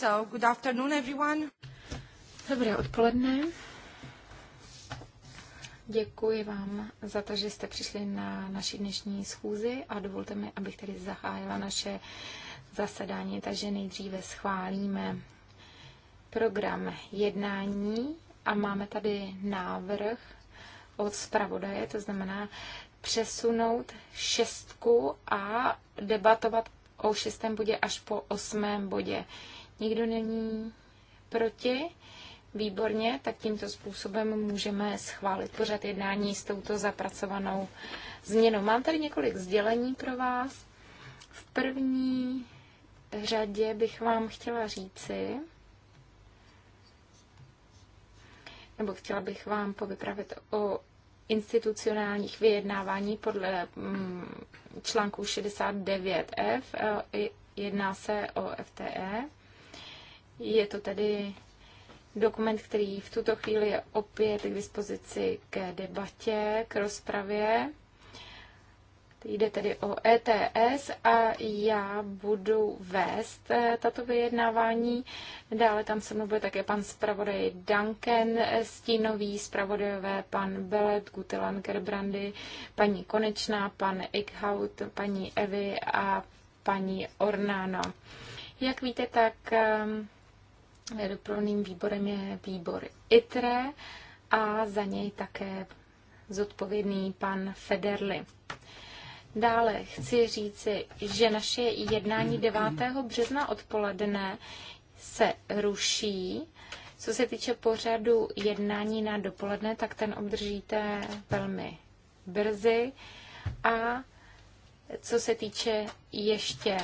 So, good afternoon, everyone. Dobré odpoledne. Děkuji vám za to, že jste přišli na naši dnešní schůzi a dovolte mi, abych tedy zahájila naše zasedání, takže nejdříve schválíme program jednání a máme tady návrh od zpravodaje, to znamená přesunout šestku a debatovat o šestém bodě až po osmém bodě. Nikdo není proti? Výborně, tak tímto způsobem můžeme schválit pořad jednání s touto zapracovanou změnou. Mám tady několik sdělení pro vás. V první řadě bych vám chtěla říci, nebo chtěla bych vám povypravit o institucionálních vyjednávání podle mm, článku 69F. E, jedná se o FTE. Je to tedy dokument, který v tuto chvíli je opět k dispozici k debatě, k rozpravě. Jde tedy o ETS a já budu vést tato vyjednávání. Dále tam se mnou bude také pan zpravodaj Duncan Stínový, zpravodajové pan Belet, Gutelan Gerbrandy, paní Konečná, pan Ickhout, paní Evy a paní Ornano. Jak víte, tak ehm, doprovodným výborem je výbor ITRE a za něj také zodpovědný pan Federli. Dále chci říci, že naše jednání 9. března odpoledne se ruší. Co se týče pořadu jednání na dopoledne, tak ten obdržíte velmi brzy. A co se týče ještě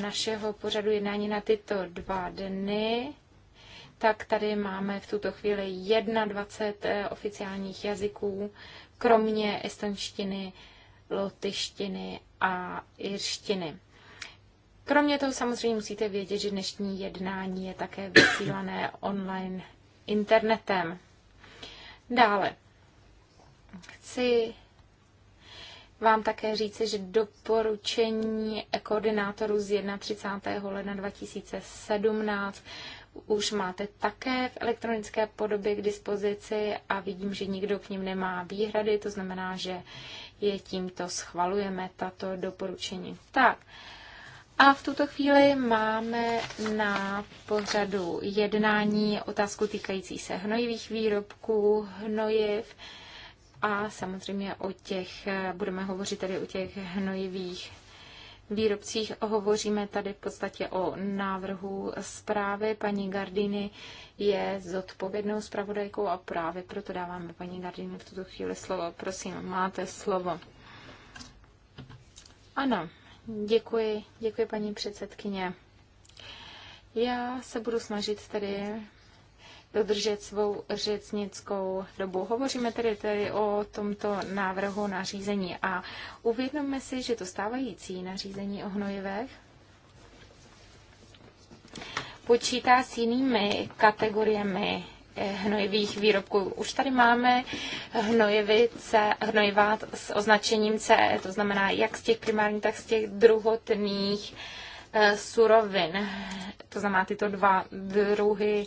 našeho pořadu jednání na tyto dva dny, tak tady máme v tuto chvíli 21 eh, oficiálních jazyků, kromě estonštiny, lotyštiny a irštiny. Kromě toho samozřejmě musíte vědět, že dnešní jednání je také vysílané online internetem. Dále chci vám také říci, že doporučení koordinátorů z 31. ledna 2017 už máte také v elektronické podobě k dispozici a vidím, že nikdo k ním nemá výhrady, to znamená, že je tímto schvalujeme tato doporučení. Tak. A v tuto chvíli máme na pořadu jednání otázku týkající se hnojivých výrobků, hnojiv, a samozřejmě o těch, budeme hovořit tady o těch hnojivých výrobcích. Hovoříme tady v podstatě o návrhu zprávy. Paní Gardiny je zodpovědnou zpravodajkou a právě proto dáváme paní Gardiny v tuto chvíli slovo. Prosím, máte slovo. Ano, děkuji, děkuji paní předsedkyně. Já se budu snažit tady dodržet svou řecnickou dobu. Hovoříme tedy, tedy o tomto návrhu nařízení a uvědomme si, že to stávající nařízení o hnojivech počítá s jinými kategoriemi eh, hnojivých výrobků. Už tady máme hnojivice, hnojiva s označením CE, to znamená jak z těch primárních, tak z těch druhotných eh, surovin. To znamená tyto dva druhy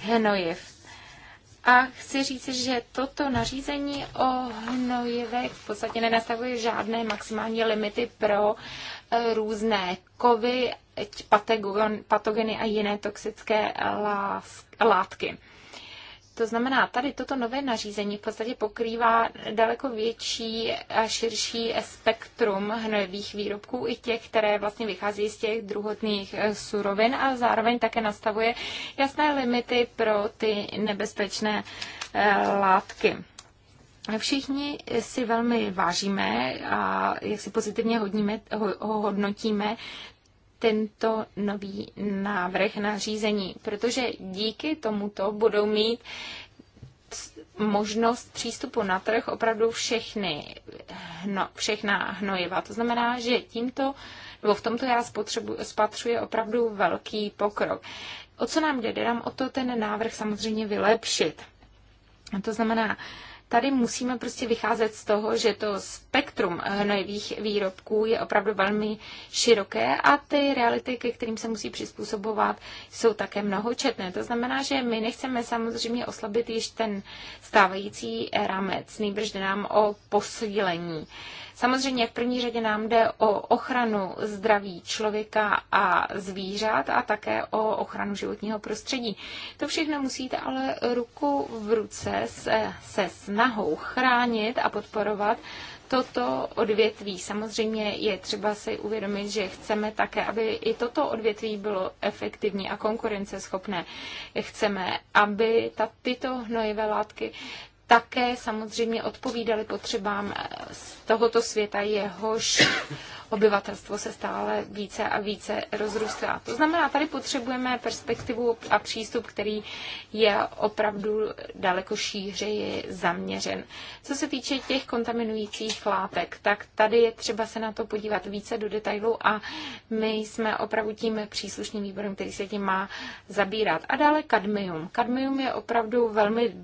hnojiv. A chci říct, že toto nařízení o hnojivech v podstatě nenastavuje žádné maximální limity pro eh, různé kovy, patogeny a jiné toxické látky. To znamená, tady toto nové nařízení v podstatě pokrývá daleko větší a širší spektrum hnojivých výrobků, i těch, které vlastně vychází z těch druhotných eh, surovin a zároveň také nastavuje jasné limity pro ty nebezpečné eh, látky. Všichni si velmi vážíme a jak si pozitivně hodníme, ho, ho hodnotíme tento nový návrh na řízení, protože díky tomuto budou mít možnost přístupu na trh opravdu všechny, hno, všechna hnojiva. To znamená, že tímto, nebo v tomto já spotřebu, spatřuje opravdu velký pokrok. O co nám jde? Jde nám o to ten návrh samozřejmě vylepšit. A to znamená, Tady musíme prostě vycházet z toho, že to spektrum hnojivých výrobků je opravdu velmi široké a ty reality, ke kterým se musí přizpůsobovat, jsou také mnohočetné. To znamená, že my nechceme samozřejmě oslabit již ten stávající rámec, nejbrž nám o posílení Samozřejmě v první řadě nám jde o ochranu zdraví člověka a zvířat a také o ochranu životního prostředí. To všechno musíte ale ruku v ruce se, se snahou chránit a podporovat toto odvětví. Samozřejmě je třeba si uvědomit, že chceme také, aby i toto odvětví bylo efektivní a konkurenceschopné. Chceme, aby ta, tyto hnojivé látky také samozřejmě odpovídaly potřebám z tohoto světa, jehož obyvatelstvo se stále více a více rozrůstá. To znamená, tady potřebujeme perspektivu a přístup, který je opravdu daleko šířeji zaměřen. Co se týče těch kontaminujících látek, tak tady je třeba se na to podívat více do detailu a my jsme opravdu tím příslušným výborem, který se tím má zabírat. A dále kadmium. Kadmium je opravdu velmi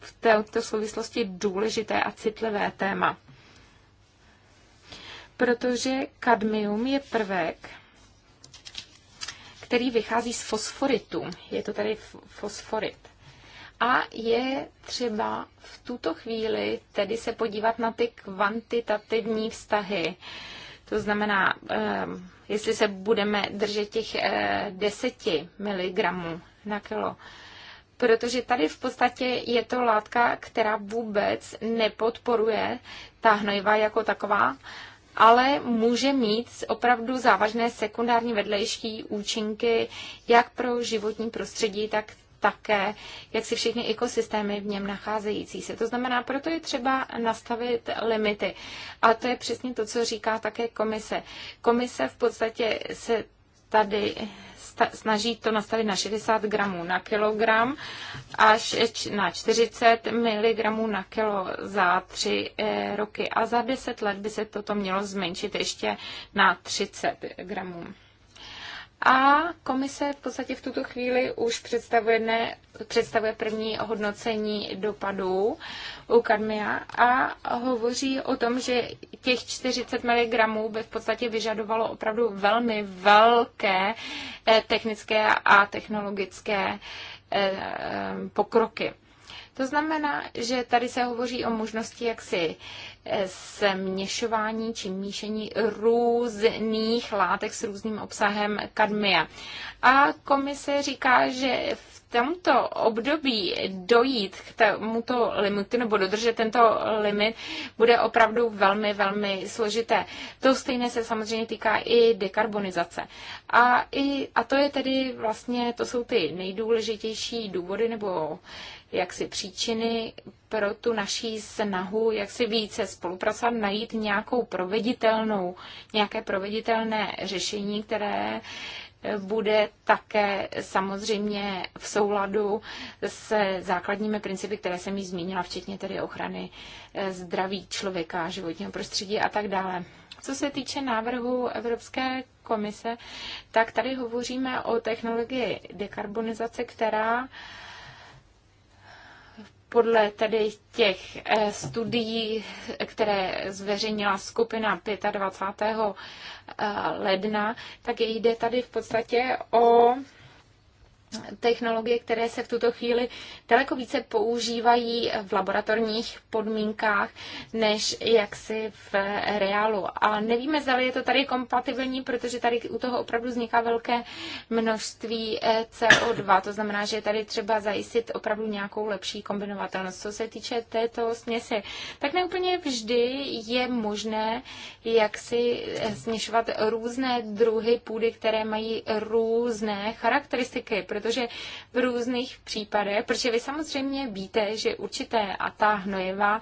v této souvislosti důležité a citlivé téma protože kadmium je prvek, který vychází z fosforitu. Je to tady fosforit. A je třeba v tuto chvíli tedy se podívat na ty kvantitativní vztahy. To znamená, ehm, jestli se budeme držet těch 10 eh, mg na kilo, protože tady v podstatě je to látka, která vůbec nepodporuje ta hnojiva jako taková, ale může mít opravdu závažné sekundární vedlejší účinky jak pro životní prostředí, tak také, jak si všechny ekosystémy v něm nacházející se. To znamená, proto je třeba nastavit limity. A to je přesně to, co říká také komise. Komise v podstatě se tady snaží to nastavit na 60 gramů na kilogram až na 40 mg na kilo za 3 eh, roky. A za 10 let by se toto mělo zmenšit ještě na 30 gramů. A komise v podstatě v tuto chvíli už představuje, ne, představuje první hodnocení dopadů u kadmia a hovoří o tom, že těch 40 mg by v podstatě vyžadovalo opravdu velmi velké eh, technické a technologické eh, eh, pokroky. To znamená, že tady se hovoří o možnosti jaksi směšování či míšení různých látek s různým obsahem kadmia. A komise říká, že v tomto období dojít k tomuto limitu nebo dodržet tento limit bude opravdu velmi, velmi složité. To stejné se samozřejmě týká i dekarbonizace. A, i, a to je tedy vlastně, to jsou ty nejdůležitější důvody nebo jaksi příčiny pro tu naší snahu, jak si více spolupracovat, najít nějakou proveditelnou, nějaké proveditelné řešení, které eh, bude také samozřejmě v souladu s základními principy, které jsem již zmínila, včetně tedy ochrany eh, zdraví člověka, životního prostředí a tak dále. Co se týče návrhu Evropské komise, tak tady hovoříme o technologii dekarbonizace, která podle tedy těch eh, studií, které zveřejnila skupina 25. Eh, ledna, tak jde tady v podstatě o technologie, které se v tuto chvíli daleko více používají v laboratorních podmínkách, než jaksi v reálu. A nevíme, zda je to tady kompatibilní, protože tady u toho opravdu vzniká velké množství eh, CO2. To znamená, že je tady třeba zajistit opravdu nějakou lepší kombinovatelnost. Co se týče této směsi, tak neúplně vždy je možné jaksi eh, směšovat různé druhy půdy, které mají různé charakteristiky, protože v různých případech, protože vy samozřejmě víte, že určité a ta hnojiva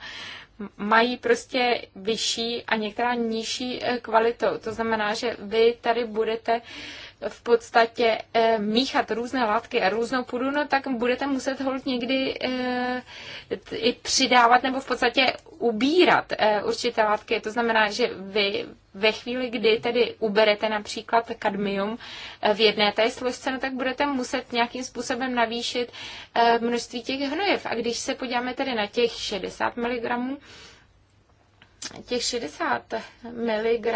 mají prostě vyšší a některá nižší eh, kvalitu. To znamená, že vy tady budete uh, v podstatě eh, míchat různé látky a různou půdu, no tak budete muset hold někdy eh, i přidávat nebo v podstatě ubírat eh, určité látky. To znamená, že vy ve chvíli, kdy tedy uberete například kadmium v jedné té složce, no tak budete muset nějakým způsobem navýšit množství těch hnojiv. A když se podíváme tedy na těch 60 mg, těch 60 mg,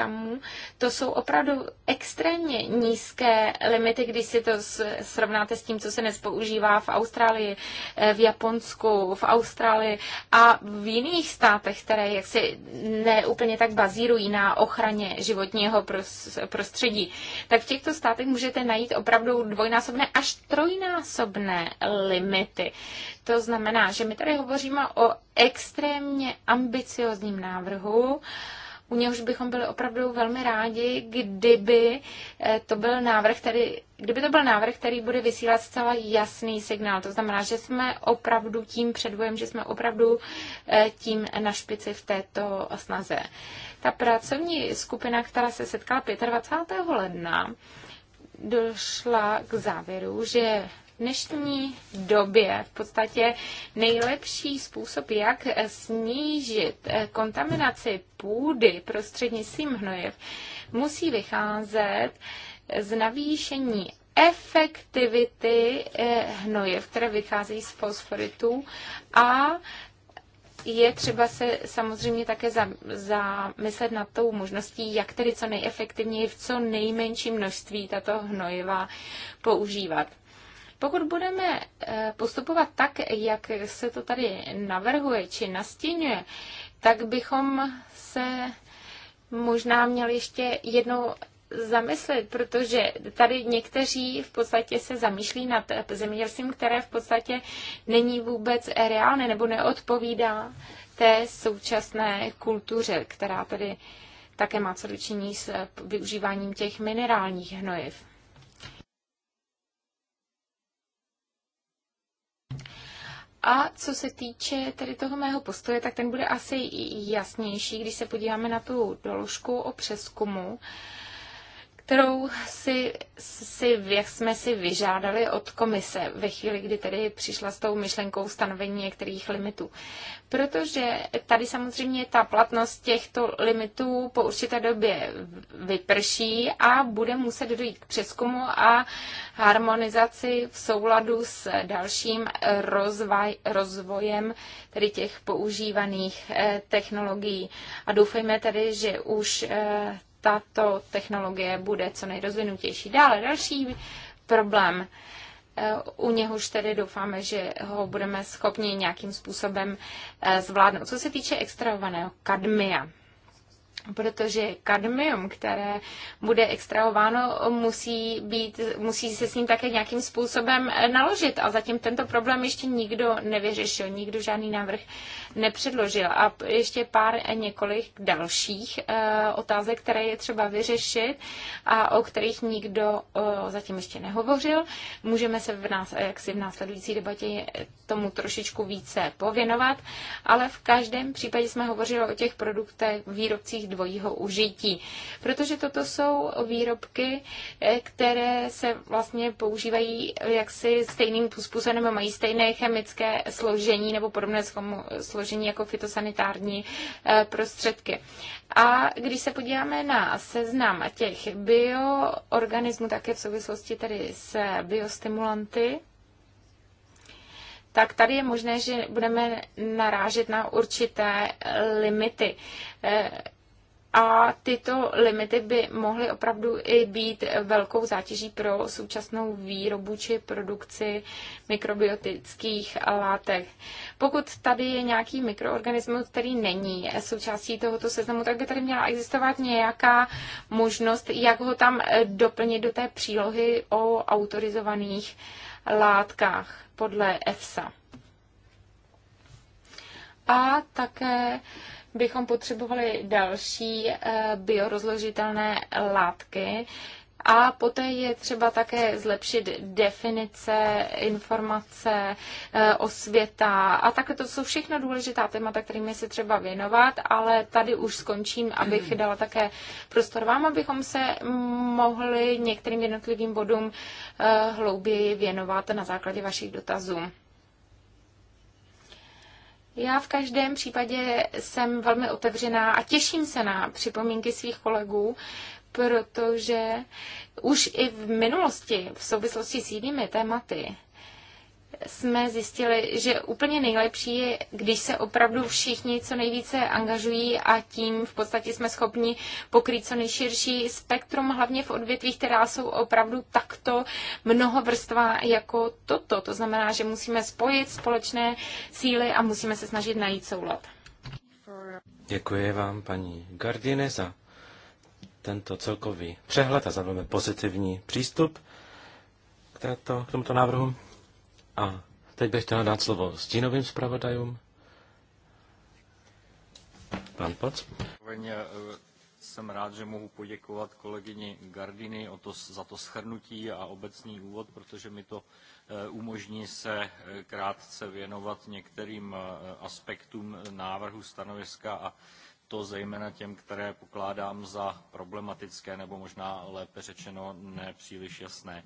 to jsou opravdu extrémně nízké limity, když si to srovnáte s tím, co se nespoužívá v Austrálii, eh, v Japonsku, v Austrálii a v jiných státech, které jaksi neúplně tak bazírují na ochraně životního prostředí. Tak v těchto státech můžete najít opravdu dvojnásobné až trojnásobné limity. To znamená, že my tady hovoříme o extrémně ambiciozním návrhu, u něhož bychom byli opravdu velmi rádi, kdyby eh, to byl návrh, který, kdyby to byl návrh, který bude vysílat zcela jasný signál. To znamená, že jsme opravdu tím předvojem, že jsme opravdu eh, tím na špici v této snaze. Ta pracovní skupina, která se setkala 25. ledna, došla k závěru, že dnešní době v podstatě nejlepší způsob, jak snížit eh, kontaminaci půdy prostřednictvím hnojiv, musí vycházet z navýšení efektivity eh, hnojev, které vycházejí z fosforitů a je třeba se samozřejmě také zamyslet nad tou možností, jak tedy co nejefektivněji v co nejmenší množství tato hnojiva používat. Pokud budeme eh, postupovat tak, jak se to tady navrhuje či nastínuje, tak bychom se možná měli ještě jednou zamyslet, protože tady někteří v podstatě se zamýšlí nad zemědělstvím, které v podstatě není vůbec reálné nebo neodpovídá té současné kultuře, která tady také má co dočinit s využíváním těch minerálních hnojiv. A co se týče tedy toho mého postoje, tak ten bude asi jasnější, když se podíváme na tu doložku o přeskumu. Uh, kterou si, si, jak jsme si vyžádali od komise ve chvíli, kdy tedy přišla s tou myšlenkou stanovení některých limitů. Protože tady samozřejmě ta platnost těchto limitů po určité době vyprší a bude muset dojít k přeskumu a harmonizaci v souladu s dalším rozvaj, rozvojem tedy těch používaných eh, technologií. A doufejme tedy, že už eh, tato technologie bude co nejrozvinutější. Dále další problém. U něhož tedy doufáme, že ho budeme schopni nějakým způsobem eh, zvládnout. Co se týče extrahovaného kadmia, protože kadmium, které bude extrahováno, musí, být, musí se s ním také nějakým způsobem naložit. A zatím tento problém ještě nikdo nevyřešil, nikdo žádný návrh nepředložil. A ještě pár několik dalších eh, otázek, které je třeba vyřešit a o kterých nikdo eh, zatím ještě nehovořil. Můžeme se v, nás, eh, jaksi v následující debatě tomu trošičku více pověnovat, ale v každém případě jsme hovořili o těch produktech, výrobcích dvojího užití, protože toto jsou výrobky, eh, které se vlastně používají jaksi stejným způsobem, mají stejné chemické složení nebo podobné složení jako fitosanitární eh, prostředky. A když se podíváme na seznam těch bioorganismů, také v souvislosti tedy s biostimulanty, tak tady je možné, že budeme narážet na určité limity. Eh, a tyto limity by mohly opravdu i být velkou zátěží pro současnou výrobu či produkci mikrobiotických látek. Pokud tady je nějaký mikroorganismus, který není součástí tohoto seznamu, tak by tady měla existovat nějaká možnost, jak ho tam doplnit do té přílohy o autorizovaných látkách podle EFSA. A také bychom potřebovali další eh, biorozložitelné látky, a poté je třeba také zlepšit definice, informace, eh, osvěta a tak to jsou všechno důležitá témata, kterými se třeba věnovat, ale tady už skončím, abych hmm. dala také prostor vám, abychom se mohli některým jednotlivým bodům eh, hlouběji věnovat na základě vašich dotazů. Já v každém případě jsem velmi otevřená a těším se na připomínky svých kolegů, protože už i v minulosti v souvislosti s jinými tématy jsme zjistili, že úplně nejlepší je, když se opravdu všichni co nejvíce angažují a tím v podstatě jsme schopni pokrýt co nejširší spektrum, hlavně v odvětvích, která jsou opravdu takto vrstva jako toto. To znamená, že musíme spojit společné síly a musíme se snažit najít soulad. Děkuji vám, paní Gardine, za tento celkový přehled a za velmi pozitivní přístup k, této, k tomuto návrhu. A teď bych chtěl dát slovo stínovým zpravodajům. Pan Pac. Eh, jsem rád, že mohu poděkovat kolegyni Gardiny o to, za to schrnutí a obecný úvod, protože mi to eh, umožní se eh, krátce věnovat některým aspektům návrhu stanoviska a to zejména těm, které pokládám za problematické nebo možná lépe řečeno nepříliš jasné.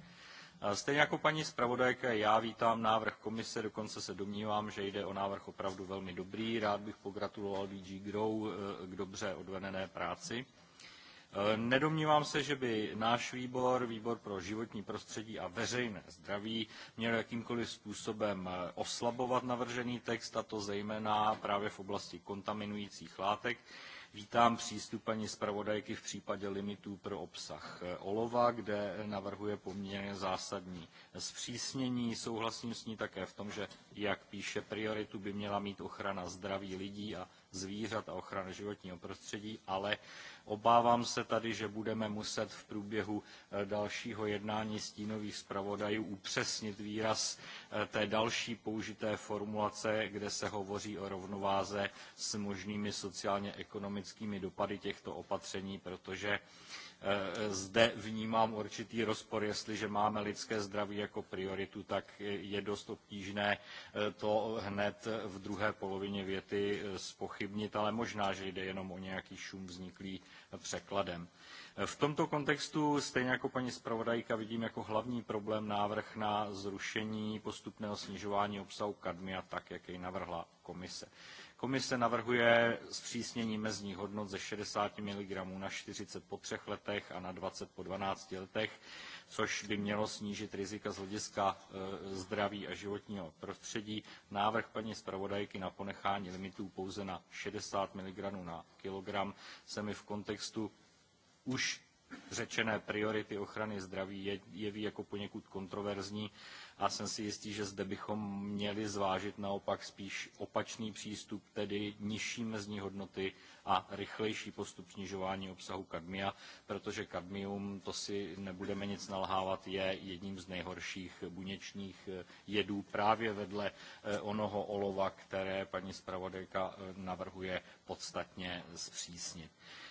Stejně jako paní zpravodajka, já vítám návrh komise, dokonce se domnívám, že jde o návrh opravdu velmi dobrý. Rád bych pogratuloval DG Grow eh, k dobře odvedené práci. Eh, nedomnívám se, že by náš výbor, výbor pro životní prostředí a veřejné zdraví, měl jakýmkoliv způsobem eh, oslabovat navržený text, a to zejména právě v oblasti kontaminujících látek, Vítám přístup paní zpravodajky v případě limitů pro obsah eh, olova, kde navrhuje poměrně zásadní zpřísnění. Souhlasím s ní také v tom, že, jak píše, prioritu by měla mít ochrana zdraví lidí a zvířat a ochrana životního prostředí, ale Obávám se tady, že budeme muset v průběhu eh, dalšího jednání stínových zpravodajů upřesnit výraz eh, té další použité formulace, kde se hovoří o rovnováze s možnými sociálně-ekonomickými dopady těchto opatření, protože Eh, zde vnímám určitý rozpor, jestliže máme lidské zdraví jako prioritu, tak je dost obtížné eh, to hned v druhé polovině věty eh, spochybnit, ale možná, že jde jenom o nějaký šum vzniklý překladem. V tomto kontextu, stejně jako paní zpravodajka, vidím jako hlavní problém návrh na zrušení postupného snižování obsahu kadmia tak, jak jej navrhla komise. Komise navrhuje zpřísnění mezních hodnot ze 60 mg na 40 po třech letech a na 20 po 12 letech, což by mělo snížit rizika z hlediska e, zdraví a životního prostředí. Návrh paní zpravodajky na ponechání limitů pouze na 60 mg na kilogram se mi v kontextu už řečené priority ochrany zdraví jeví jako poněkud kontroverzní, a jsem si jistý, že zde bychom měli zvážit naopak spíš opačný přístup, tedy nižší mezní hodnoty a rychlejší postup snižování obsahu kadmia, protože kadmium, to si nebudeme nic nalhávat, je jedním z nejhorších buněčných eh, jedů právě vedle eh, onoho olova, které paní zpravodajka eh, navrhuje podstatně zpřísnit.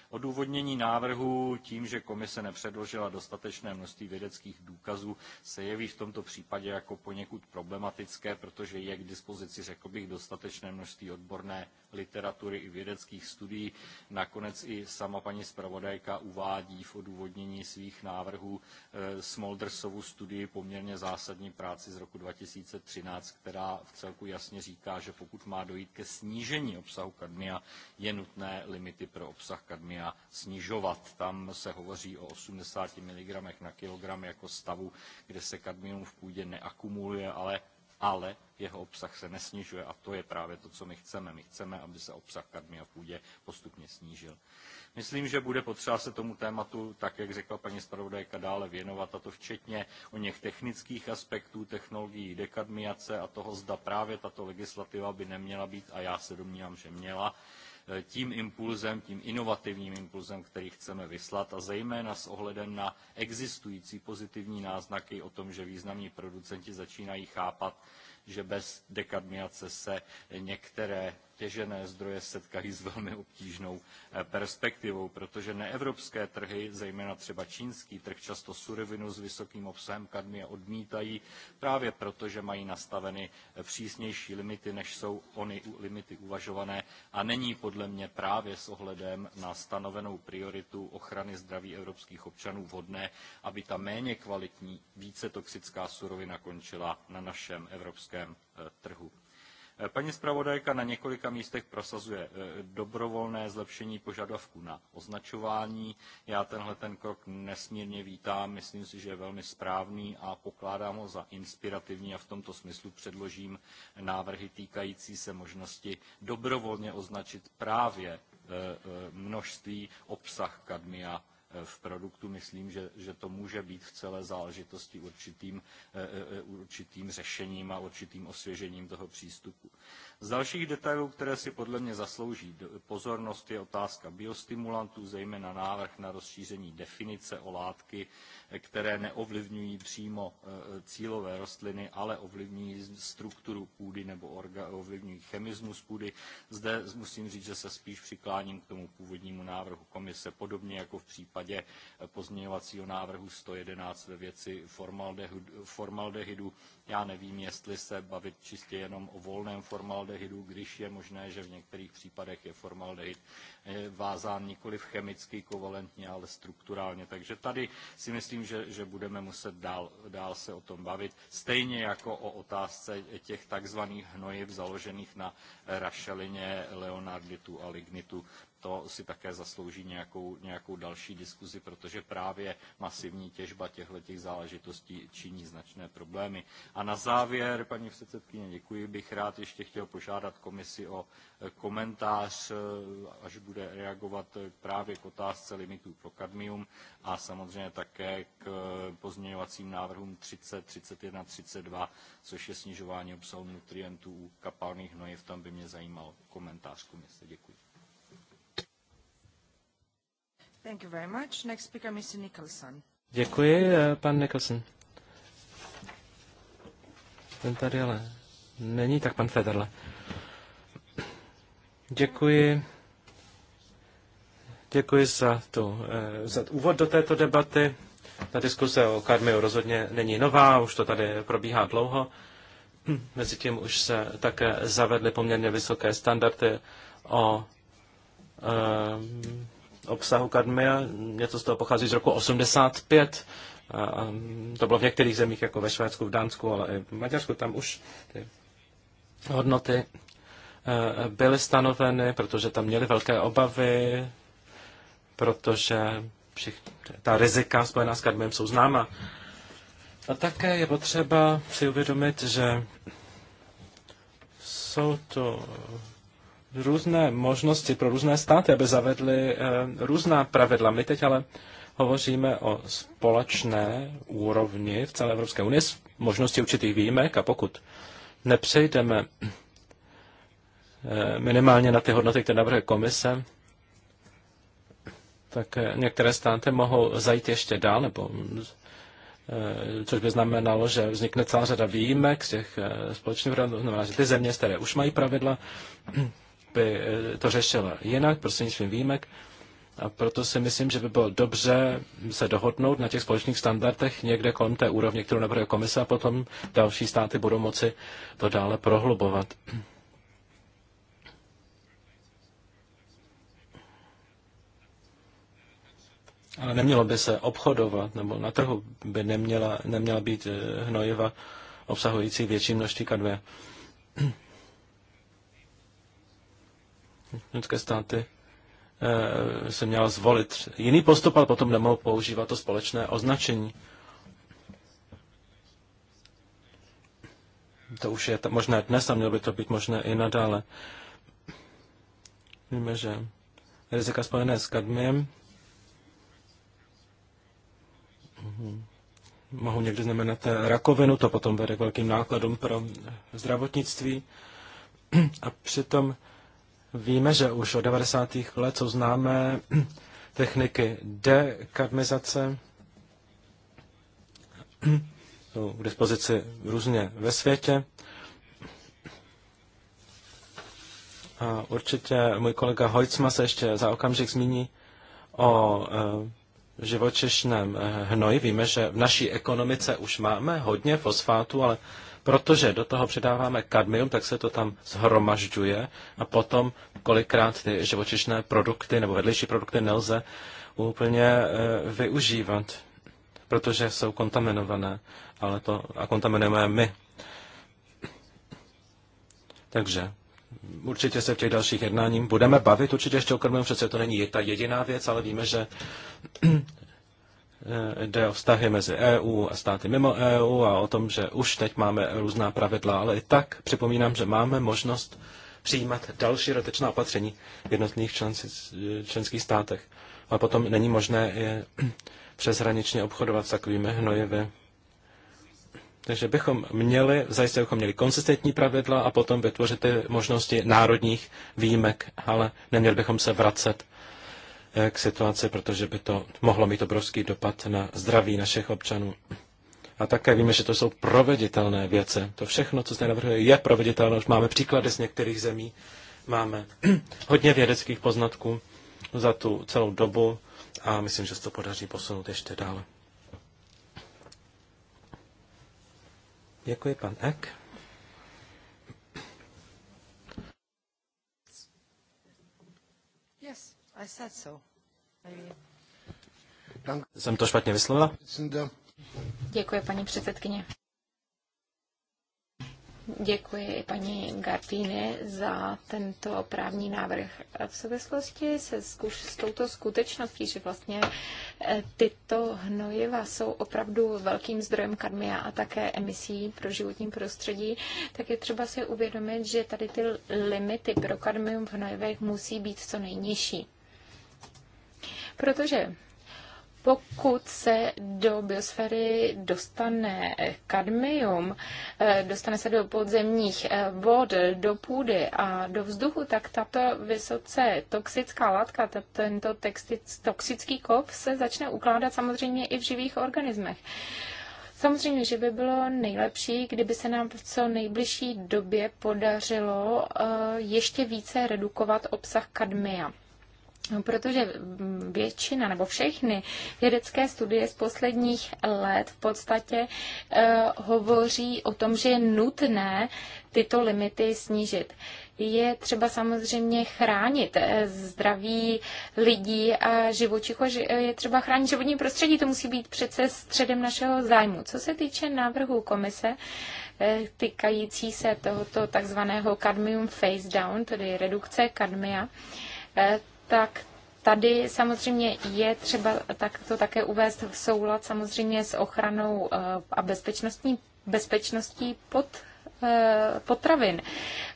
Odůvodnění návrhu tím, že komise nepředložila dostatečné množství vědeckých důkazů, se jeví v tomto případě jako poněkud problematické, protože je k dispozici, řekl bych, dostatečné množství odborné literatury i vědeckých studií. Nakonec i sama paní zpravodajka uvádí v odůvodnění svých návrhů eh, Smoldersovu studii poměrně zásadní práci z roku 2013, která v celku jasně říká, že pokud má dojít ke snížení obsahu kadmia, je nutné limity pro obsah kadmia a snižovat. Tam se hovoří o 80 mg na kilogram jako stavu, kde se kadmium v půdě neakumuluje, ale ale jeho obsah se nesnižuje a to je právě to, co my chceme. My chceme, aby se obsah kadmia v půdě postupně snížil. Myslím, že bude potřeba se tomu tématu, tak jak řekla paní zpravodajka, dále věnovat, a to včetně o něch technických aspektů technologií dekadmiace a toho, zda právě tato legislativa by neměla být, a já se domnívám, že měla, Eh, tím impulzem, tím inovativním impulzem, který chceme vyslat a zejména s ohledem na existující pozitivní náznaky o tom, že významní producenti začínají chápat, že bez dekadmiace se některé těžené zdroje setkají s velmi obtížnou eh, perspektivou, protože neevropské trhy, zejména třeba čínský trh, často surovinu s vysokým obsahem kadmia odmítají právě proto, že mají nastaveny eh, přísnější limity, než jsou ony limity uvažované a není podle mě právě s ohledem na stanovenou prioritu ochrany zdraví evropských občanů vhodné, aby ta méně kvalitní, více toxická surovina končila na našem evropském eh, trhu. Paní zpravodajka na několika místech prosazuje eh, dobrovolné zlepšení požadavků na označování. Já tenhle ten krok nesmírně vítám, myslím si, že je velmi správný a pokládám ho za inspirativní a v tomto smyslu předložím návrhy týkající se možnosti dobrovolně označit právě eh, eh, množství obsah kadmia Eh, v produktu. Myslím, že, že to může být v celé záležitosti určitým, eh, eh, určitým řešením a určitým osvěžením toho přístupu. Z dalších detailů, které si podle mě zaslouží pozornost, je otázka biostimulantů, zejména návrh na rozšíření definice o látky, eh, které neovlivňují přímo eh, eh, cílové rostliny, ale ovlivňují strukturu půdy nebo orga, ovlivňují chemismus půdy. Zde musím říct, že se spíš přikláním k tomu původnímu návrhu komise, podobně jako v případě pozměňovacího návrhu 111 ve věci formaldehydu, formaldehydu já nevím, jestli se bavit čistě jenom o volném formaldehydu, když je možné, že v některých případech je formaldehyd eh, vázán nikoli chemicky kovalentně, ale strukturálně. Takže tady si myslím, že, že budeme muset dál, dál se o tom bavit. Stejně jako o otázce těch takzvaných hnojiv založených na rašelině, leonarditu a lignitu to si také zaslouží nějakou, nějakou další diskuzi, protože právě masivní těžba těchto záležitostí činí značné problémy. A na závěr, paní předsedkyně, děkuji, bych rád ještě chtěl požádat komisi o eh, komentář, eh, až bude reagovat eh, právě k otázce limitů pro kadmium a samozřejmě také k pozměňovacím návrhům 30, 31, 32, což je snižování obsahu nutrientů u kapalných hnojiv. Tam by mě zajímal komentář komise. Děkuji. Thank you very much. Next speaker, Mr. Nicholson. Děkuji, eh, pan Nicholson. Ten tady ale není, tak pan Federle. Děkuji. Děkuji za, tu, eh, za úvod do této debaty. Ta diskuse o kadmiu rozhodně není nová, už to tady probíhá dlouho. Mezitím už se také zavedly poměrně vysoké standardy o um, obsahu kadmia. Něco z toho pochází z roku 85. A, a to bylo v některých zemích, jako ve Švédsku, v Dánsku, ale i v Maďarsku. Tam už ty hodnoty eh, byly stanoveny, protože tam měli velké obavy, protože všich, ta rizika spojená s kadmiem jsou známa. A také je potřeba si uvědomit, že jsou to různé možnosti pro různé státy, aby zavedly eh, různá pravidla. My teď ale hovoříme o společné úrovni v celé Evropské unii s možností určitých výjimek a pokud nepřejdeme eh, minimálně na ty hodnoty, které navrhuje komise, tak eh, některé státy mohou zajít ještě dál, nebo což by znamenalo, že vznikne celá řada výjimek z těch společných pravidel, to znamená, že ty země, které už mají pravidla, by eh, to řešila jinak, prostřednictvím výjimek. A proto si myslím, že by bylo dobře se dohodnout na těch společných standardech někde kolem té úrovně, kterou navrhuje komise a potom další státy budou moci to dále prohlubovat. Ale nemělo by se obchodovat, nebo na trhu by neměla, neměla být eh, hnojiva obsahující větší množství kadmia členské státy eh, se měl zvolit jiný postup, ale potom nemohl používat to společné označení. To už je možné dnes a mělo by to být možné i nadále. Víme, že rizika spojené s kadmiem mhm. mohou někdy znamenat rakovinu, to potom vede k velkým nákladům pro zdravotnictví. A přitom Víme, že už od 90. let jsou známé techniky dekadmizace. Jsou k dispozici různě ve světě. A určitě můj kolega Hojcma se ještě za okamžik zmíní o e, živočišném e, hnoji. Víme, že v naší ekonomice už máme hodně fosfátu, ale Protože do toho přidáváme kadmium, tak se to tam zhromažďuje a potom kolikrát ty živočišné produkty nebo vedlejší produkty nelze úplně e, využívat, protože jsou kontaminované ale to, a kontaminujeme my. Takže určitě se v těch dalších jednáních budeme bavit, určitě ještě o krmivu, přece to není ta jediná věc, ale víme, že Eh, jde o vztahy mezi EU a státy mimo EU a o tom, že už teď máme různá pravidla, ale i tak připomínám, že máme možnost přijímat další rotečná opatření v jednotných členských státech. A potom není možné je přeshraničně obchodovat s takovými hnojivy. Takže bychom měli, zajistě bychom měli konsistentní pravidla a potom vytvořit ty možnosti národních výjimek, ale neměli bychom se vracet k situaci, protože by to mohlo mít obrovský dopad na zdraví našich občanů. A také víme, že to jsou proveditelné věci. To všechno, co zde navrhuje, je proveditelné. máme příklady z některých zemí. Máme hodně vědeckých poznatků za tu celou dobu a myslím, že se to podaří posunout ještě dále. Děkuji, pan Ek. Yes. Jsem to špatně vyslovila? Děkuji, paní předsedkyně. Děkuji paní Gardíny za tento právní návrh. V souvislosti se zkuš, s touto skutečností, že vlastně eh, tyto hnojiva jsou opravdu velkým zdrojem kadmia a také emisí pro životní prostředí, tak je třeba si uvědomit, že tady ty limity pro kadmium v hnojivech musí být co nejnižší. Protože pokud se do biosféry dostane kadmium, eh, dostane se do podzemních eh, vod, do půdy a do vzduchu, tak tato vysoce toxická látka, tento toxický kov se začne ukládat samozřejmě i v živých organismech. Samozřejmě, že by bylo nejlepší, kdyby se nám v co nejbližší době podařilo eh, ještě více redukovat obsah kadmia protože většina nebo všechny vědecké studie z posledních let v podstatě e, hovoří o tom, že je nutné tyto limity snížit. Je třeba samozřejmě chránit eh, zdraví lidí a živočichů, eh, je třeba chránit životní prostředí, to musí být přece středem našeho zájmu. Co se týče návrhu komise, týkající se tohoto takzvaného cadmium face down, tedy redukce kadmia, tak tady samozřejmě je třeba tak to také uvést v soulad samozřejmě s ochranou eh, a bezpečnostní, bezpečností pod eh, potravin.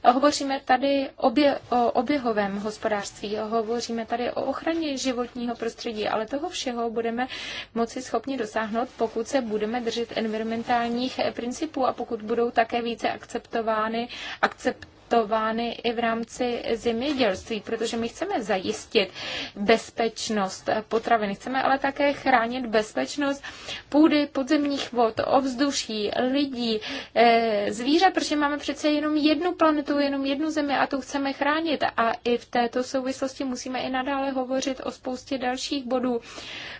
Hovoříme tady obě, o oběhovém hospodářství, hovoříme tady o ochraně životního prostředí, ale toho všeho budeme moci schopni dosáhnout, pokud se budeme držet environmentálních principů a pokud budou také více akceptovány, akcept adaptovány i v rámci zemědělství, protože my chceme zajistit bezpečnost potravin. Chceme ale také chránit bezpečnost půdy, podzemních vod, ovzduší, lidí, eh, zvířat, protože máme přece jenom jednu planetu, jenom jednu zemi a tu chceme chránit. A i v této souvislosti musíme i nadále hovořit o spoustě dalších bodů,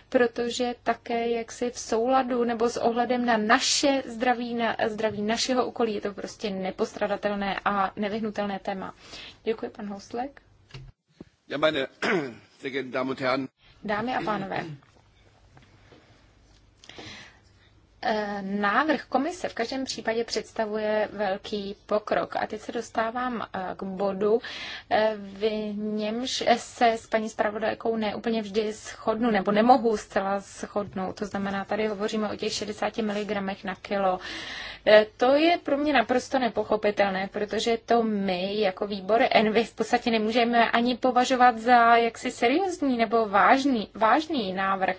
protože také jaksi v souladu nebo s ohledem na naše zdraví, na zdraví našeho okolí je to prostě nepostradatelné a nevím nevyhnutelné téma. Děkuji, pan Houslek. Dámy a pánové, Eh, návrh komise v každém případě představuje velký pokrok. A teď se dostávám eh, k bodu, eh, v němž se s paní zpravodajkou neúplně vždy shodnu, nebo nemohu zcela shodnout. To znamená, tady hovoříme o těch 60 mg na kilo. To je pro mě naprosto nepochopitelné, protože to my jako výbor Envy v podstatě nemůžeme ani považovat za jaksi seriózní nebo vážný, vážný návrh.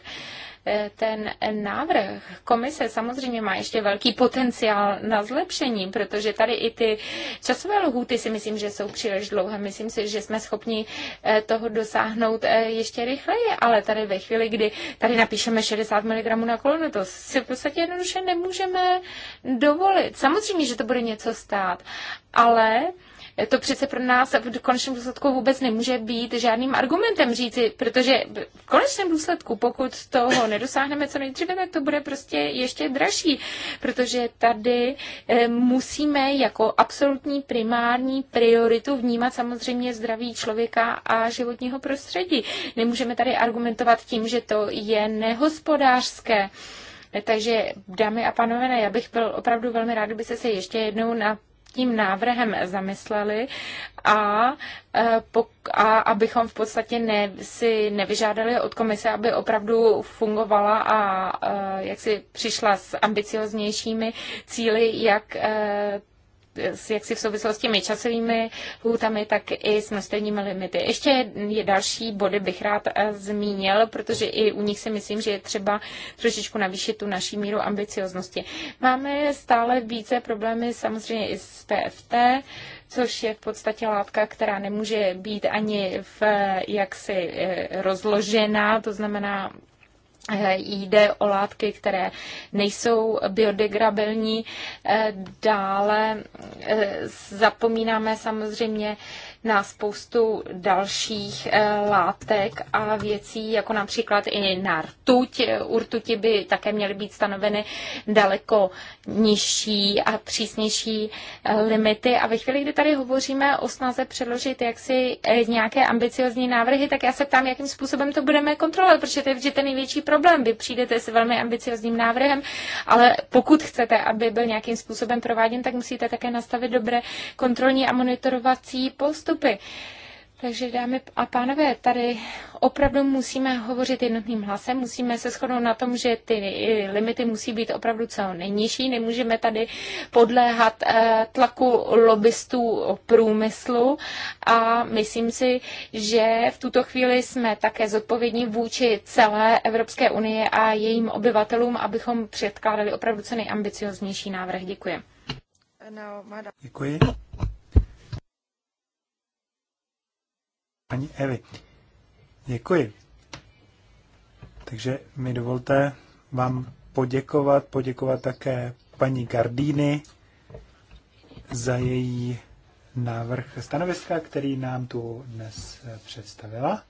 Eh, ten návrh komise samozřejmě má ještě velký potenciál na zlepšení, protože tady i ty časové lhůty si myslím, že jsou příliš dlouhé. Myslím si, že jsme schopni eh, toho dosáhnout eh, ještě rychleji, ale tady ve chvíli, kdy tady napíšeme 60 mg na kolonu, to si v podstatě jednoduše nemůžeme dovolit. Samozřejmě, že to bude něco stát, ale to přece pro nás v konečném důsledku vůbec nemůže být žádným argumentem říci, protože v konečném důsledku, pokud toho nedosáhneme co nejdříve, tak to bude prostě ještě dražší, protože tady eh, musíme jako absolutní primární prioritu vnímat samozřejmě zdraví člověka a životního prostředí. Nemůžeme tady argumentovat tím, že to je nehospodářské. Takže, dámy a pánové, já bych byl opravdu velmi rád, kdyby se ještě jednou na tím návrhem zamysleli a, e, a abychom v podstatě ne, si nevyžádali od komise, aby opravdu fungovala a, a e, jak si přišla s ambicioznějšími cíly, jak e, jak si v souvislosti s těmi časovými lhůtami, tak i s množstevními limity. Ještě je další body bych rád eh, zmínil, protože i u nich si myslím, že je třeba trošičku navýšit tu naší míru ambicioznosti. Máme stále více problémy samozřejmě i s PFT, což je v podstatě látka, která nemůže být ani v eh, jaksi eh, rozložená, to znamená Eh, jde o látky, které nejsou biodegradabilní. Eh, dále eh, zapomínáme samozřejmě na spoustu dalších eh, látek a věcí, jako například i na rtuť. rtuti by také měly být stanoveny daleko nižší a přísnější eh, limity. A ve chvíli, kdy tady hovoříme o snaze předložit jaksi eh, nějaké ambiciozní návrhy, tak já se ptám, jakým způsobem to budeme kontrolovat, protože to je vždy ten největší problém. Vy přijdete s velmi ambiciozním návrhem, ale pokud chcete, aby byl nějakým způsobem prováděn, tak musíte také nastavit dobré kontrolní a monitorovací postup postupy. Takže dámy a pánové, tady opravdu musíme hovořit jednotným hlasem, musíme se shodnout na tom, že ty eh, limity musí být opravdu co nejnižší, nemůžeme tady podléhat eh, tlaku lobbystů průmyslu a myslím si, že v tuto chvíli jsme také zodpovědní vůči celé Evropské unie a jejím obyvatelům, abychom předkládali opravdu co nejambicioznější návrh. Děkuji. Děkuji. paní Evy. Děkuji. Takže mi dovolte vám poděkovat, poděkovat také paní Gardíny za její návrh stanoviska, který nám tu dnes představila.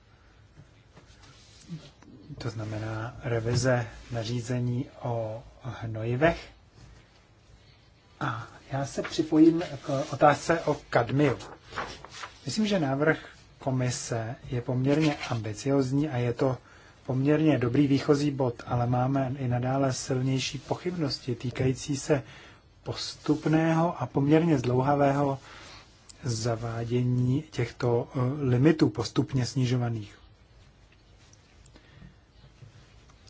To znamená revize nařízení o hnojivech. A já se připojím k otázce o kadmiu. Myslím, že návrh komise je poměrně ambiciozní a je to poměrně dobrý výchozí bod, ale máme i nadále silnější pochybnosti týkající se postupného a poměrně zdlouhavého zavádění těchto eh, limitů postupně snižovaných.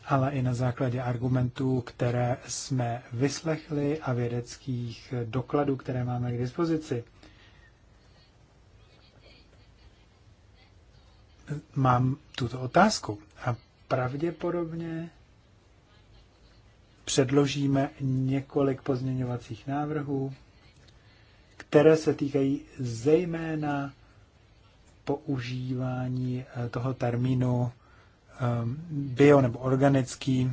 Ale i na základě argumentů, které jsme vyslechli a vědeckých dokladů, které máme k dispozici, mám tuto otázku a pravděpodobně předložíme několik pozměňovacích návrhů, které se týkají zejména používání eh, toho termínu ehm, bio nebo organický.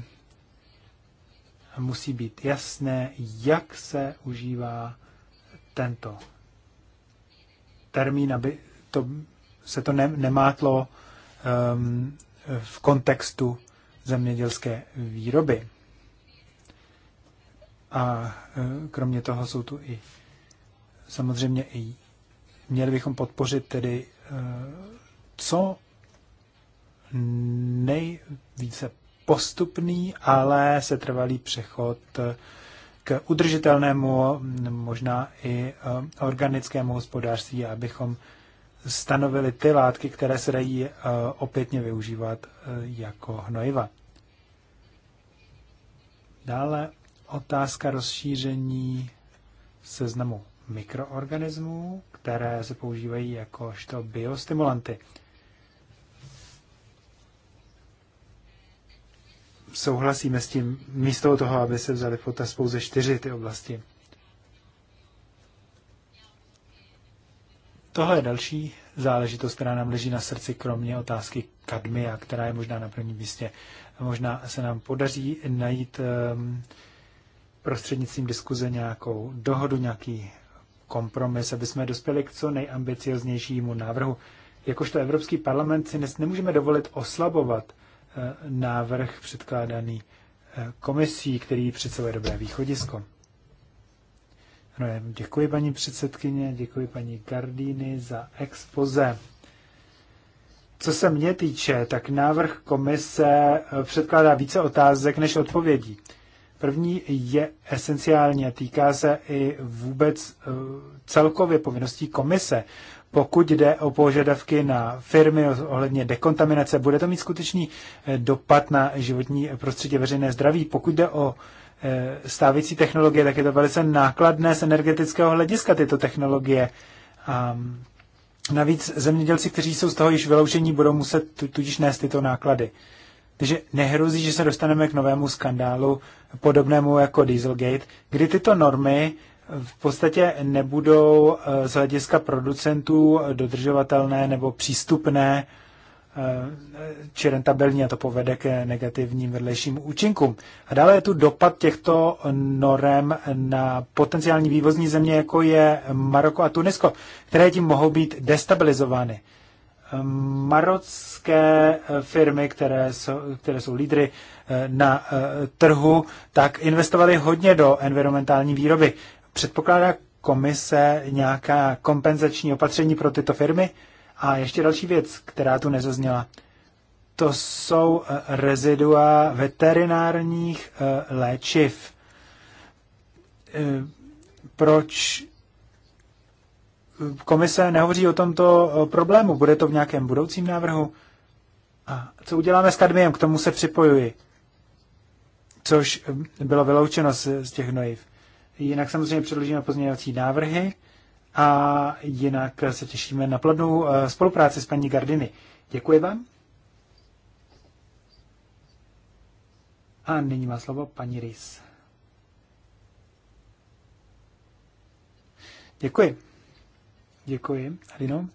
Musí být jasné, jak se užívá tento termín, aby to se to ne, nemátlo um, v kontextu zemědělské výroby. A e, kromě toho jsou tu i samozřejmě i měli bychom podpořit tedy e, co nejvíce postupný, ale setrvalý přechod e, k udržitelnému, možná i organickému hospodářství, abychom stanovili ty látky, které se dají eh, opětně využívat eh, jako hnojiva. Dále otázka rozšíření seznamu mikroorganismů, které se používají jakožto biostimulanty. Souhlasíme s tím, místo toho, aby se vzali v potaz pouze čtyři ty oblasti. Tohle je další záležitost, která nám leží na srdci, kromě otázky kadmia, která je možná na prvním místě. Možná se nám podaří najít ehm, prostřednictvím diskuze nějakou dohodu, nějaký kompromis, aby jsme dospěli k co nejambicioznějšímu návrhu. Jakožto Evropský parlament si nemůžeme dovolit oslabovat eh, návrh předkládaný eh, komisí, který představuje dobré východisko. No, děkuji paní předsedkyně, děkuji paní Gardíny za expoze. Co se mě týče, tak návrh komise eh, předkládá více otázek než odpovědí. První je esenciálně, týká se i vůbec eh, celkově povinností komise. Pokud jde o požadavky na firmy ohledně dekontaminace, bude to mít skutečný eh, dopad na životní prostředí veřejné zdraví. Pokud jde o Eh, stávající technologie, tak je to velice nákladné z energetického hlediska tyto technologie. A ehm, navíc zemědělci, kteří jsou z toho již vyloučení, budou muset tudíž nést tyto náklady. Takže nehrozí, že se dostaneme k novému skandálu, podobnému jako Dieselgate, kdy tyto normy v podstatě nebudou eh, z hlediska producentů dodržovatelné nebo přístupné či rentabilní a to povede k negativním vedlejším účinkům. A dále je tu dopad těchto norem na potenciální vývozní země, jako je Maroko a Tunisko, které tím mohou být destabilizovány. Marocké firmy, které jsou, které jsou lídry eh, na eh, trhu, tak investovaly hodně do environmentální výroby. Předpokládá komise nějaká kompenzační opatření pro tyto firmy? A ještě další věc, která tu nezazněla. To jsou eh, rezidua veterinárních eh, léčiv. Eh, proč komise nehovoří o tomto problému? Bude to v nějakém budoucím návrhu? A co uděláme s kadmiem? K tomu se připojuji. Což bylo vyloučeno z, těch hnojiv. Jinak samozřejmě předložíme pozměňovací návrhy a jinak se těšíme na plodnou eh, spolupráci s paní Gardiny. Děkuji vám. A nyní má slovo paní Rys. Děkuji. Děkuji, Alino.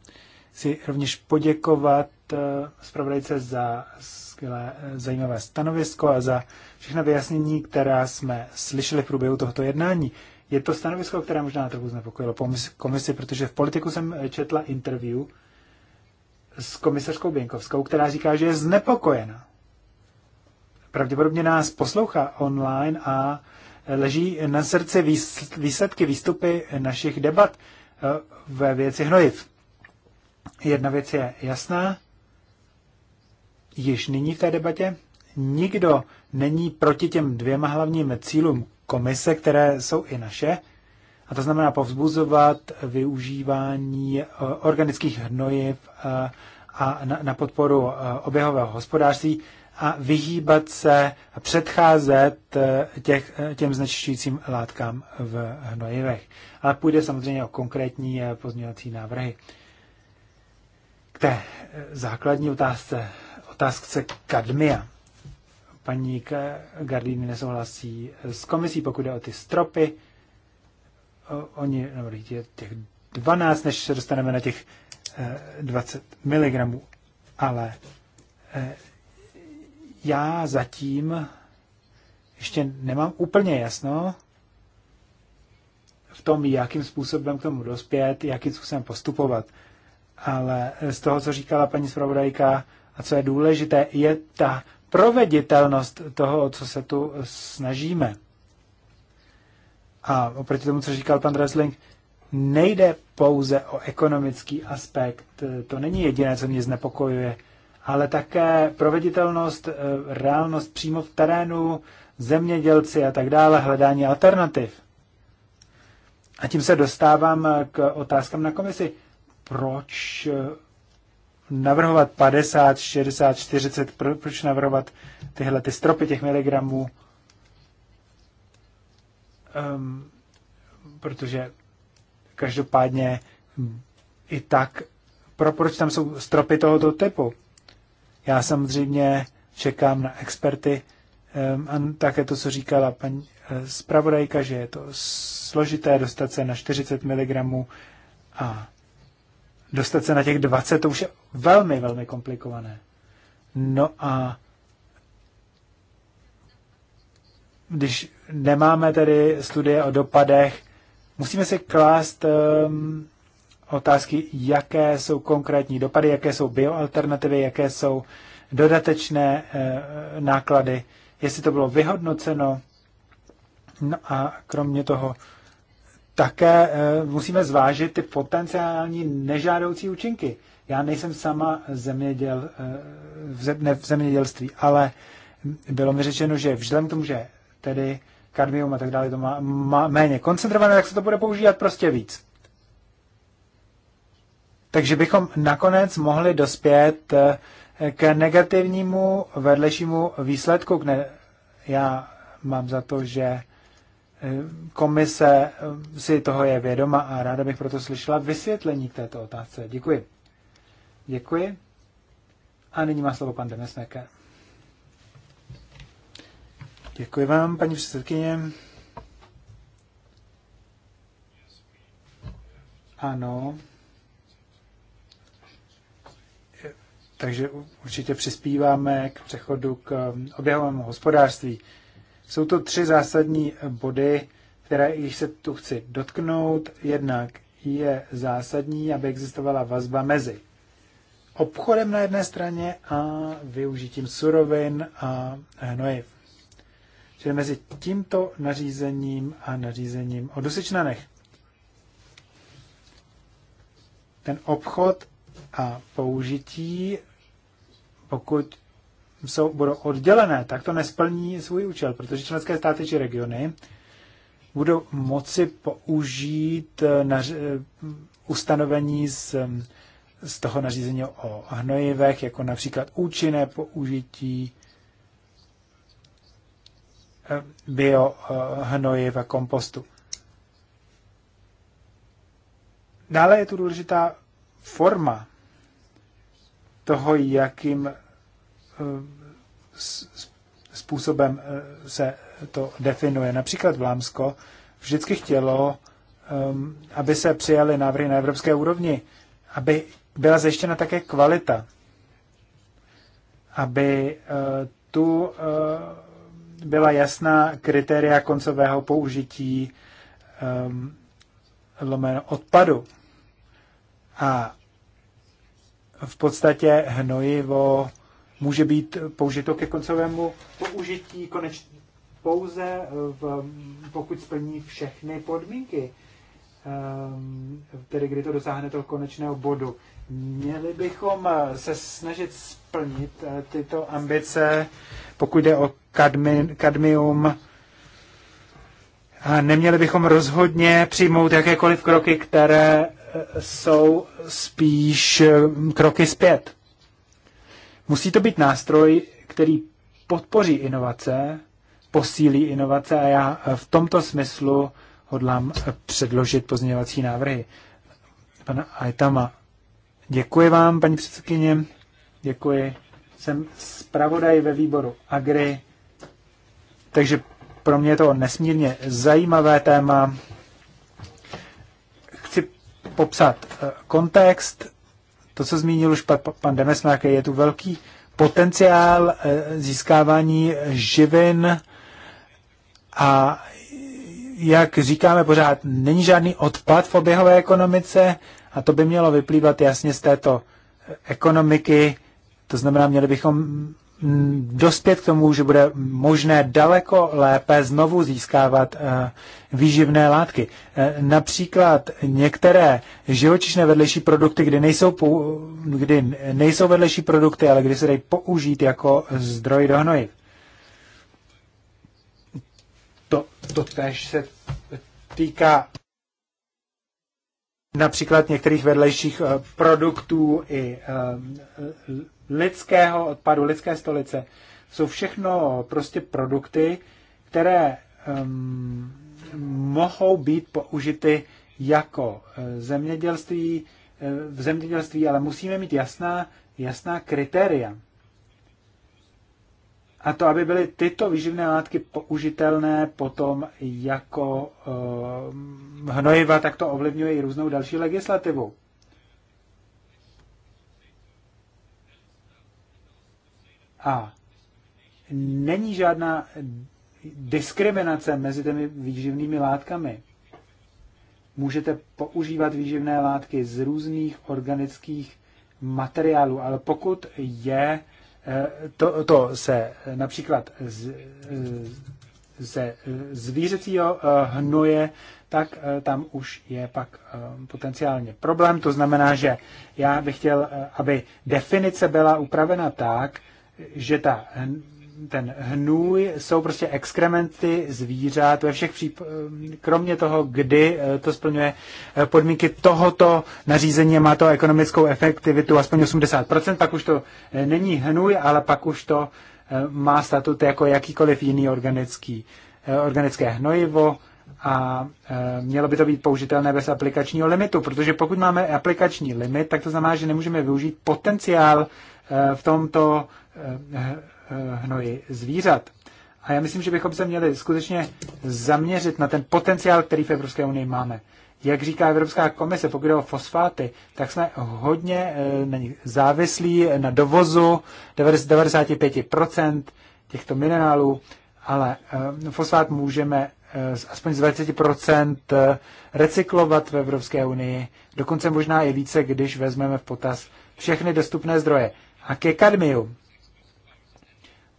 Chci rovněž poděkovat eh, zpravodajce za skvělé, eh, zajímavé stanovisko a za všechna vyjasnění, která jsme slyšeli v průběhu tohoto jednání. Je to stanovisko, které možná trochu znepokojilo komisi, protože v politiku jsem eh, četla interview s komisařkou Běnkovskou, která říká, že je znepokojena. Pravděpodobně nás poslouchá online a eh, leží na srdci výsledky, výstupy eh, našich debat ve věci hnojiv. Jedna věc je jasná, již nyní v té debatě nikdo není proti těm dvěma hlavním cílům komise, které jsou i naše, a to znamená povzbuzovat využívání eh, organických hnojiv eh, a na, na podporu eh, oběhového hospodářství a vyhýbat se a předcházet těch, těm znečišťujícím látkám v hnojivech. Ale půjde samozřejmě o konkrétní pozměňovací návrhy. K té základní otázce, otázce kadmia paní Gardini nesouhlasí s komisí, pokud jde o ty stropy. Oni, nebo je těch 12, než se dostaneme na těch 20 eh, mg, ale eh, já zatím ještě nemám úplně jasno v tom, jakým způsobem k tomu dospět, jakým způsobem postupovat. Ale z toho, co říkala paní zpravodajka a co je důležité, je ta proveditelnost toho, co se tu snažíme. A oproti tomu, co říkal pan Dresling, nejde pouze o ekonomický aspekt, to není jediné, co mě znepokojuje, ale také proveditelnost, eh, reálnost přímo v terénu, zemědělci a tak dále, hledání alternativ. A tím se dostávám eh, k otázkám na komisi. Proč eh, navrhovat 50, 60, 40, proč navrhovat tyhle ty stropy těch miligramů, um, protože každopádně i tak, pro, proč tam jsou stropy tohoto typu? Já samozřejmě čekám na experty um, a také to, co říkala paní eh, zpravodajka, že je to složité dostat se na 40 mg a dostat se na těch 20, to už je velmi, velmi komplikované. No a když nemáme tedy studie o dopadech, musíme si klást um, otázky, jaké jsou konkrétní dopady, jaké jsou bioalternativy, jaké jsou dodatečné uh, náklady, jestli to bylo vyhodnoceno. No a kromě toho také eh, musíme zvážit ty potenciální nežádoucí účinky. Já nejsem sama zeměděl, eh, v zemědělství, ale bylo mi řečeno, že vzhledem k tomu, že tedy kadmium a tak dále to má, má méně koncentrované, tak se to bude používat prostě víc. Takže bychom nakonec mohli dospět eh, k negativnímu vedlejšímu výsledku. Já mám za to, že komise eh, si toho je vědoma a ráda bych proto slyšela vysvětlení k této otázce. Děkuji. Děkuji. A nyní má slovo pan Demesneker. Děkuji vám, paní předsedkyně. Ano. Takže určitě přispíváme k přechodu k eh, oběhovému hospodářství. Jsou to tři zásadní body, které již se tu chci dotknout. Jednak je zásadní, aby existovala vazba mezi obchodem na jedné straně a využitím surovin a hnojiv. Čili mezi tímto nařízením a nařízením o dusičnanech. Ten obchod a použití, pokud jsou, budou oddělené, tak to nesplní svůj účel, protože členské státy či regiony budou moci použít eh, na, eh, ustanovení z, mm, z toho nařízení o hnojivech, jako například účinné použití eh, biohnojiv a kompostu. Dále je tu důležitá forma toho, jakým způsobem eh, se to definuje. Například v Lámsko vždycky chtělo, ehm, aby se přijaly návrhy na evropské úrovni, aby byla zajištěna také kvalita, aby eh, tu eh, byla jasná kritéria koncového použití ehm, lomeno odpadu. A v podstatě hnojivo může být použito ke koncovému použití konečně pouze, v, pokud splní všechny podmínky, ehm, tedy kdy to dosáhne toho konečného bodu. Měli bychom eh, se snažit splnit eh, tyto ambice, pokud jde o kadmi, kadmium, a neměli bychom rozhodně přijmout jakékoliv kroky, které eh, jsou spíš kroky zpět. Musí to být nástroj, který podpoří inovace, posílí inovace a já eh, v tomto smyslu hodlám eh, předložit pozměňovací návrhy. Pana Aitama, děkuji vám, paní předsedkyně, děkuji. Jsem zpravodaj ve výboru Agri, takže pro mě je to nesmírně zajímavé téma. Chci popsat eh, kontext to, co zmínil už pan Demesmák, je tu velký potenciál eh, získávání živin a jak říkáme pořád, není žádný odpad v oběhové ekonomice a to by mělo vyplývat jasně z této ekonomiky. To znamená, měli bychom Mm, dospět k tomu, že bude možné daleko lépe znovu získávat eh, výživné látky. Eh, například některé živočišné vedlejší produkty, kdy nejsou, kdy nejsou vedlejší produkty, ale kdy se dají použít jako zdroj do hnojiv. To, to tež se týká například některých vedlejších eh, produktů i lidského odpadu, lidské stolice, jsou všechno prostě produkty, které um, mohou být použity jako eh, zemědělství, eh, v zemědělství, ale musíme mít jasná, jasná kritéria. A to, aby byly tyto výživné látky použitelné potom jako uh, hnojiva, tak to ovlivňuje i různou další legislativu. A není žádná diskriminace mezi těmi výživnými látkami. Můžete používat výživné látky z různých organických materiálů, ale pokud je eh, to, to se například z, eh, ze eh, zvířecího hnoje, tak tam už je pak potenciálně problém. To znamená, že já bych chtěl, aby definice byla upravena tak, že ta, ten hnůj jsou prostě exkrementy zvířat ve všech příp- kromě toho, kdy eh, to splňuje eh, podmínky tohoto nařízení má to ekonomickou efektivitu aspoň 80%, pak už to eh, není hnůj, ale pak už to má statut jako jakýkoliv jiný organický, organické hnojivo a mělo by to být použitelné bez aplikačního limitu, protože pokud máme aplikační limit, tak to znamená, že nemůžeme využít potenciál v tomto Eh, eh, hnoji zvířat. A já myslím, že bychom se měli skutečně zaměřit na ten potenciál, který v Evropské unii máme. Jak říká Evropská komise, pokud jde o fosfáty, tak jsme hodně eh, závislí na dovozu 95% těchto minerálů, ale fosfát můžeme aspoň z 20% recyklovat v Evropské unii, dokonce možná i více, když vezmeme v potaz všechny dostupné zdroje. A ke kadmiu,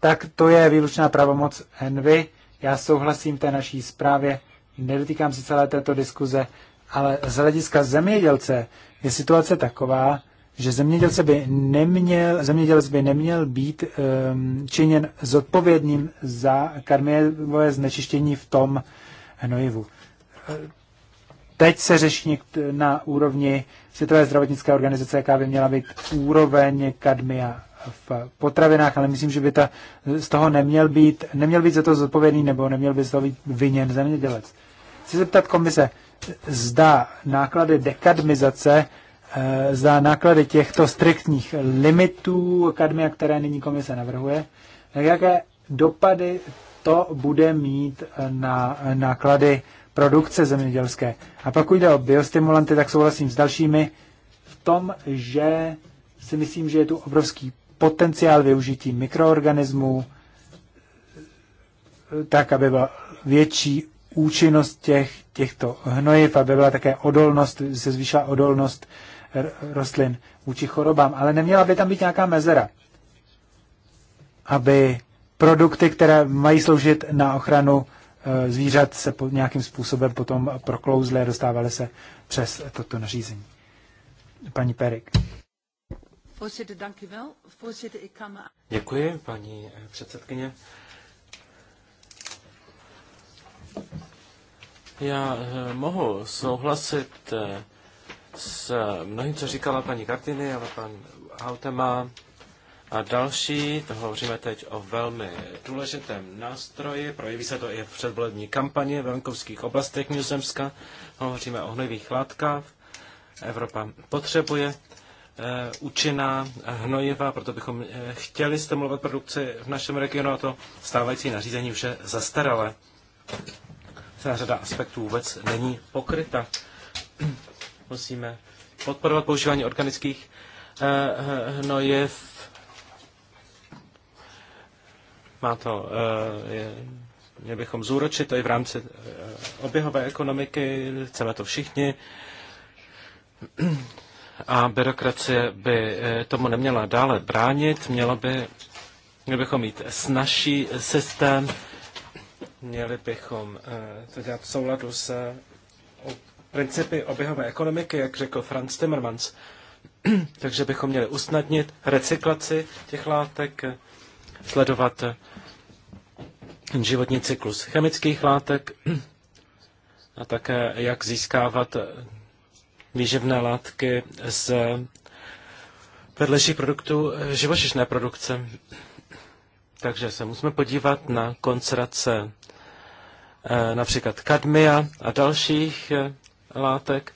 tak to je výlučná pravomoc Envy. Já souhlasím té naší zprávě, nedotýkám se celé této diskuze, ale z hlediska zemědělce je situace taková, že zemědělce by neměl, zemědělec by neměl být um, činěn zodpovědným za karmivové znečištění v tom hnojivu. Teď se řeší na úrovni Světové zdravotnické organizace, jaká by měla být úroveň kadmia v potravinách, ale myslím, že by ta, z toho neměl být, neměl být za to zodpovědný nebo neměl by z toho být viněn zemědělec. Chci zeptat komise, zda náklady dekadmizace, eh, zda náklady těchto striktních limitů kadmia, které nyní komise navrhuje, tak jaké dopady to bude mít eh, na náklady produkce zemědělské. A pak jde o biostimulanty, tak souhlasím s dalšími v tom, že si myslím, že je tu obrovský potenciál využití mikroorganismů, tak, aby byla větší účinnost těch, těchto hnojiv, aby byla také odolnost, se zvýšila odolnost rostlin vůči chorobám, ale neměla by tam být nějaká mezera, aby produkty, které mají sloužit na ochranu e, zvířat, se po nějakým způsobem potom proklouzly a dostávaly se přes toto nařízení. Paní Perik. Děkuji, paní eh, předsedkyně. Já eh, mohu souhlasit eh, s mnohým, co říkala paní Kartiny, ale pan Hautema a další. To hovoříme teď o velmi důležitém nástroji. Projeví se to i v předvolební kampani v venkovských oblastech Nizozemska. Hovoříme o hnojivých látkách. Evropa potřebuje Eh, účinná eh, hnojiva, proto bychom eh, chtěli stimulovat produkci v našem regionu a to stávající nařízení už je zastaralé. Celá řada aspektů vůbec není pokryta. Musíme podporovat používání organických hnojiv. Má to, je, měli bychom zúročit to i v rámci oběhové ekonomiky, chceme to všichni a byrokracie by eh, tomu neměla dále bránit, měla by, měli bychom mít snažší systém, měli bychom eh, to dělat v souladu s eh, principy oběhové ekonomiky, jak řekl Franz Timmermans. Takže bychom měli usnadnit recyklaci těch látek, sledovat životní cyklus chemických látek a také jak získávat výživné látky z vedlejších produktů eh, živočišné produkce. Takže se musíme podívat na koncentrace eh, například kadmia a dalších eh, látek.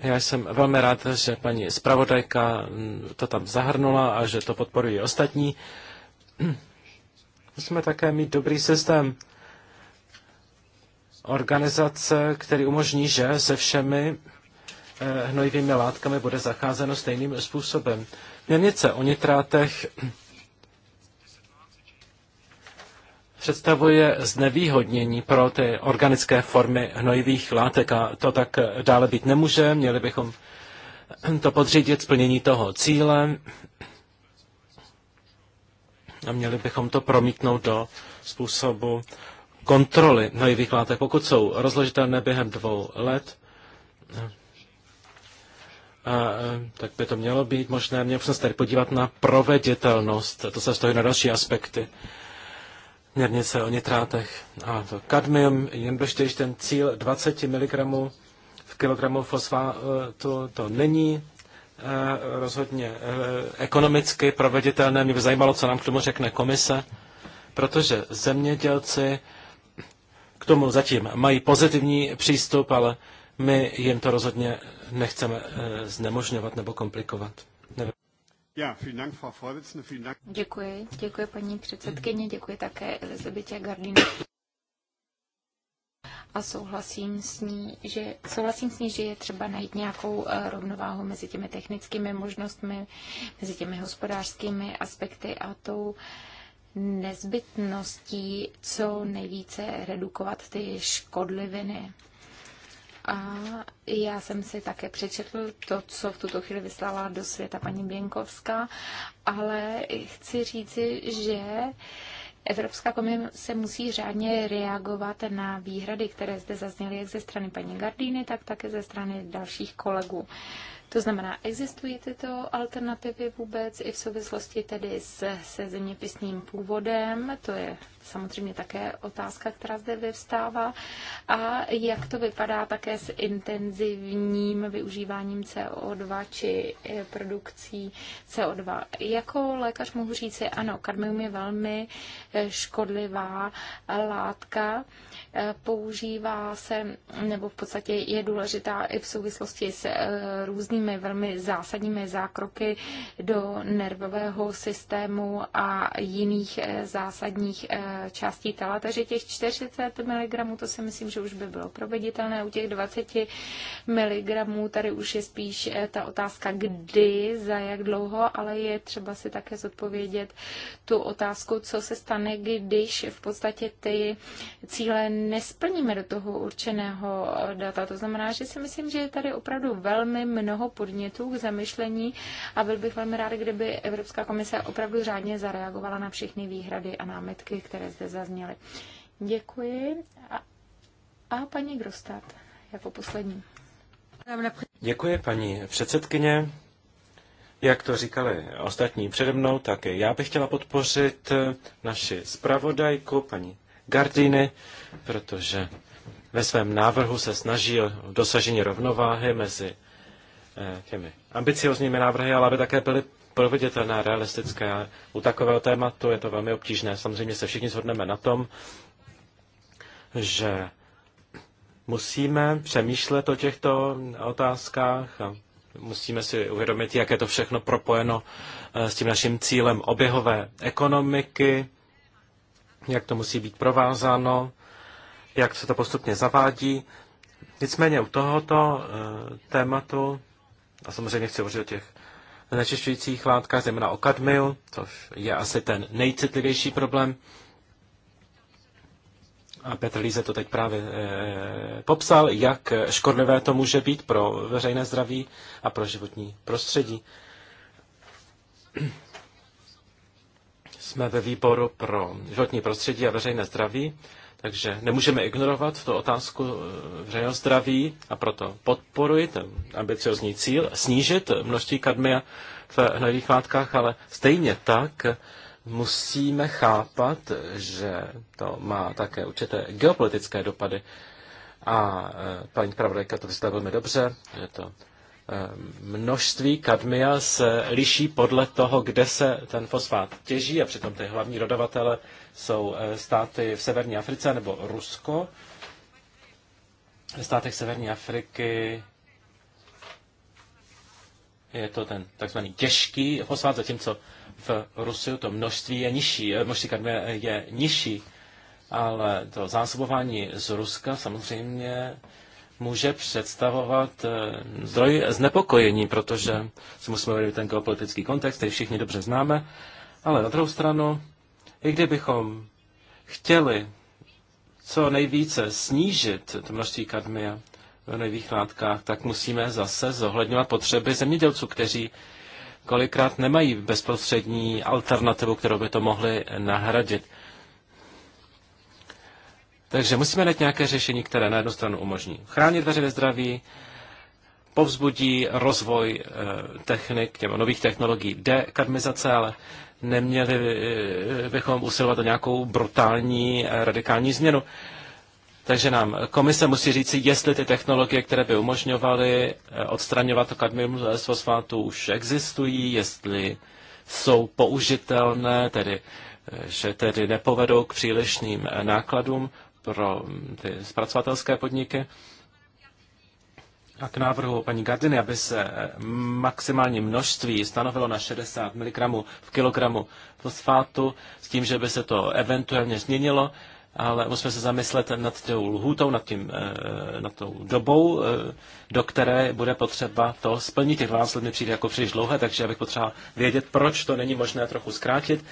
Já jsem velmi rád, že paní zpravodajka mm, to tam zahrnula a že to podporují ostatní. Musíme také mít dobrý systém organizace, který umožní, že se všemi eh, hnojivými látkami bude zacházeno stejným způsobem. Měrnice o nitrátech představuje znevýhodnění pro ty organické formy hnojivých látek a to tak dále být nemůže. Měli bychom to podřídit splnění toho cíle a měli bychom to promítnout do způsobu kontroly na jejich výkladech, pokud jsou rozložitelné během dvou let, a, tak by to mělo být možné. Měl jsem se tady podívat na proveditelnost, to se stojí na další aspekty. Měrnice o nitrátech a to kadmium, jen ten cíl 20 mg v kilogramu fosfátu, to není e, rozhodně e, ekonomicky proveditelné. Mě by zajímalo, co nám k tomu řekne komise, protože zemědělci tomu zatím mají pozitivní přístup, ale my jim to rozhodně nechceme eh, znemožňovat nebo komplikovat. Děkuji, děkuji paní předsedkyně, děkuji také Elizabetě Gardino. A souhlasím s, ní, že, souhlasím s ní, že je třeba najít nějakou eh, rovnováhu mezi těmi technickými možnostmi, mezi těmi hospodářskými aspekty a tou uh, nezbytností co nejvíce redukovat ty škodliviny. A já jsem si také přečetl to, co v tuto chvíli vyslala do světa paní Běnkovská, ale chci říci, že Evropská komise musí řádně reagovat na výhrady, které zde zazněly jak ze strany paní Gardíny, tak také ze strany dalších kolegů. Uh, to znamená, existují tyto alternativy vůbec i v souvislosti tedy se, se zeměpisným původem, to je samozřejmě také otázka, která zde vyvstává. A jak to vypadá také s intenzivním využíváním CO2 či eh, produkcí CO2. Jako lékař mohu říct, že ano, kadmium je velmi eh, škodlivá látka. Eh, používá se, nebo v podstatě je důležitá i v souvislosti s různými velmi zásadními zákroky do nervového systému a jiných zásadních částí tela, takže těch 40 mg, to si myslím, že už by bylo proveditelné. U těch 20 mg tady už je spíš eh, ta otázka, kdy, za jak dlouho, ale je třeba si také zodpovědět tu otázku, co se stane, když v podstatě ty cíle nesplníme do toho určeného eh, data. To znamená, že si myslím, že je tady opravdu velmi mnoho podnětů k zamyšlení a byl bych velmi rád, kdyby Evropská komise opravdu řádně zareagovala na všechny výhrady a námitky, které které zde zazněly. Děkuji. A, a paní Grostat jako poslední. Děkuji, paní předsedkyně. Jak to říkali ostatní přede mnou, tak já bych chtěla podpořit naši zpravodajku, paní Gardiny, protože ve svém návrhu se snaží o dosažení rovnováhy mezi eh, těmi ambiciozními návrhy, ale aby také byly proveditelné, realistické. U takového tématu je to velmi obtížné. Samozřejmě se všichni shodneme na tom, že musíme přemýšlet o těchto otázkách a musíme si uvědomit, jak je to všechno propojeno eh, s tím naším cílem oběhové ekonomiky, jak to musí být provázáno, jak se to postupně zavádí. Nicméně u tohoto eh, tématu, a samozřejmě chci hovořit o těch znečišťujících látkách, zejména o kadmiu, což je asi ten nejcitlivější problém. A Petr Líze to teď právě e, popsal, jak škodlivé to může být pro veřejné zdraví a pro životní prostředí. Jsme ve výboru pro životní prostředí a veřejné zdraví takže nemůžeme ignorovat tu otázku eh, veřejného zdraví a proto podporuji ten ambiciozní cíl snížit množství kadmia v hnojivých látkách, ale stejně tak musíme chápat, že to má také určité geopolitické dopady. A eh, paní pravodajka to vysvětlila velmi dobře, že to Eh, množství kadmia se liší podle toho, kde se ten fosfát těží a přitom ty hlavní dodavatele jsou eh, státy v severní Africe nebo Rusko. Ve státech severní Afriky je to ten takzvaný těžký fosfát, zatímco v Rusiu to množství je nižší, eh, množství kadmia je nižší, ale to zásobování z Ruska samozřejmě může představovat eh, zdroj znepokojení, protože si musíme vědět ten geopolitický kontext, který všichni dobře známe, ale na druhou stranu, i kdybychom chtěli co nejvíce snížit to množství kadmia v nových látkách, tak musíme zase zohledňovat potřeby zemědělců, kteří kolikrát nemají bezprostřední alternativu, kterou by to mohli nahradit. Takže musíme najít nějaké řešení, které na jednu stranu umožní chránit veřejné zdraví, povzbudí rozvoj eh, technik, těm nových technologií, dekadmizace, ale neměli eh, bychom usilovat o nějakou brutální, eh, radikální změnu. Takže nám komise musí říct, jestli ty technologie, které by umožňovaly odstraňovat to kadmium z fosfátu, už existují, jestli jsou použitelné, tedy že tedy nepovedou k přílišným nákladům pro ty zpracovatelské podniky. A k návrhu paní Gardiny, aby se maximální množství stanovilo na 60 mg v kilogramu fosfátu, s tím, že by se to eventuálně změnilo, ale musíme se zamyslet nad tou lhůtou, nad, tím, eh, nad tou dobou, eh, do které bude potřeba to splnit. Těch 12 let mi přijde jako příliš dlouhé, takže já bych potřeba vědět, proč to není možné trochu zkrátit.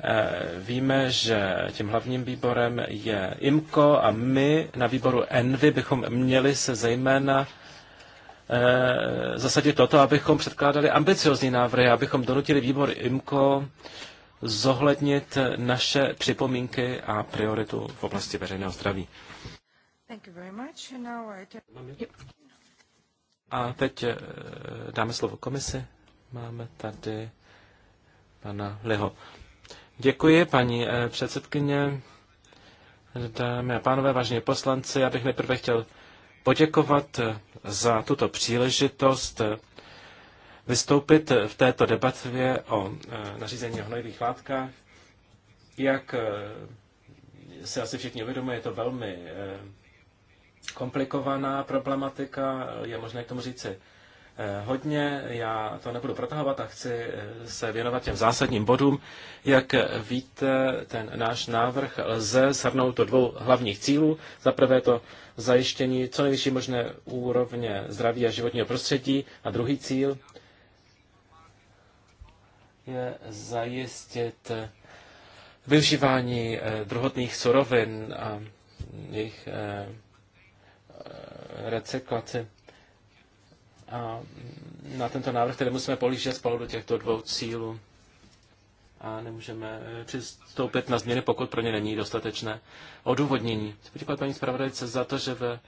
Eh, víme, že tím hlavním výborem je IMCO a my na výboru ENVY bychom měli se zejména eh, zasadit toto, abychom předkládali ambiciozní návrhy, abychom donutili výbor IMCO zohlednit naše připomínky a prioritu v oblasti veřejného zdraví. A teď eh, dáme slovo komisi. Máme tady pana Liho. Děkuji, paní eh, předsedkyně, dámy a pánové, vážení poslanci. Já bych nejprve chtěl poděkovat eh, za tuto příležitost eh, vystoupit v této debatě o nařízení o hnojivých látkách. Jak se asi všichni uvědomují, je to velmi komplikovaná problematika, je možné k tomu říci Eh, hodně. Já to nebudu protahovat a chci eh, se věnovat těm zásadním bodům. Jak víte, ten náš návrh lze shrnout do dvou hlavních cílů. Za prvé to zajištění co nejvyšší možné úrovně zdraví a životního prostředí a druhý cíl je zajistit eh, využívání druhotných surovin a jejich recyklaci. A na tento návrh tedy musíme polížet spolu do těchto dvou cílů a nemůžeme eh, přistoupit na změny, pokud pro ně není dostatečné odůvodnění. Chci poděkovat paní zpravodajce za to, že ve,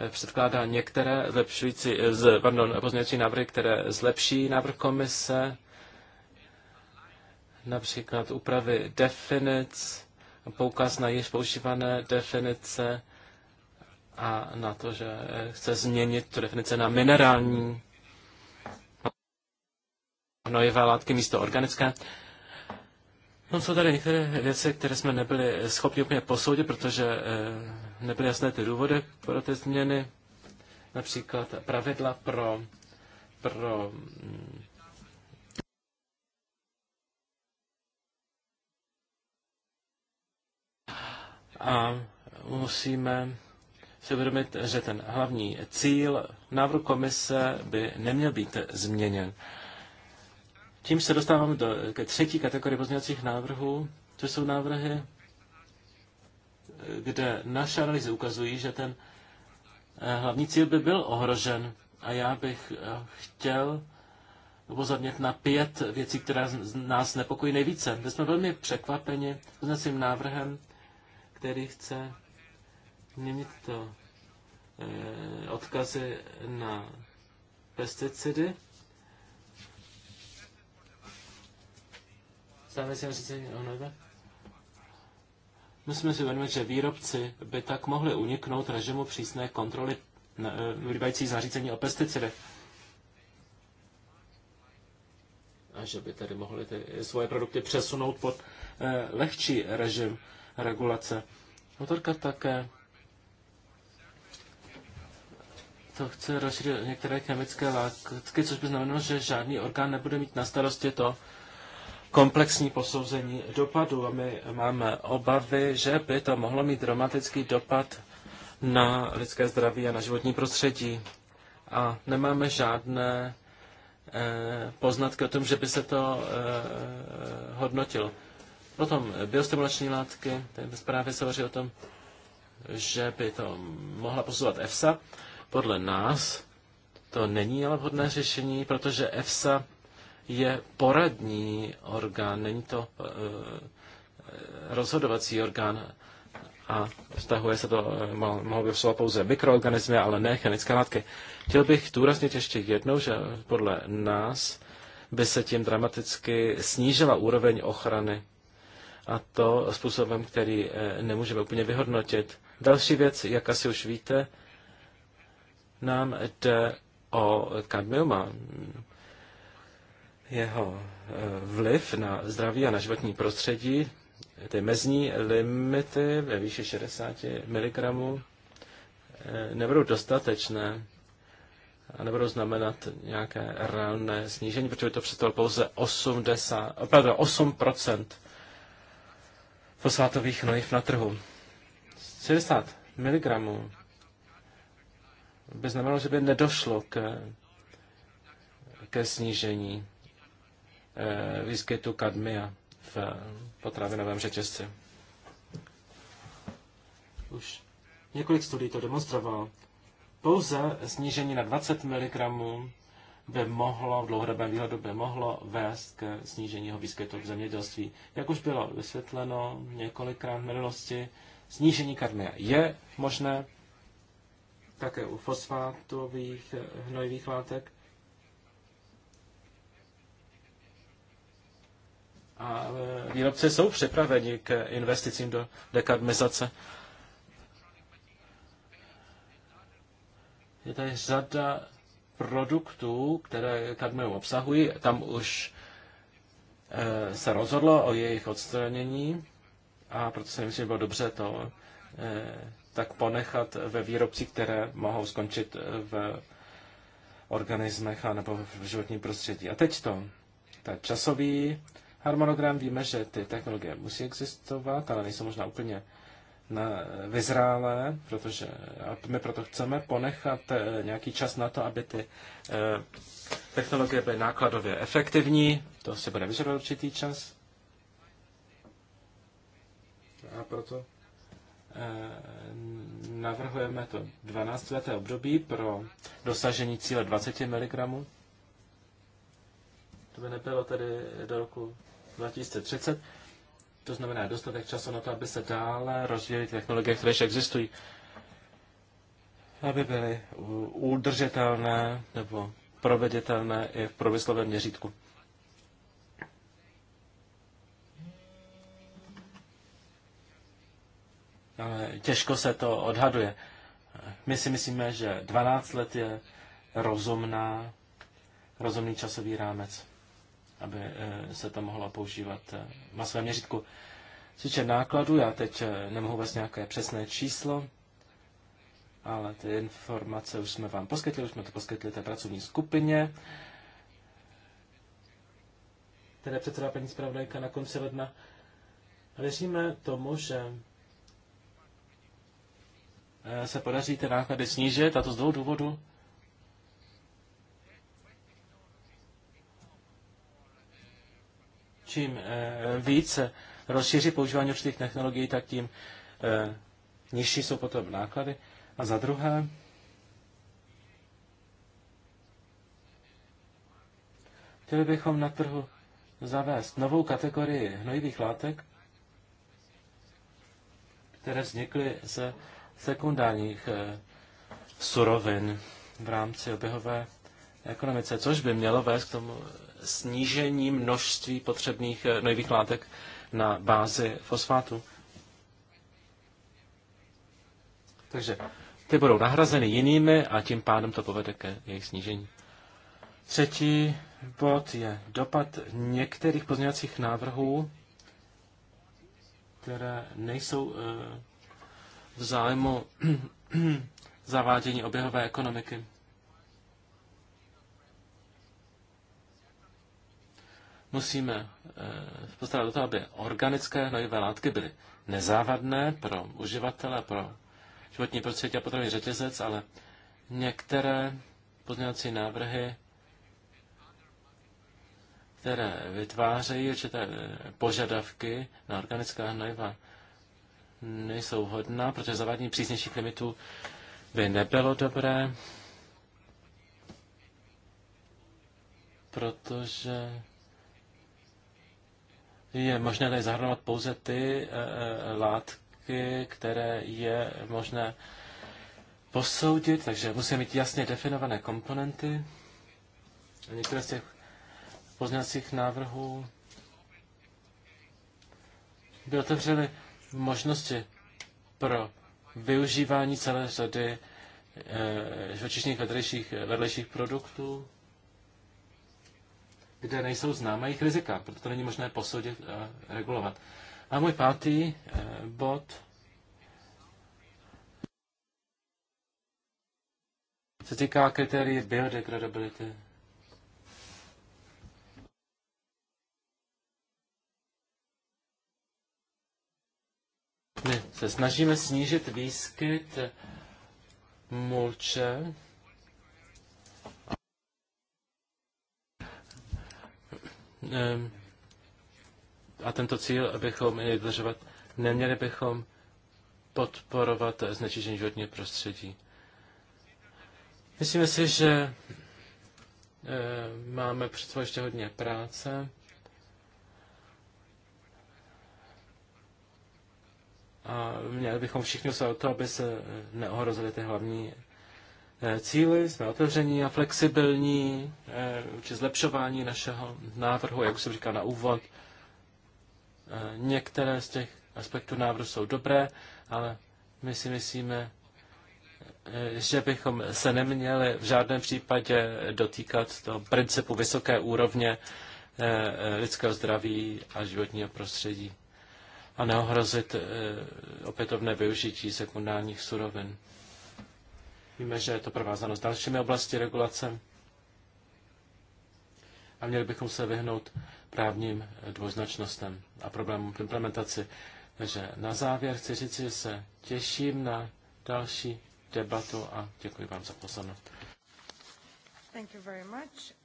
e, předkládá některé zlepšující, z, pardon, pozměňující návrhy, které zlepší návrh komise, například úpravy definic, poukaz na již používané definice, a na to, že chce změnit tu definici na minerální hnojivé látky místo organické. No, jsou tady některé věci, které jsme nebyli schopni úplně posoudit, protože eh, nebyly jasné ty důvody pro ty změny. Například pravidla pro, pro mm, a musíme si uvědomit, že ten hlavní cíl návrhu komise by neměl být změněn. Tím se dostáváme do, ke třetí kategorie pozměňovacích návrhů, to jsou návrhy, kde naše analýzy ukazují, že ten eh, hlavní cíl by byl ohrožen. A já bych eh, chtěl upozornit na pět věcí, které nás nepokojí nejvíce. My jsme velmi překvapeni s návrhem, který chce Mění to eh, odkazy na pesticidy. Závěsím řízení o nebe. Musíme si uvědomit, že výrobci by tak mohli uniknout režimu přísné kontroly eh, vylíbající zařízení o pesticidy, A že by tedy mohli ty svoje produkty přesunout pod eh, lehčí režim regulace. Autorka také to chce rozšířit některé chemické látky, což by znamenalo, že žádný orgán nebude mít na starosti to komplexní posouzení dopadu. A my máme obavy, že by to mohlo mít dramatický dopad na lidské zdraví a na životní prostředí. A nemáme žádné eh, poznatky o tom, že by se to eh, hodnotilo. Potom biostimulační látky, ten zprávě se hovoří o tom, že by to mohla posouvat EFSA. Podle nás to není ale vhodné řešení, protože EFSA je poradní orgán, není to eh, eh, rozhodovací orgán a vztahuje se to, eh, mohou by vstovat pouze mikroorganismy, ale ne chemické látky. Chtěl bych důraznit ještě jednou, že podle nás by se tím dramaticky snížila úroveň ochrany a to způsobem, který nemůžeme úplně vyhodnotit. Další věc, jak asi už víte, nám jde o kadmium jeho e, vliv na zdraví a na životní prostředí. Ty mezní limity ve výši 60 mg e, nebudou dostatečné a nebudou znamenat nějaké reálné snížení, protože by to představilo pouze 80, 8 eh, fosfátových hnojiv na trhu. 60 mg by znamenalo, že by nedošlo ke, ke snížení eh, výskytu kadmia v potravinovém řetězci. Už několik studií to demonstrovalo. Pouze snížení na 20 mg by mohlo, v dlouhodobém výhledu by mohlo vést ke snížení jeho výskytu v zemědělství. Jak už bylo vysvětleno několikrát v minulosti, snížení kadmia je možné, také u fosfátových eh, hnojivých látek. A výrobci jsou připraveni k investicím do dekarbonizace. Je tady řada produktů, které kadmium obsahují. Tam už eh, se rozhodlo o jejich odstranění a proto si myslím, že bylo dobře to eh, tak ponechat ve výrobcích, které mohou skončit v organismech nebo v životním prostředí. A teď to, ten časový harmonogram, víme, že ty technologie musí existovat, ale nejsou možná úplně na vyzrálé, protože my proto chceme ponechat eh, nějaký čas na to, aby ty eh, technologie byly nákladově efektivní, to se bude vyžadovat určitý čas. A proto Eh, navrhujeme to 12-leté období pro dosažení cíle 20 mg. To by nebylo tedy do roku 2030. To znamená dostatek času na to, aby se dále rozvíjely technologie, které ještě existují, aby byly udržitelné nebo proveditelné i v průmyslovém měřítku. ale těžko se to odhaduje. My si myslíme, že 12 let je rozumná, rozumný časový rámec, aby eh, se to mohlo používat v eh, masovém měřítku. Sice nákladu, já teď eh, nemohu vás nějaké přesné číslo, ale ty informace už jsme vám poskytli, už jsme to poskytli té pracovní skupině. Tedy předseda paní zpravodajka na konci ledna. Věříme tomu, že Eh, se podaří ty náklady snížit, a to z dvou důvodů. Čím eh, víc rozšíří používání určitých technologií, tak tím eh, nižší jsou potom náklady. A za druhé, chtěli bychom na trhu zavést novou kategorii hnojivých látek, které vznikly se sekundárních eh, surovin v rámci oběhové ekonomice, což by mělo vést k tomu snížení množství potřebných eh, nových látek na bázi fosfátu. Takže ty budou nahrazeny jinými a tím pádem to povede ke jejich snížení. Třetí bod je dopad některých pozměňovacích návrhů, které nejsou eh, v zájmu zavádění oběhové ekonomiky. Musíme eh, postarat o to, aby organické hnojivé látky byly nezávadné pro uživatele, pro životní prostředí a potravní řetězec, ale některé pozměňovací návrhy, které vytvářejí určité požadavky na organická hnojiva, nejsou hodná, protože zavádění přísnějších limitů by nebylo dobré, protože je možné tady zahrnovat pouze ty e, látky, které je možné posoudit, takže musí mít jasně definované komponenty. Některé z těch pozměňovacích návrhů by otevřely možnosti pro využívání celé řady eh, živočišných vedlejších, vedlejších produktů, kde nejsou známé jejich rizika, proto není možné posoudit a regulovat. A můj pátý eh, bod se týká kritérií biodegradability. My se snažíme snížit výskyt mulče. Ehm, a tento cíl abychom měli dodržovat. Neměli bychom podporovat znečištění životního prostředí. Myslíme si, že ehm, máme před sebou ještě hodně práce. a měli bychom všichni se o to, aby se neohrozili ty hlavní eh, cíly. Jsme otevření a flexibilní eh, či zlepšování našeho návrhu, jak už jsem říkal na úvod. Eh, některé z těch aspektů návrhu jsou dobré, ale my si myslíme, že bychom se neměli v žádném případě dotýkat toho principu vysoké úrovně lidského zdraví a životního prostředí a neohrozit eh, opětovné využití sekundárních surovin. Víme, že je to provázáno s dalšími oblasti regulace a měli bychom se vyhnout právním eh, dvojznačnostem a problémům v implementaci. Takže na závěr chci říct, že se těším na další debatu a děkuji vám za pozornost. Thank you very much.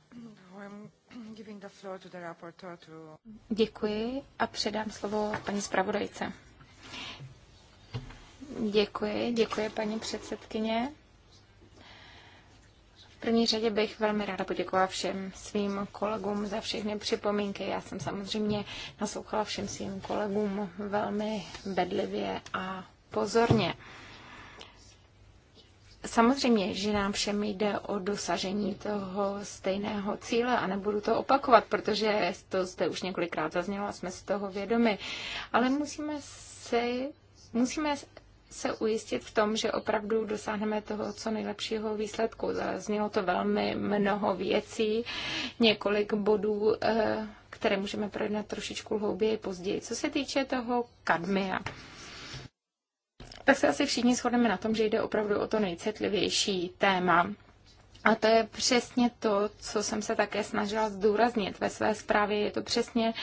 Děkuji a předám slovo paní zpravodajce. Děkuji, děkuji paní předsedkyně. V první řadě bych velmi ráda poděkovala všem svým kolegům za všechny připomínky. Já jsem samozřejmě naslouchala všem svým kolegům velmi bedlivě a pozorně. Samozřejmě, že nám všem jde o dosažení toho stejného cíle a nebudu to opakovat, protože to zde už několikrát zaznělo a jsme si toho vědomi. Ale musíme se musíme se ujistit v tom, že opravdu dosáhneme toho co nejlepšího výsledku. Zaznělo to velmi mnoho věcí, několik bodů, eh, které můžeme projednat trošičku hlouběji později. Co se týče toho kadmia, tak se asi všichni shodneme na tom, že jde opravdu o to nejcitlivější téma. A to je přesně to, co jsem se také snažila zdůraznit ve své zprávě. Je to přesně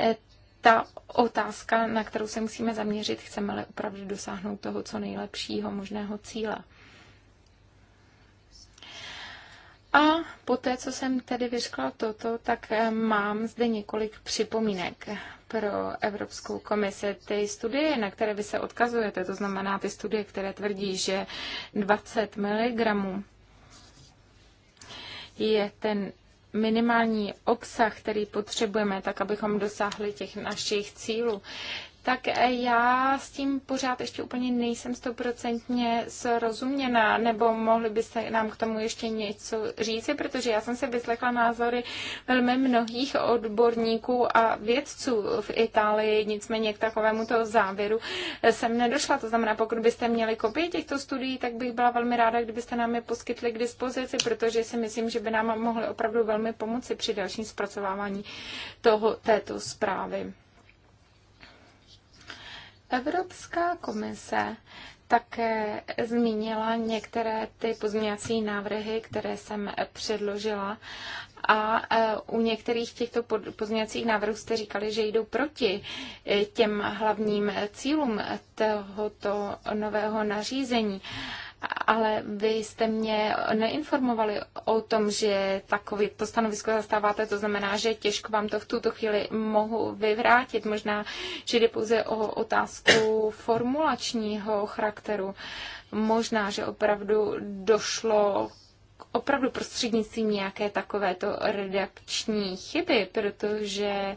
eh, ta otázka, na kterou se musíme zaměřit, chceme-li opravdu dosáhnout toho co nejlepšího možného cíle. A poté, co jsem tedy vyřkla toto, tak eh, mám zde několik připomínek pro Evropskou komisi. Ty studie, na které vy se odkazujete, to znamená ty studie, které tvrdí, že 20 mg je ten minimální obsah, který potřebujeme, tak abychom dosáhli těch našich cílů tak já s tím pořád ještě úplně nejsem stoprocentně srozuměná, nebo mohli byste nám k tomu ještě něco říci, protože já jsem se vyslechla názory velmi mnohých odborníků a vědců v Itálii, nicméně k takovému toho závěru jsem nedošla. To znamená, pokud byste měli kopii těchto studií, tak bych byla velmi ráda, kdybyste nám je poskytli k dispozici, protože si myslím, že by nám mohly opravdu velmi pomoci při dalším zpracovávání toho, této zprávy. Evropská komise také zmínila některé ty pozměňovací návrhy, které jsem předložila. A e, u některých těchto pozměňovacích návrhů jste říkali, že jdou proti e, těm hlavním cílům tohoto nového nařízení ale vy jste mě neinformovali o tom, že takový to stanovisko zastáváte, to znamená, že těžko vám to v tuto chvíli mohu vyvrátit. Možná, že jde pouze o otázku formulačního charakteru. Možná, že opravdu došlo opravdu prostřednictvím nějaké takovéto redakční chyby, protože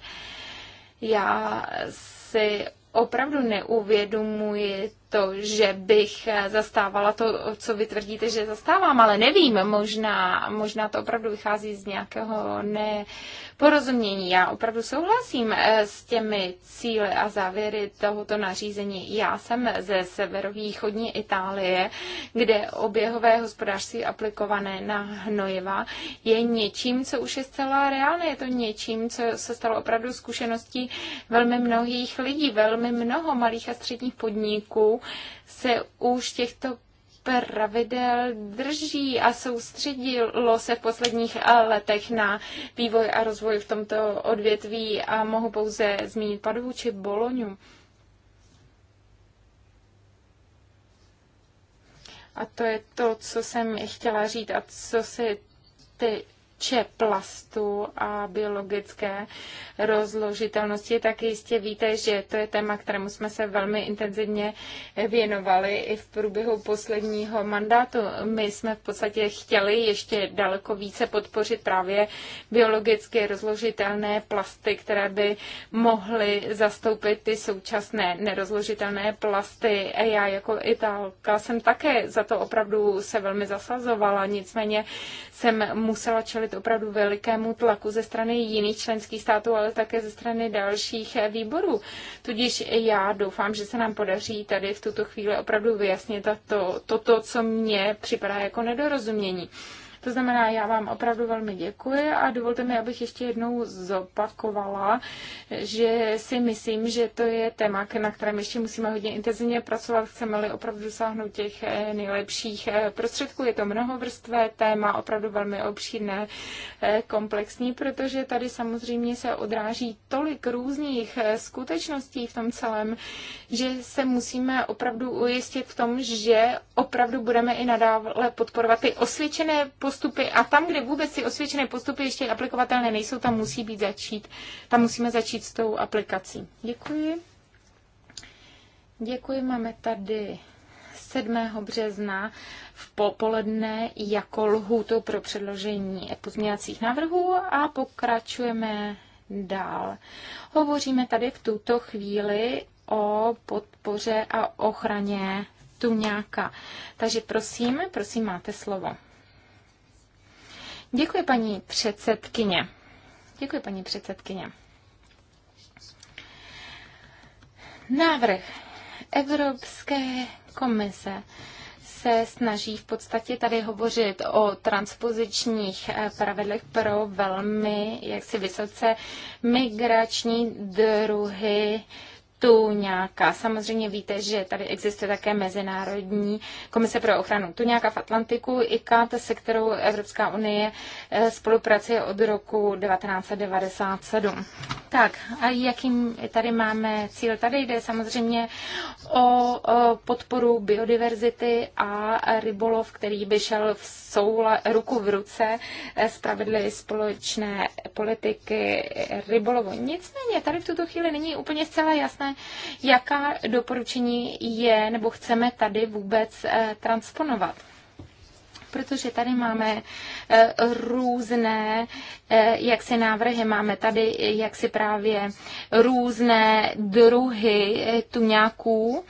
já si opravdu neuvědomuji to, že bych zastávala to, co vy tvrdíte, že zastávám, ale nevím, možná, možná to opravdu vychází z nějakého neporozumění. Já opravdu souhlasím eh, s těmi cíly a závěry tohoto nařízení. Já jsem ze severovýchodní Itálie, kde oběhové hospodářství aplikované na hnojiva je něčím, co už je zcela reálné. Je to něčím, co se stalo opravdu zkušeností velmi mnohých lidí, velmi mnoho malých a středních podniků, se už těchto pravidel drží a soustředilo se v posledních eh, letech na vývoj a rozvoj v tomto odvětví a mohu pouze zmínit Padovu či Boloňu. A to je to, co jsem chtěla říct a co se ty, týče plastu a biologické rozložitelnosti, tak jistě víte, že to je téma, kterému jsme se velmi intenzivně věnovali i v průběhu posledního mandátu. My jsme v podstatě chtěli ještě daleko více podpořit právě biologicky rozložitelné plasty, které by mohly zastoupit ty současné nerozložitelné plasty. A já jako Italka jsem také za to opravdu se velmi zasazovala, nicméně jsem musela čelit čelit opravdu velikému tlaku ze strany jiných členských států, ale také ze strany dalších výborů. Tudíž já doufám, že se nám podaří tady v tuto chvíli opravdu vyjasnit to, toto, co mně připadá jako nedorozumění. To znamená, já vám opravdu velmi děkuji a dovolte mi, abych ještě jednou zopakovala, že si myslím, že to je téma, na kterém ještě musíme hodně intenzivně pracovat, chceme-li opravdu dosáhnout těch eh, nejlepších eh, prostředků. Je to mnohovrstvé téma, opravdu velmi obšírné, eh, komplexní, protože tady samozřejmě se odráží tolik různých skutečností v tom celém, že se musíme opravdu ujistit v tom, že opravdu budeme i nadále podporovat ty osvědčené postupy, postupy a tam, kde vůbec ty osvědčené postupy ještě aplikovatelné nejsou, tam musí být začít, tam musíme začít s tou aplikací. Děkuji. Děkuji, máme tady 7. března v popoledne jako lhůtu pro předložení pozměňovacích návrhů a pokračujeme dál. Hovoříme tady v tuto chvíli o podpoře a ochraně tuňáka. Takže prosím, prosím, máte slovo. Děkuji, paní předsedkyně. Děkuji, paní předsedkyně. Návrh Evropské komise se snaží v podstatě tady hovořit o transpozičních eh, pravidlech pro velmi jaksi vysoce migrační druhy nějaká Samozřejmě víte, že tady existuje také Mezinárodní komise pro ochranu nějaká v Atlantiku, ICAT, se kterou Evropská unie eh, spolupracuje od roku 1997. Tak a jakým tady máme cíl? Tady jde samozřejmě o podporu biodiverzity a rybolov, který by šel v soula, ruku v ruce eh, s pravidly společné politiky eh, rybolovu. Nicméně tady v tuto chvíli není úplně zcela jasné, jaká doporučení je nebo chceme tady vůbec eh, transponovat protože tady máme eh, různé eh, jak si návrhy, máme tady jak si právě různé druhy tuňáků,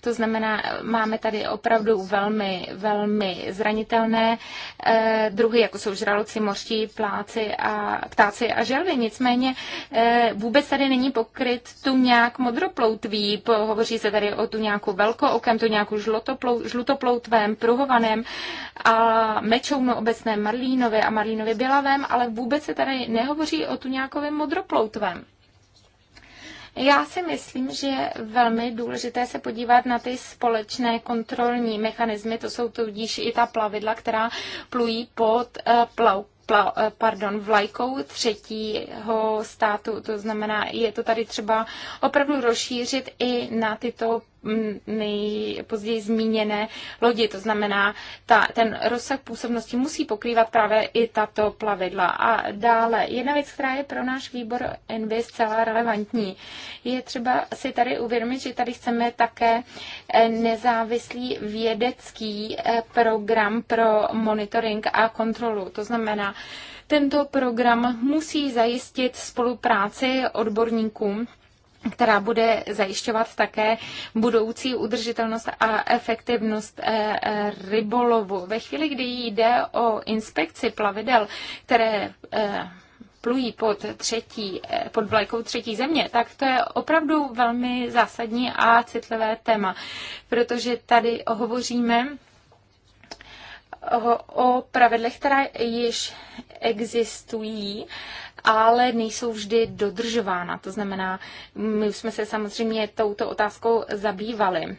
to znamená, máme tady opravdu velmi, velmi zranitelné eh, druhy, jako jsou žraloci, mořští, pláci a ptáci a želvy. Nicméně eh, vůbec tady není pokryt tu nějak modroploutví. Hovoří se tady o tu nějakou velkookem, tu nějakou žlutoploutvém, pruhovaném a mečounu obecné marlínově a marlínově bělavém, ale vůbec se tady nehovoří o tu nějakovém modroploutvém. Já si myslím, že je velmi důležité se podívat na ty společné kontrolní mechanismy, to jsou tudíž i ta plavidla, která plují pod eh, plavou eh, pardon, vlajkou třetího státu. To znamená, je to tady třeba opravdu rozšířit i na tyto nejpozději zmíněné lodi. To znamená, ta, ten rozsah působnosti musí pokrývat právě i tato plavidla. A dále, jedna věc, která je pro náš výbor NB zcela relevantní, je třeba si tady uvědomit, že tady chceme také eh, nezávislý vědecký eh, program pro monitoring a kontrolu. To znamená, tento program musí zajistit spolupráci odborníkům která bude zajišťovat také budoucí udržitelnost a efektivnost eh, eh, rybolovu. Ve chvíli, kdy jde o inspekci plavidel, které eh, plují pod, třetí, pod vlajkou třetí země, tak to je opravdu velmi zásadní a citlivé téma, protože tady hovoříme o pravidlech, která již existují, ale nejsou vždy dodržována. To znamená, my jsme se samozřejmě touto otázkou zabývali.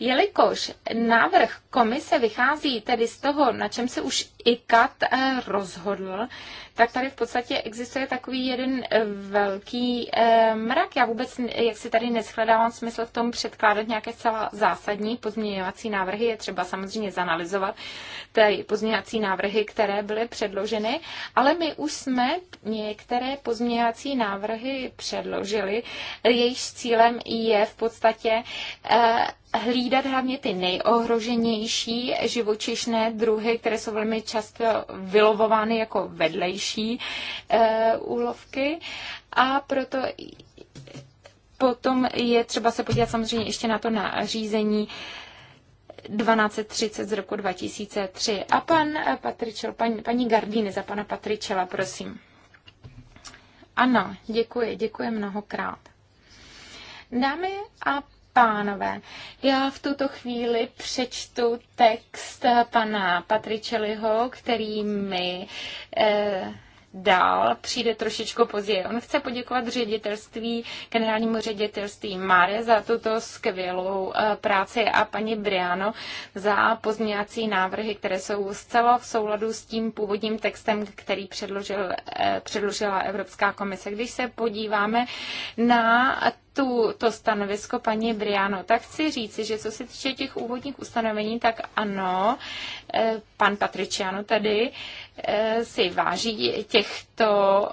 Jelikož návrh komise vychází tedy z toho, na čem se už ICAT e rozhodl, tak tady v podstatě existuje takový jeden e, velký e, mrak. Já vůbec, jak si tady neschledávám smysl v tom předkládat nějaké celá zásadní pozměňovací návrhy, je třeba samozřejmě zanalizovat ty pozměňovací návrhy, které byly předloženy, ale my už jsme některé pozměňovací návrhy předložili, jejichž cílem je v podstatě hlídat hlavně ty nejohroženější živočišné druhy, které jsou velmi často často eh, vylovovány jako vedlejší eh, úlovky a proto potom je třeba se podívat samozřejmě ještě na to nařízení 1230 z roku 2003. A pan eh, Patričel, paní, paní Gardíny za pana Patričela, prosím. Ano, děkuji, děkuji mnohokrát. Dámy a pánové, já v tuto chvíli přečtu text pana Patričeliho, který mi eh, dal, přijde trošičku později. On chce poděkovat ředitelství, generálnímu ředitelství Mare za tuto skvělou eh, práci a paní Briano za pozměňovací návrhy, které jsou zcela v souladu s tím původním textem, který předložil, eh, předložila Evropská komise. Když se podíváme na tu, to stanovisko paní Briano, tak chci říci, že co se týče těch úvodních ustanovení, tak ano, eh, pan Patriciano tady eh, si váží těchto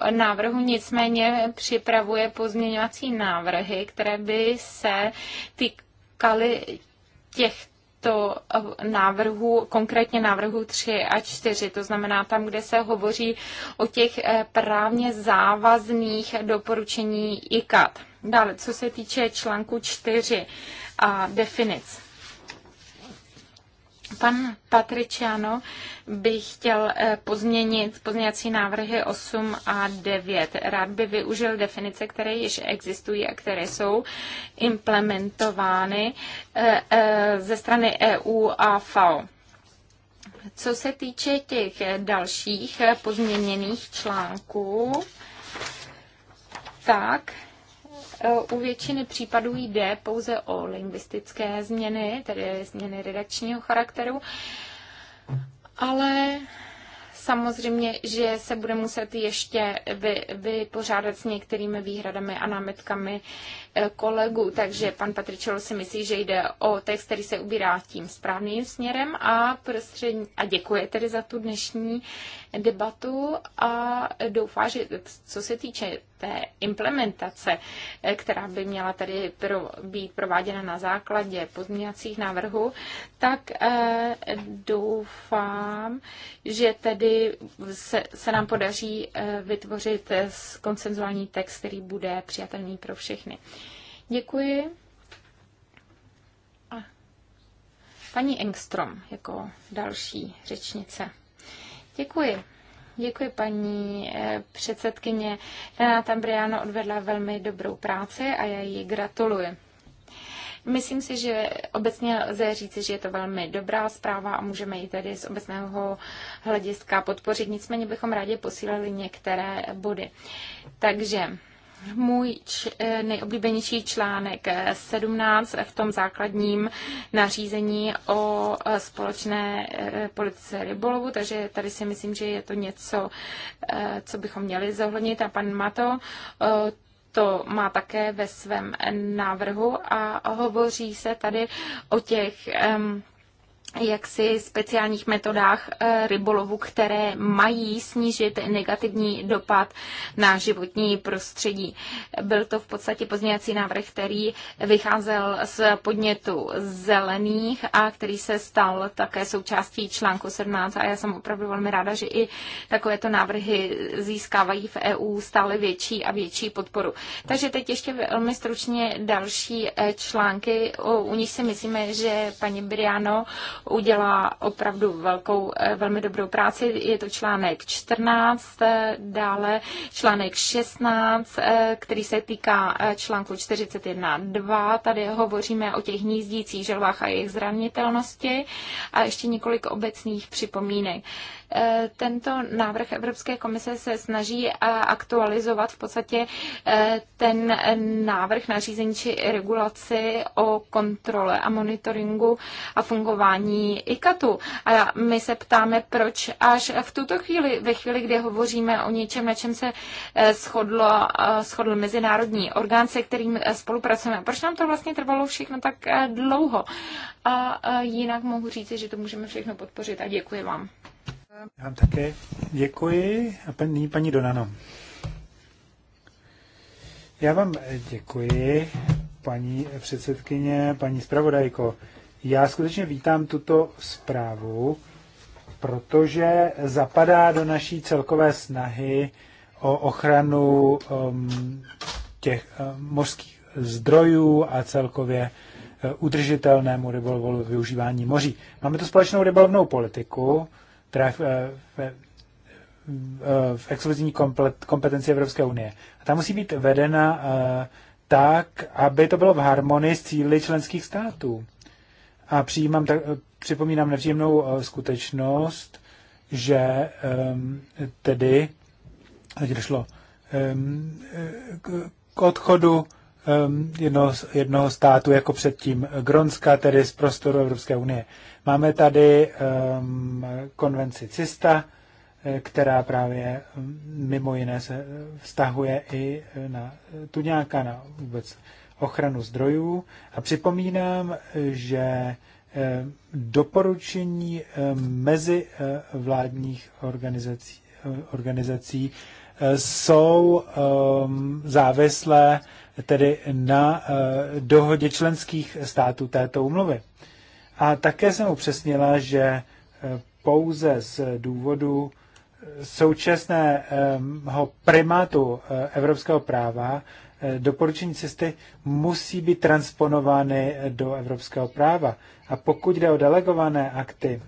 návrhů, nicméně připravuje pozměňovací návrhy, které by se týkaly těch těchto eh, návrhů, konkrétně návrhů 3 a 4, to znamená tam, kde se hovoří o těch eh, právně závazných doporučení ICAT. Dále, co se týče článku 4 a definic. Pan Patriciano by chtěl eh, pozměnit pozměňací návrhy 8 a 9. Rád by využil definice, které již existují a které jsou implementovány eh, eh, ze strany EU a FAO. Co se týče těch dalších pozměněných článků, tak E, u většiny případů jde pouze o lingvistické změny, tedy změny redakčního charakteru, ale samozřejmě, že se bude muset ještě vypořádat s některými výhradami a námitkami, Eh, kolegů. Takže pan Patričelo si myslí, že jde o text, který se ubírá tím správným směrem a, prostřední, a děkuje tedy za tu dnešní debatu a doufá, že co se týče té implementace, eh, která by měla tady pro, být prováděna na základě pozměňovacích návrhů, tak eh, doufám, že tedy se, se nám podaří eh, vytvořit eh, konsenzuální text, který bude přijatelný pro všechny. Děkuji. A paní Engstrom jako další řečnice. Děkuji. Děkuji, paní eh, předsedkyně. Renata Tambriano odvedla velmi dobrou práci a já jí gratuluji. Myslím si, že obecně lze říci, že je to velmi dobrá zpráva a můžeme ji tedy z obecného hlediska podpořit. Nicméně bychom rádi posílili některé body. Takže můj č- eh, nejoblíbenější článek 17 v tom základním nařízení o eh, společné eh, politice rybolovu, takže tady si myslím, že je to něco, co bychom měli zohlednit. A pan Mato to má také ve svém návrhu a hovoří se tady o těch um, jaksi speciálních metodách eh, rybolovu, které mají snížit negativní dopad na životní prostředí. Byl to v podstatě pozměňovací návrh, který vycházel z podnětu zelených a který se stal také součástí článku 17 a já jsem opravdu velmi ráda, že i takovéto návrhy získávají v EU stále větší a větší podporu. Takže teď ještě velmi stručně další eh, články, u nich si myslíme, že paní Briano udělá opravdu velkou, eh, velmi dobrou práci. Je to článek 14, eh, dále článek 16, eh, který se týká článku 41.2. Tady hovoříme o těch hnízdících želvách a jejich zranitelnosti a ještě několik obecných připomínek. Tento návrh Evropské komise se snaží aktualizovat v podstatě ten návrh řízení či regulaci o kontrole a monitoringu a fungování zmíní IKATu. A my se ptáme, proč až v tuto chvíli, ve chvíli, kdy hovoříme o něčem, na čem se eh, shodlo, eh, shodl mezinárodní orgán, se kterým eh, spolupracujeme. Proč nám to vlastně trvalo všechno tak dlouho? A jinak mohu říct, že to můžeme všechno podpořit a děkuji vám. Já vám také děkuji. A paní, paní Donano. Já vám děkuji, paní předsedkyně, paní zpravodajko. Já skutečně vítám tuto zprávu, protože zapadá do naší celkové snahy o ochranu um, těch um, mořských zdrojů a celkově eh, udržitelnému rybolovu využívání moří. Máme tu společnou rybolovnou politiku, která v, eh, v, v exkluzivní kompetenci Evropské unie. A ta musí být vedena tak, aby to bylo v harmonii s cíly členských států. A přijímám, tak, připomínám nepříjemnou eh, skutečnost, že ehm, tedy teď došlo ehm, eh, k odchodu ehm, jednoho, jednoho státu jako předtím Gronska, tedy z prostoru Evropské unie. Máme tady konvenci CISTA, eh, která právě mimo jiné se vztahuje i na Tuňáka, na vůbec ochranu zdrojů a připomínám, že eh, doporučení eh, mezi eh, vládních organizací, organizací jsou závislé tedy na dohodě členských států této umluvy. A také jsem upřesnila, že pouze z důvodu současného primátu evropského práva doporučení cesty musí být transponovány do evropského práva. A pokud jde o delegované akty,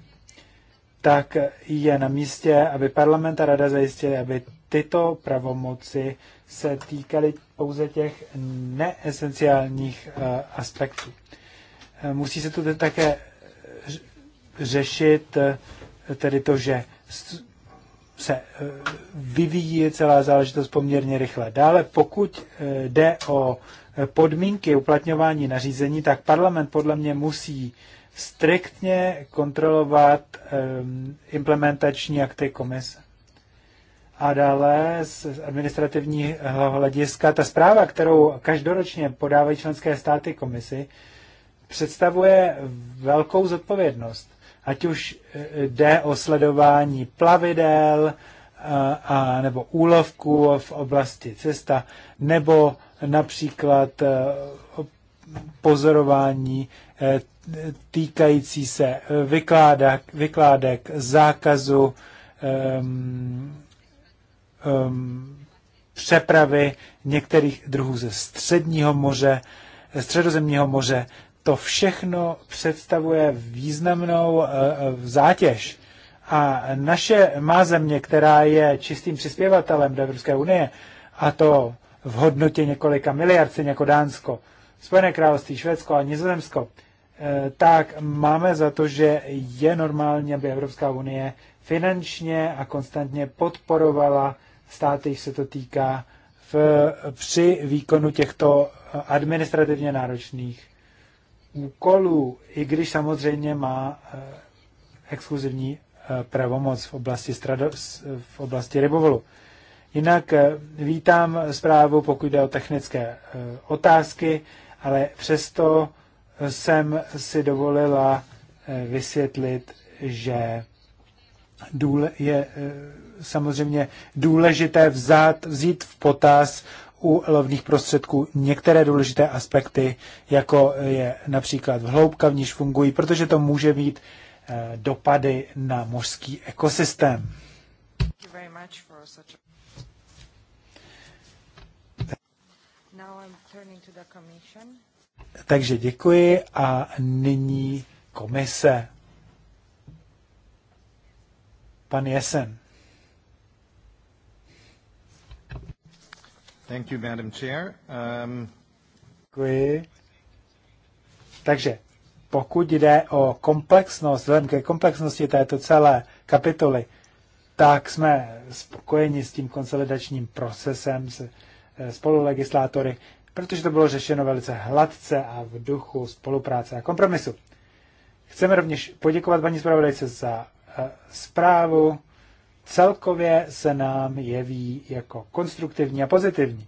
tak je na místě, aby parlament a rada zajistili, aby tyto pravomoci se týkaly pouze těch neesenciálních eh, aspektů. Eh, musí se tu také řešit eh, tedy to, že se eh, vyvíjí celá záležitost poměrně rychle. Dále, pokud eh, jde o eh, podmínky uplatňování nařízení, tak parlament podle mě musí striktně kontrolovat implementační akty komise. A dále z administrativního hlediska ta zpráva, kterou každoročně podávají členské státy komisi, představuje velkou zodpovědnost ať už eh, jde o sledování plavidel, eh, a, nebo úlovku v oblasti cesta, nebo například eh, pozorování týkající se vykládek, vykládek zákazu um, um, přepravy některých druhů ze středního moře, středozemního moře to všechno představuje významnou eh, eh, zátěž. A naše má země, která je čistým přispěvatelem do Evropské unie, a to v hodnotě několika miliard, stejně jako Dánsko, Spojené království, Švédsko a Nizozemsko, eh, tak máme za to, že je normální, aby Evropská unie finančně a konstantně podporovala státy, když se to týká, v, při výkonu těchto administrativně náročných úkolů, i když samozřejmě má eh, exkluzivní eh, pravomoc v oblasti, strado, v oblasti rybovolu. Jinak eh, vítám zprávu, pokud jde o technické otázky, ale přesto jsem si dovolila vysvětlit, že je samozřejmě důležité vzát, vzít v potaz u lovných prostředků některé důležité aspekty, jako je například hloubka, v níž fungují, protože to může mít eh, dopady na mořský ekosystém. Takže děkuji a nyní komise. Pan Jesen. Thank you, Madam Chair. Um... Děkuji. Takže pokud jde o komplexnost, vzhledem ke komplexnosti této celé kapitoly, tak jsme spokojeni s tím konsolidačním procesem s eh, spolulegislátory, protože to bylo řešeno velice hladce a v duchu spolupráce a kompromisu. Chceme rovněž poděkovat paní zpravodajce za eh, zprávu celkově se nám jeví jako konstruktivní a pozitivní.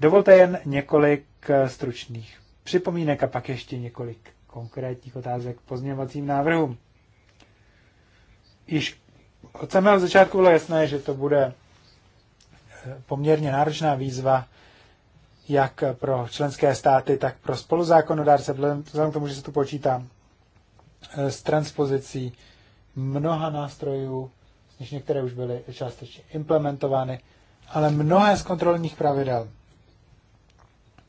Dovolte jen několik eh, stručných připomínek a pak ještě několik konkrétních otázek k pozměňovacím návrhům. Již od samého začátku bylo jasné, že to bude eh, poměrně náročná výzva jak pro členské státy, tak pro spoluzákonodárce, vzhledem k tomu, že se tu počítá eh, s transpozicí mnoha nástrojů když některé už byly částečně implementovány, ale mnohé z kontrolních pravidel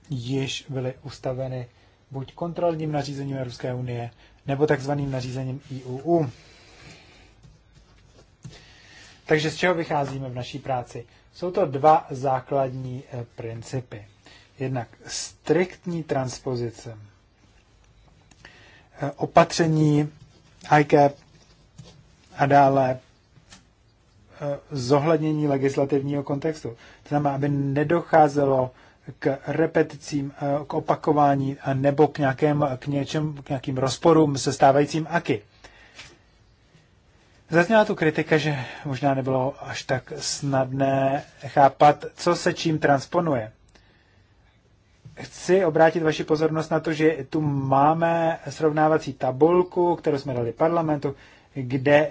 již byly ustaveny buď kontrolním nařízením Evropské unie, nebo takzvaným nařízením IUU. Takže z čeho vycházíme v naší práci? Jsou to dva základní eh, principy. Jednak striktní transpozice. Eh, opatření ICAP a dále zohlednění legislativního kontextu. To znamená, aby nedocházelo k repeticím, eh, k opakování nebo k, nějakém, k, něčem, k nějakým rozporům se stávajícím AKY. Zazněla tu kritika, že možná nebylo až tak snadné chápat, co se čím transponuje. Chci obrátit vaši pozornost na to, že tu máme srovnávací tabulku, kterou jsme dali parlamentu, kde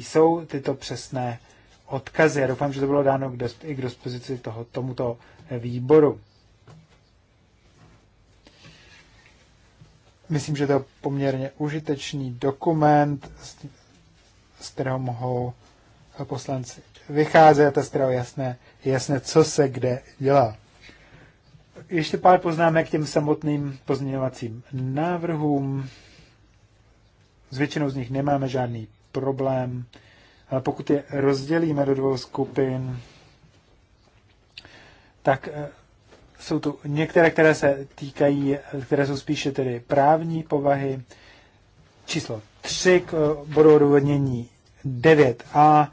jsou tyto přesné odkazy. Já doufám, že to bylo dáno k dost, i k dispozici toho, tomuto výboru. Myslím, že to je poměrně užitečný dokument, z, z kterého mohou poslanci vycházet a z kterého jasné, jasné, co se kde dělá. Ještě pár poznámek k těm samotným pozměňovacím návrhům. S většinou z nich nemáme žádný problém. Ale pokud je rozdělíme do dvou skupin, tak eh, jsou tu některé, které se týkají, které jsou spíše tedy právní povahy. Číslo 3 k eh, bodu odůvodnění 9a,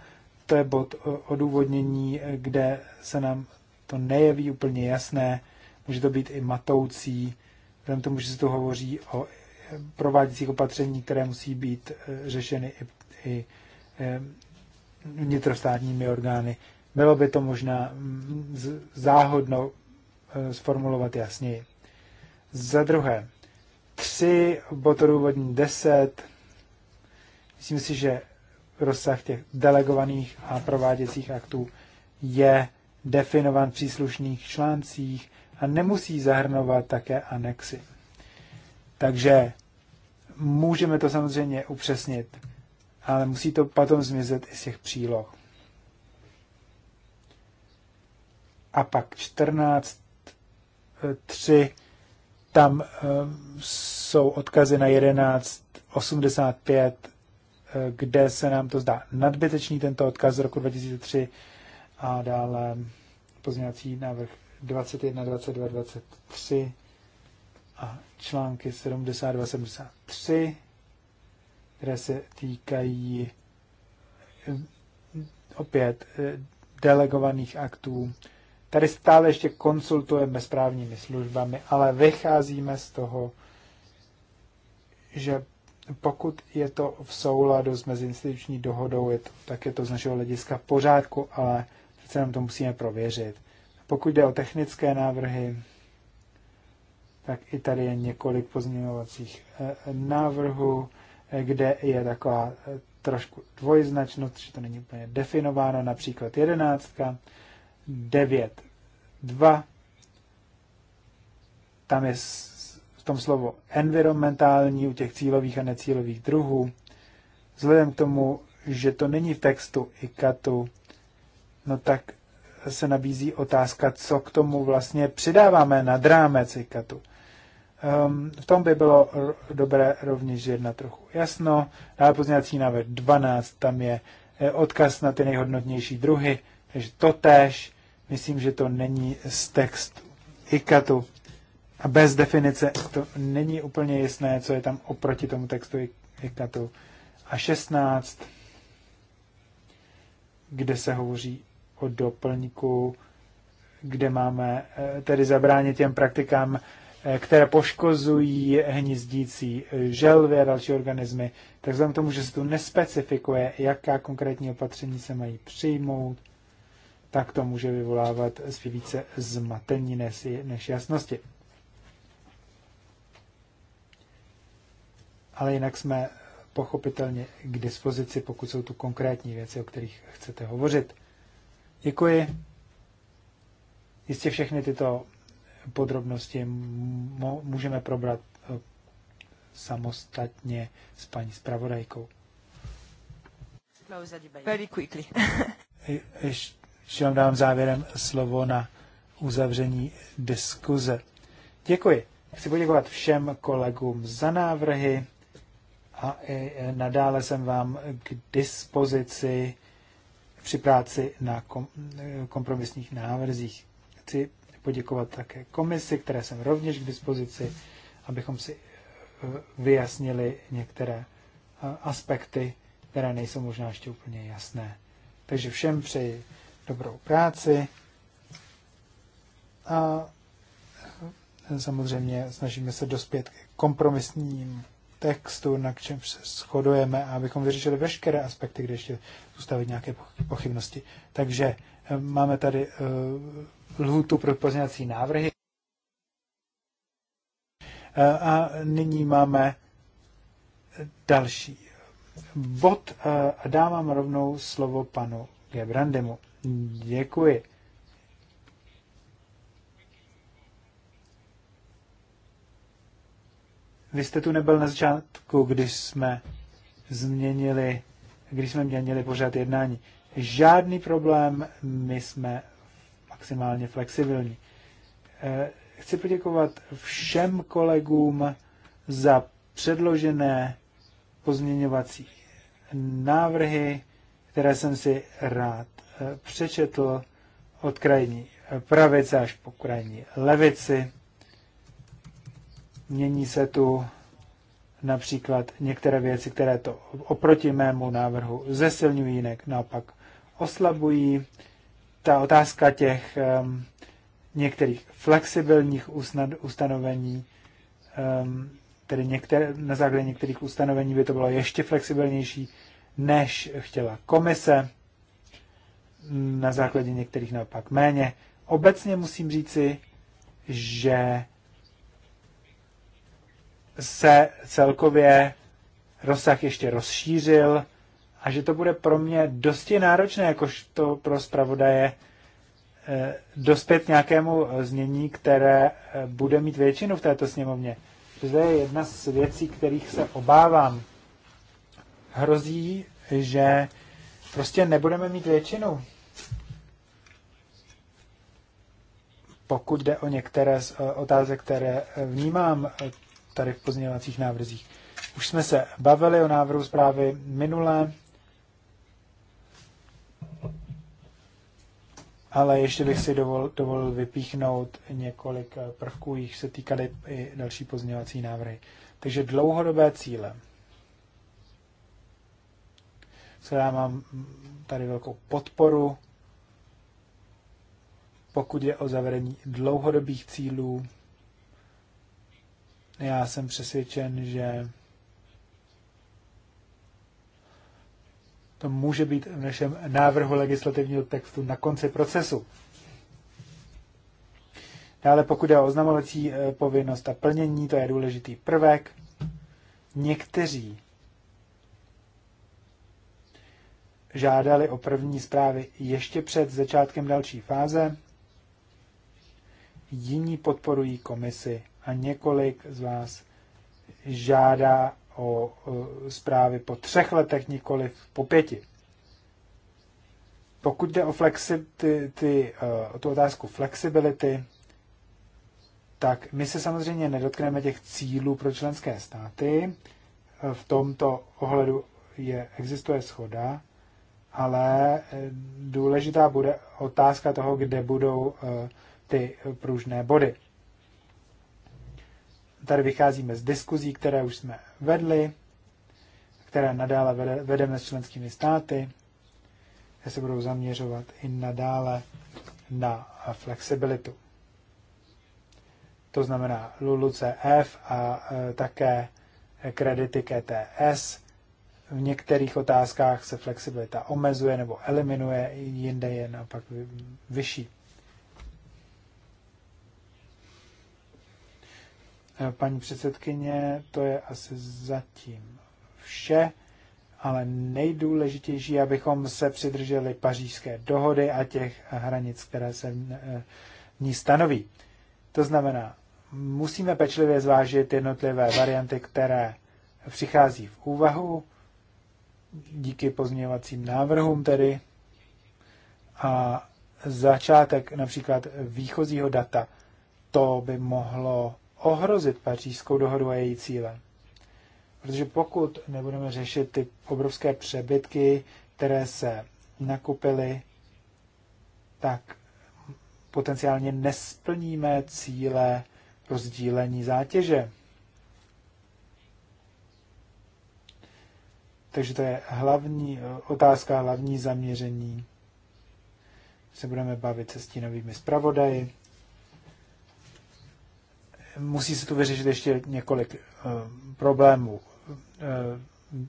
to je bod eh, odůvodnění, kde se nám to nejeví úplně jasné, může to být i matoucí, vzhledem tomu, že se tu hovoří o prováděcích opatření, které musí být řešeny i, i vnitrostátními orgány. Bylo by to možná záhodno eh, sformulovat jasněji. Za druhé, tři botodůvodní deset. 10. Myslím si, že rozsah těch delegovaných a prováděcích aktů je definovan v příslušných článcích a nemusí zahrnovat také anexy. Takže můžeme to samozřejmě upřesnit ale musí to potom zmizet i z těch příloh. A pak 14.3, tam eh, jsou odkazy na 11.85, eh, kde se nám to zdá nadbytečný tento odkaz z roku 2003 a dále pozměňovací návrh 21, 22, 23 a články 72, 73 které se týkají eh, opět eh, delegovaných aktů. Tady stále ještě konsultujeme s právními službami, ale vycházíme z toho, že pokud je to v souladu s meziinstituční dohodou, je to, tak je to z našeho hlediska v pořádku, ale přece nám to musíme prověřit. Pokud jde o technické návrhy, tak i tady je několik pozměňovacích eh, návrhů kde je taková eh, trošku dvojznačnost, že to není úplně definováno, například jedenáctka, devět, dva, tam je v tom slovo environmentální u těch cílových a necílových druhů. Vzhledem k tomu, že to není v textu ikatu. no tak se nabízí otázka, co k tomu vlastně přidáváme nad rámec ikatu. Ehm, v tom by bylo dobré rovněž jedna trochu jasno. Dále pozněvací návrh 12, tam je e, odkaz na ty nejhodnotnější druhy, takže to též, myslím, že to není z textu IKATu. A bez definice to není úplně jasné, co je tam oproti tomu textu IKATu. A 16, kde se hovoří o doplňku, kde máme e, tedy zabránit těm praktikám Eh, které poškozují hnízdící želvy a další organismy, tak vzhledem k tomu, že se tu nespecifikuje, jaká konkrétní opatření se mají přijmout, tak to může vyvolávat spíš více zmatení než jasnosti. Ale jinak jsme pochopitelně k dispozici, pokud jsou tu konkrétní věci, o kterých chcete hovořit. Děkuji. Jistě všechny tyto podrobnosti můžeme probrat eh, samostatně s paní zpravodajkou. Very quickly. Ještě vám dám závěrem slovo na uzavření diskuze. Děkuji. Chci poděkovat všem kolegům za návrhy a i nadále jsem vám k dispozici při práci na eh, kompromisních návrzích. Chci poděkovat také komisi, které jsem rovněž k dispozici, abychom si eh, vyjasnili některé eh, aspekty, které nejsou možná ještě úplně jasné. Takže všem přeji dobrou práci a eh, samozřejmě snažíme se dospět k kompromisním textu, na čem se shodujeme, abychom vyřešili veškeré aspekty, kde ještě zůstávají nějaké pochybnosti. Takže máme tady lhůtu pro pozměňovací návrhy. E, a nyní máme další bod e, a dávám rovnou slovo panu Gebrandemu. Děkuji. Vy jste tu nebyl na začátku, když jsme změnili, když jsme měnili pořád jednání. Žádný problém, my jsme maximálně flexibilní. Eh, chci poděkovat všem kolegům za předložené pozměňovací návrhy, které jsem si rád eh, přečetl od krajní pravice až po krajní levici. Mění se tu například některé věci, které to oproti mému návrhu zesilňují, jinak naopak oslabují ta otázka těch um, některých flexibilních usnad, ustanovení, um, tedy některé, na základě některých ustanovení by to bylo ještě flexibilnější, než chtěla komise, na základě některých naopak méně. Obecně musím říci, že se celkově rozsah ještě rozšířil a že to bude pro mě dosti náročné, jakož to pro zpravodaje, eh, dospět nějakému znění, které eh, bude mít většinu v této sněmovně. To je jedna z věcí, kterých se obávám. Hrozí, že prostě nebudeme mít většinu. Pokud jde o některé z eh, otázek, které vnímám tady v pozměňovacích návrzích. Už jsme se bavili o návrhu zprávy minule, ale ještě bych si dovol, dovolil vypíchnout několik prvků, jich se týkaly i další pozměňovací návrhy. Takže dlouhodobé cíle. Co já mám tady velkou podporu, pokud je o zavedení dlouhodobých cílů. Já jsem přesvědčen, že to může být v našem návrhu legislativního textu na konci procesu. Dále pokud je o oznamovací eh, povinnost a plnění, to je důležitý prvek. Někteří žádali o první zprávy ještě před začátkem další fáze, jiní podporují komisi a několik z vás žádá o e, zprávy po třech letech, nikoli po pěti. Pokud jde o flexi, ty, e, tu otázku flexibility, tak my se samozřejmě nedotkneme těch cílů pro členské státy. V tomto ohledu je, existuje schoda, ale e, důležitá bude otázka toho, kde budou ty pružné body tady vycházíme z diskuzí, které už jsme vedli, které nadále vedeme s členskými státy, které se budou zaměřovat i nadále na flexibilitu. To znamená LULUCF a e, také kredity KTS V některých otázkách se flexibilita omezuje nebo eliminuje, jinde je naopak vyšší. Eh, paní předsedkyně, to je asi zatím vše, ale nejdůležitější, abychom se přidrželi pařížské dohody a těch hranic, které se eh, v ní stanoví. To znamená, musíme pečlivě zvážit jednotlivé varianty, které přichází v úvahu díky pozměňovacím návrhům tedy a začátek například výchozího data, to by mohlo ohrozit pařížskou dohodu a její cíle. Protože pokud nebudeme řešit ty obrovské přebytky, které se nakupily, tak potenciálně nesplníme cíle rozdílení zátěže. Takže to je hlavní otázka, hlavní zaměření. Se budeme bavit se stínovými zpravodaji musí se tu vyřešit ještě několik eh, problémů eh,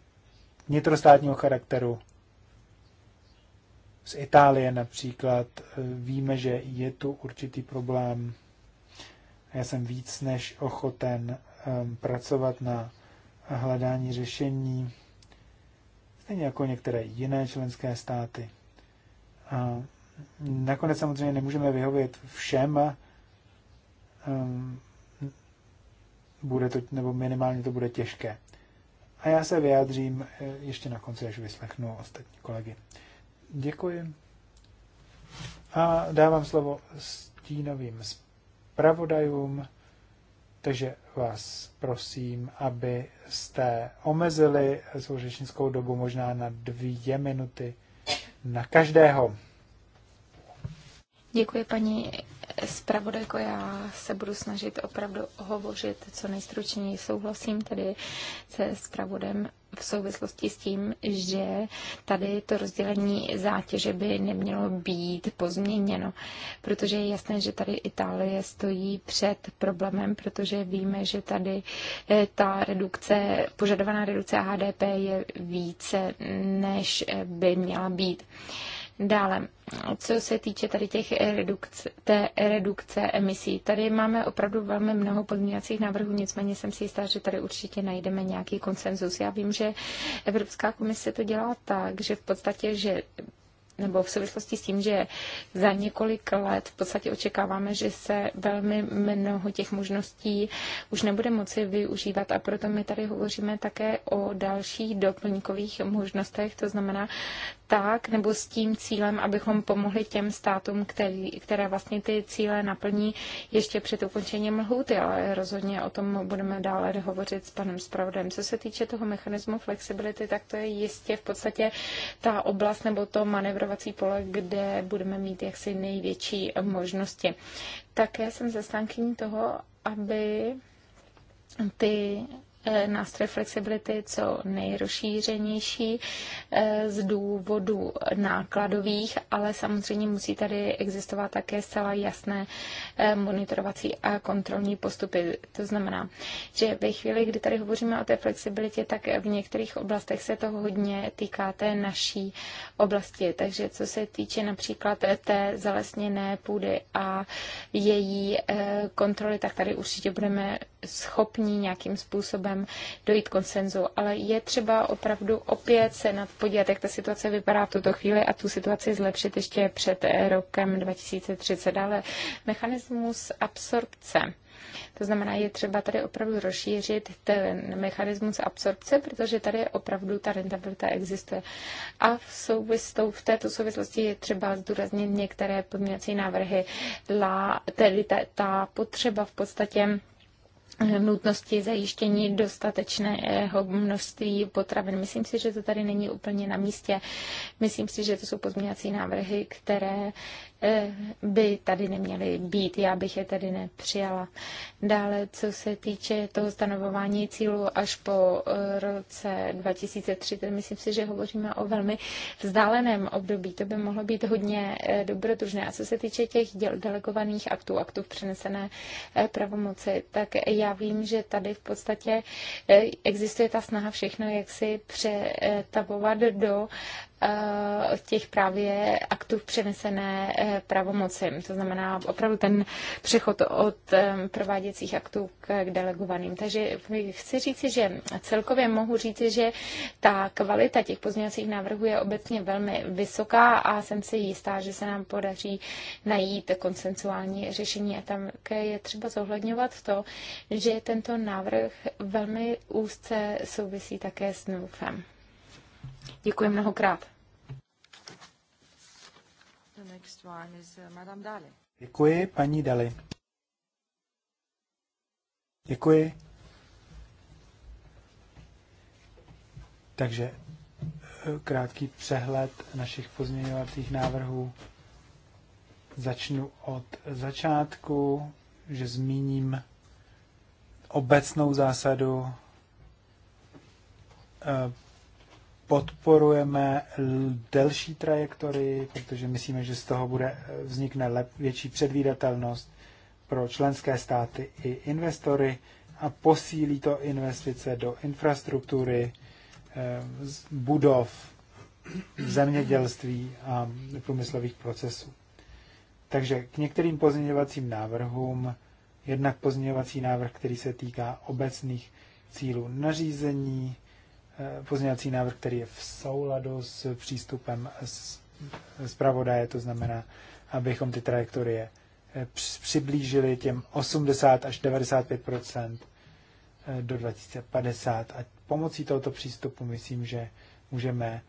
vnitrostátního charakteru. Z Itálie například eh, víme, že je tu určitý problém. Já jsem víc než ochoten pracovat na hledání řešení, stejně jako některé jiné členské státy. A nakonec samozřejmě nemůžeme vyhovět všem, bude to, nebo minimálně to bude těžké. A já se vyjádřím eh, ještě na konci, až vyslechnu ostatní kolegy. Děkuji. A dávám slovo stínovým zpravodajům, takže vás prosím, abyste omezili svou řečnickou dobu možná na dvě minuty na každého. Děkuji, paní zpravodajko, já se budu snažit opravdu hovořit co nejstručněji. Souhlasím tedy se zpravodem v souvislosti s tím, že tady to rozdělení zátěže by nemělo být pozměněno, protože je jasné, že tady Itálie stojí před problémem, protože víme, že tady eh, ta redukce, požadovaná redukce HDP je více, než eh, by měla být. Dále, co se týče tady těch redukce, té redukce emisí, tady máme opravdu velmi mnoho podmíněcích návrhů, nicméně jsem si jistá, že tady určitě najdeme nějaký konsenzus. Já vím, že Evropská komise to dělá tak, že v podstatě, že nebo v souvislosti s tím, že za několik let v podstatě očekáváme, že se velmi mnoho těch možností už nebude moci využívat a proto my tady hovoříme také o dalších doplňkových možnostech, to znamená tak, nebo s tím cílem, abychom pomohli těm státům, který, které vlastně ty cíle naplní ještě před ukončením lhůty, ale rozhodně o tom budeme dále hovořit s panem Spravodem. Co se týče toho mechanismu flexibility, tak to je jistě v podstatě ta oblast nebo to manevrovací pole, kde budeme mít jaksi největší možnosti. Také jsem zastánkyní toho, aby ty Eh, nástroj flexibility co nejrozšířenější eh, z důvodu nákladových, ale samozřejmě musí tady existovat také zcela jasné eh, monitorovací a kontrolní postupy. To znamená, že ve chvíli, kdy tady hovoříme o té flexibilitě, tak v některých oblastech se to hodně týká té naší oblasti. Takže co se týče například té zalesněné půdy a její kontroly, tak tady určitě budeme schopní nějakým způsobem dojít konsenzu, ale je třeba opravdu opět se nad podívat, jak ta situace vypadá v tuto chvíli a tu situaci zlepšit ještě před rokem 2030. Ale mechanismus absorpce. To znamená, je třeba tady opravdu rozšířit ten mechanismus absorpce, protože tady opravdu ta rentabilita existuje. A v, souvislou, v této souvislosti je třeba zdůraznit některé podměnací návrhy, la, tedy ta, ta potřeba v podstatě nutnosti zajištění dostatečného množství potravin. Myslím si, že to tady není úplně na místě. Myslím si, že to jsou pozměňovací návrhy, které Eh, by tady neměly být. Já bych je tedy nepřijala. Dále, co se týče toho stanovování cílu až po eh, roce 2003, myslím si, že hovoříme o velmi vzdáleném období. To by mohlo být hodně eh, dobrodružné. A co se týče těch delegovaných aktů, aktů v přenesené pravomoci, tak já vím, že tady v podstatě existuje ta snaha všechno, jak si přetavovat do Eh, těch právě aktů přenesené eh, pravomoci. To znamená opravdu ten přechod od eh, prováděcích aktů k delegovaným. Takže chci říci, že celkově mohu říci, že ta kvalita těch pozměňovacích návrhů je obecně velmi vysoká a jsem si jistá, že se nám podaří najít konsensuální řešení. A tam je třeba zohledňovat to, že tento návrh velmi úzce souvisí také s NUFem. Děkuji mnohokrát. Uh, Děkuji, paní Dali. Děkuji. Takže eh, krátký přehled našich pozměňovacích návrhů. Začnu od začátku, že zmíním obecnou zásadu eh, podporujeme delší trajektory, protože myslíme, že z toho bude, vznikne lep, větší předvídatelnost pro členské státy i investory a posílí to investice do infrastruktury, eh, budov, zemědělství a průmyslových procesů. Takže k některým pozměňovacím návrhům, jednak pozměňovací návrh, který se týká obecných cílů nařízení, Eh, pozměňovací návrh, který je v souladu s přístupem zpravodaje, to znamená, abychom ty trajektorie eh, přiblížili těm 80 až 95 eh, do 2050. A pomocí tohoto přístupu myslím, že můžeme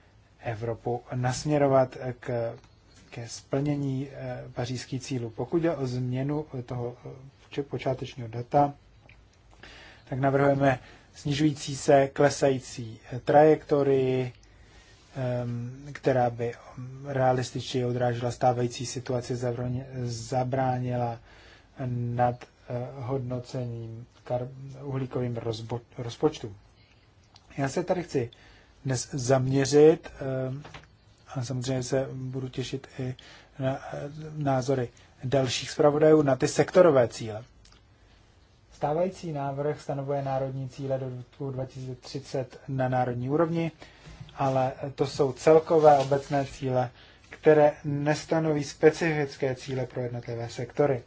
Evropu nasměrovat k, ke splnění pařížských cílů. Pokud jde o změnu toho počátečního data, tak navrhujeme snižující se, klesající eh, trajektorii, která by realističně odrážela stávající situaci, zabránila nad eh, hodnocením uhlíkovým rozpočtu. Já se tady chci dnes zaměřit a samozřejmě se budu těšit i na eh, názory dalších zpravodajů na ty sektorové cíle. Stávající návrh stanovuje národní cíle do roku 2030 na národní úrovni, ale to jsou celkové obecné cíle, které nestanoví specifické cíle pro jednotlivé sektory.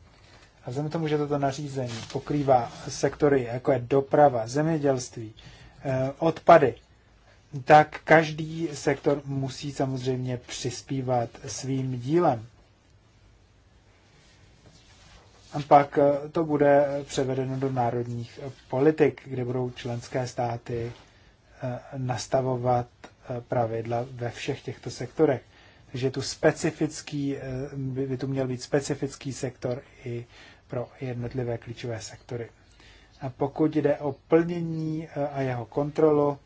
A vzhledem tomu, že toto nařízení pokrývá sektory, jako je doprava, zemědělství, eh, odpady, tak každý sektor musí samozřejmě přispívat svým dílem. A pak eh, to bude převedeno do národních eh, politik, kde budou členské státy eh, nastavovat pravidla ve všech těchto sektorech. Takže tu specifický, by tu měl být specifický sektor i pro jednotlivé klíčové sektory. A pokud jde o plnění a jeho kontrolu,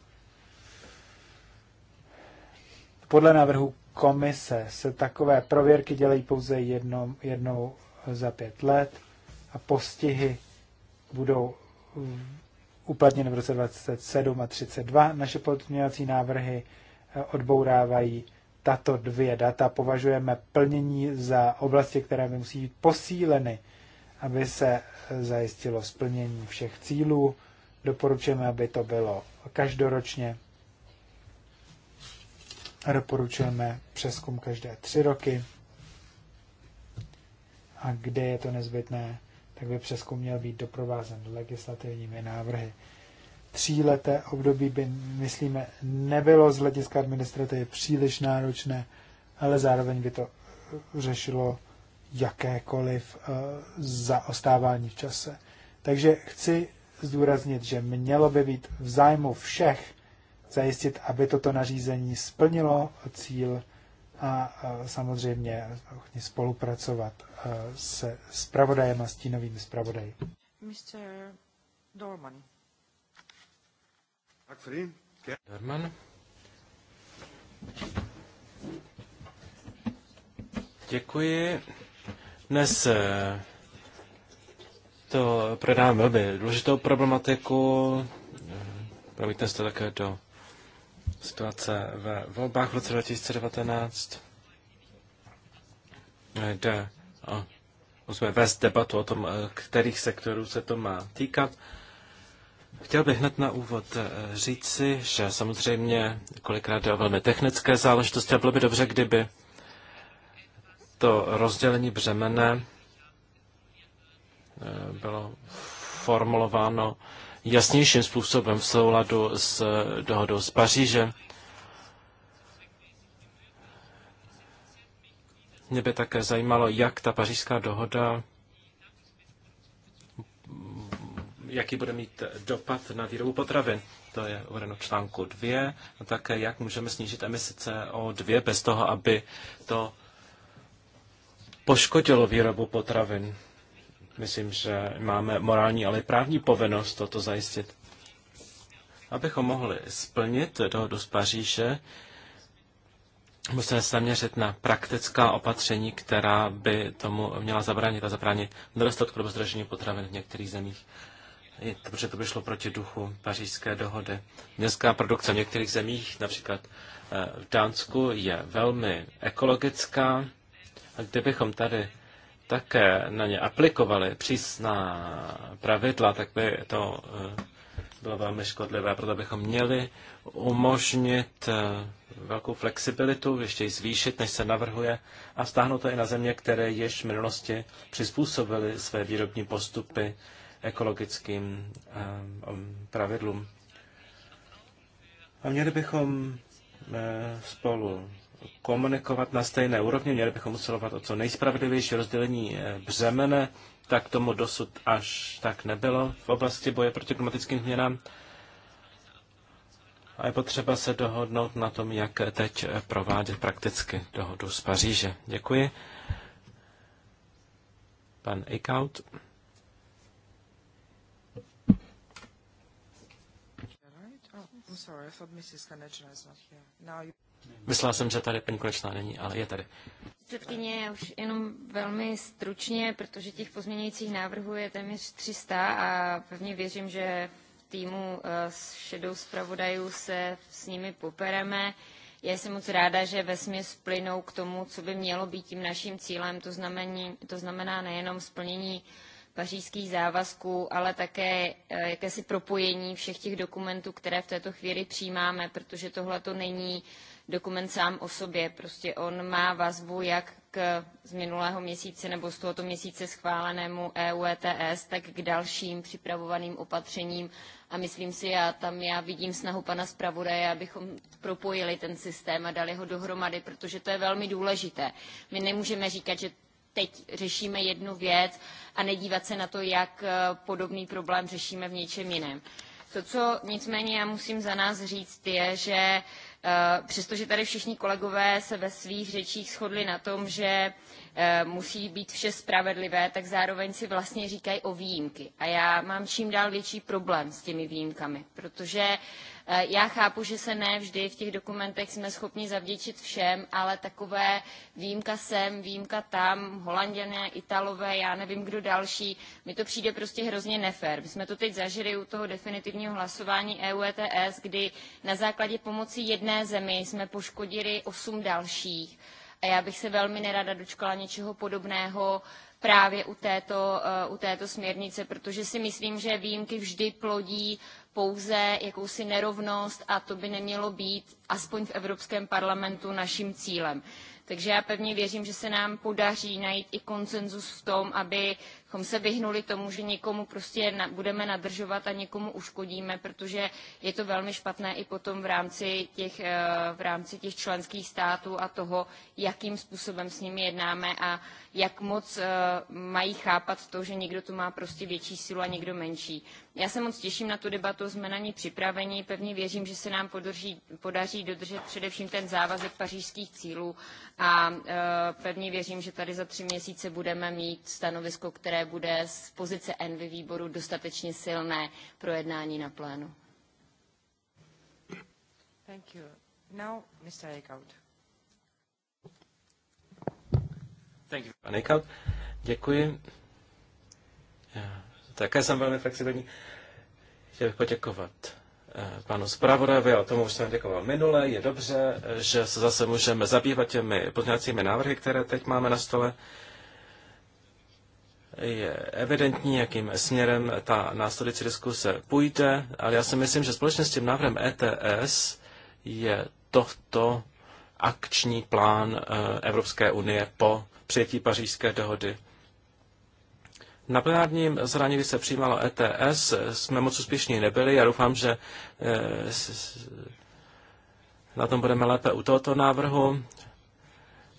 podle návrhu komise se takové prověrky dělají pouze jednou, jednou za pět let a postihy budou uplatněny v roce 27 a 32. Naše podměňovací návrhy eh, odbourávají tato dvě data. Považujeme plnění za oblasti, které by musí být posíleny, aby se eh, zajistilo splnění všech cílů. Doporučujeme, aby to bylo každoročně. Doporučujeme přeskum každé tři roky a kde je to nezbytné, tak by přeskum měl být doprovázen legislativními návrhy. Tříleté období by, myslíme, nebylo z hlediska administrativy příliš náročné, ale zároveň by to řešilo jakékoliv eh, zaostávání v čase. Takže chci zdůraznit, že mělo by být v zájmu všech zajistit, aby toto nařízení splnilo cíl a samozřejmě spolupracovat e, se spravodajem a stínovými spravodaji. Mr. Dorman. Dorman. Děkuji. Dnes e, to prodáme velmi důležitou problematiku. E, Promítne se to také do situace ve volbách v roce 2019. Jde o, musíme vést debatu o tom, kterých sektorů se to má týkat. Chtěl bych hned na úvod eh, říci, že samozřejmě kolikrát jde o velmi technické záležitosti a bylo by dobře, kdyby to rozdělení břemene eh, bylo formulováno jasnějším způsobem v souladu s eh, dohodou z Paříže. Mě by také zajímalo, jak ta pařížská dohoda, jaký bude mít dopad na výrobu potravin. To je uvedeno v článku 2. A také, jak můžeme snížit emisi CO2 bez toho, aby to poškodilo výrobu potravin. Myslím, že máme morální, ale i právní povinnost toto zajistit. Abychom mohli splnit dohodu z Paříže, musíme se zaměřit na praktická opatření, která by tomu měla zabránit a zabránit nedostatku nebo zdražení potravin v některých zemích. Je to, protože to by šlo proti duchu pařížské dohody. Městská produkce v některých zemích, například eh, v Dánsku, je velmi ekologická. A kdybychom tady také na ně aplikovali přísná pravidla, tak by to eh, bylo velmi škodlivé. Proto bychom měli umožnit eh, velkou flexibilitu, ještě ji zvýšit, než se navrhuje, a stáhnout to i na země, které již v minulosti přizpůsobily své výrobní postupy ekologickým eh, um, pravidlům. A měli bychom spolu komunikovat na stejné úrovni, měli bychom usilovat o co nejspravedlivější rozdělení eh, břemene, tak tomu dosud až tak nebylo v oblasti boje proti klimatickým změnám. A je potřeba se dohodnout na tom, jak teď eh, provádět prakticky dohodu z Paříže. Děkuji. Pan Eichhout. Oh, sorry, I thought Mrs. Kanechna is not here. Now you... Myslela jsem, že tady paní Konečná není, ale je tady. Předsedkyně, už jenom velmi stručně, protože těch pozměňujících návrhů je téměř 300 a pevně věřím, že v týmu eh, s šedou zpravodajů se s nimi popereme. Já jsem moc ráda, že ve směs plynou k tomu, co by mělo být tím naším cílem. To, znamení, to znamená nejenom splnění pařížských závazků, ale také eh, jakési propojení všech těch dokumentů, které v této chvíli přijímáme, protože tohle to není uh, dokument sám o sobě. Prostě on má vazbu jak k z minulého měsíce nebo z tohoto měsíce schválenému EU ETS, tak k dalším připravovaným opatřením. A myslím si, já tam já vidím snahu pana zpravodaje, abychom propojili ten systém a dali ho dohromady, protože to je velmi důležité. My nemůžeme říkat, že teď řešíme jednu věc a nedívat se na to, jak eh, podobný problém řešíme v něčem jiném. To, co nicméně já musím za nás říct, je, že uh, Eh, přestože tady všichni kolegové se ve svých řečích shodli na tom, že eh, musí být vše spravedlivé, tak zároveň si vlastně říkají o výjimky. A já mám čím dál větší problém s těmi výjimkami, protože Eh, já chápu, že se ne vždy v těch dokumentech jsme schopni zavděčit všem, ale takové výjimka sem, výjimka tam, holanděné, italové, já nevím kdo další, mi to přijde prostě hrozně nefér. My jsme to teď zažili u toho definitivního hlasování EU ETS, kdy na základě pomoci jedné zemi jsme poškodili osm dalších. A já bych se velmi nerada dočkala něčeho podobného právě u této, eh, u této směrnice, protože si myslím, že výjimky vždy plodí pouze jakousi nerovnost a to by nemělo být aspoň v Evropském parlamentu naším cílem. Takže já pevně věřím, že se nám podaří najít i konsenzus v tom, aby abychom se vyhnuli tomu, že někomu prostě na, budeme nadržovat a někomu uškodíme, protože je to velmi špatné i potom v rámci těch, eh, v rámci těch členských států a toho, jakým způsobem s nimi jednáme a jak moc eh, mají chápat to, že někdo tu má prostě větší sílu a někdo menší. Já se moc těším na tu debatu, jsme na ní připraveni, pevně věřím, že se nám podaří, podaří dodržet především ten závazek pařížských cílů a eh, pevně věřím, že tady za tři měsíce budeme mít stanovisko, které které bude z pozice ENVY výboru dostatečně silné pro jednání na plénu. Thank you. Now, Mr. Eichhout. Thank you, pan Eichhout. Děkuji. Já také jsem velmi flexibilní. Chtěl bych poděkovat eh, panu zpravodajovi, a tomu už jsem děkoval minule. Je dobře, že se zase můžeme zabývat těmi pozměňovacími návrhy, které teď máme na stole je evidentní, jakým směrem ta následující diskuse půjde, ale já si myslím, že společně s tím návrhem ETS je tohto akční plán eh, Evropské unie po přijetí pařížské dohody. Na plenárním zraní, kdy se přijímalo ETS, jsme moc úspěšní nebyli. Já doufám, že eh, na tom budeme lépe u tohoto návrhu.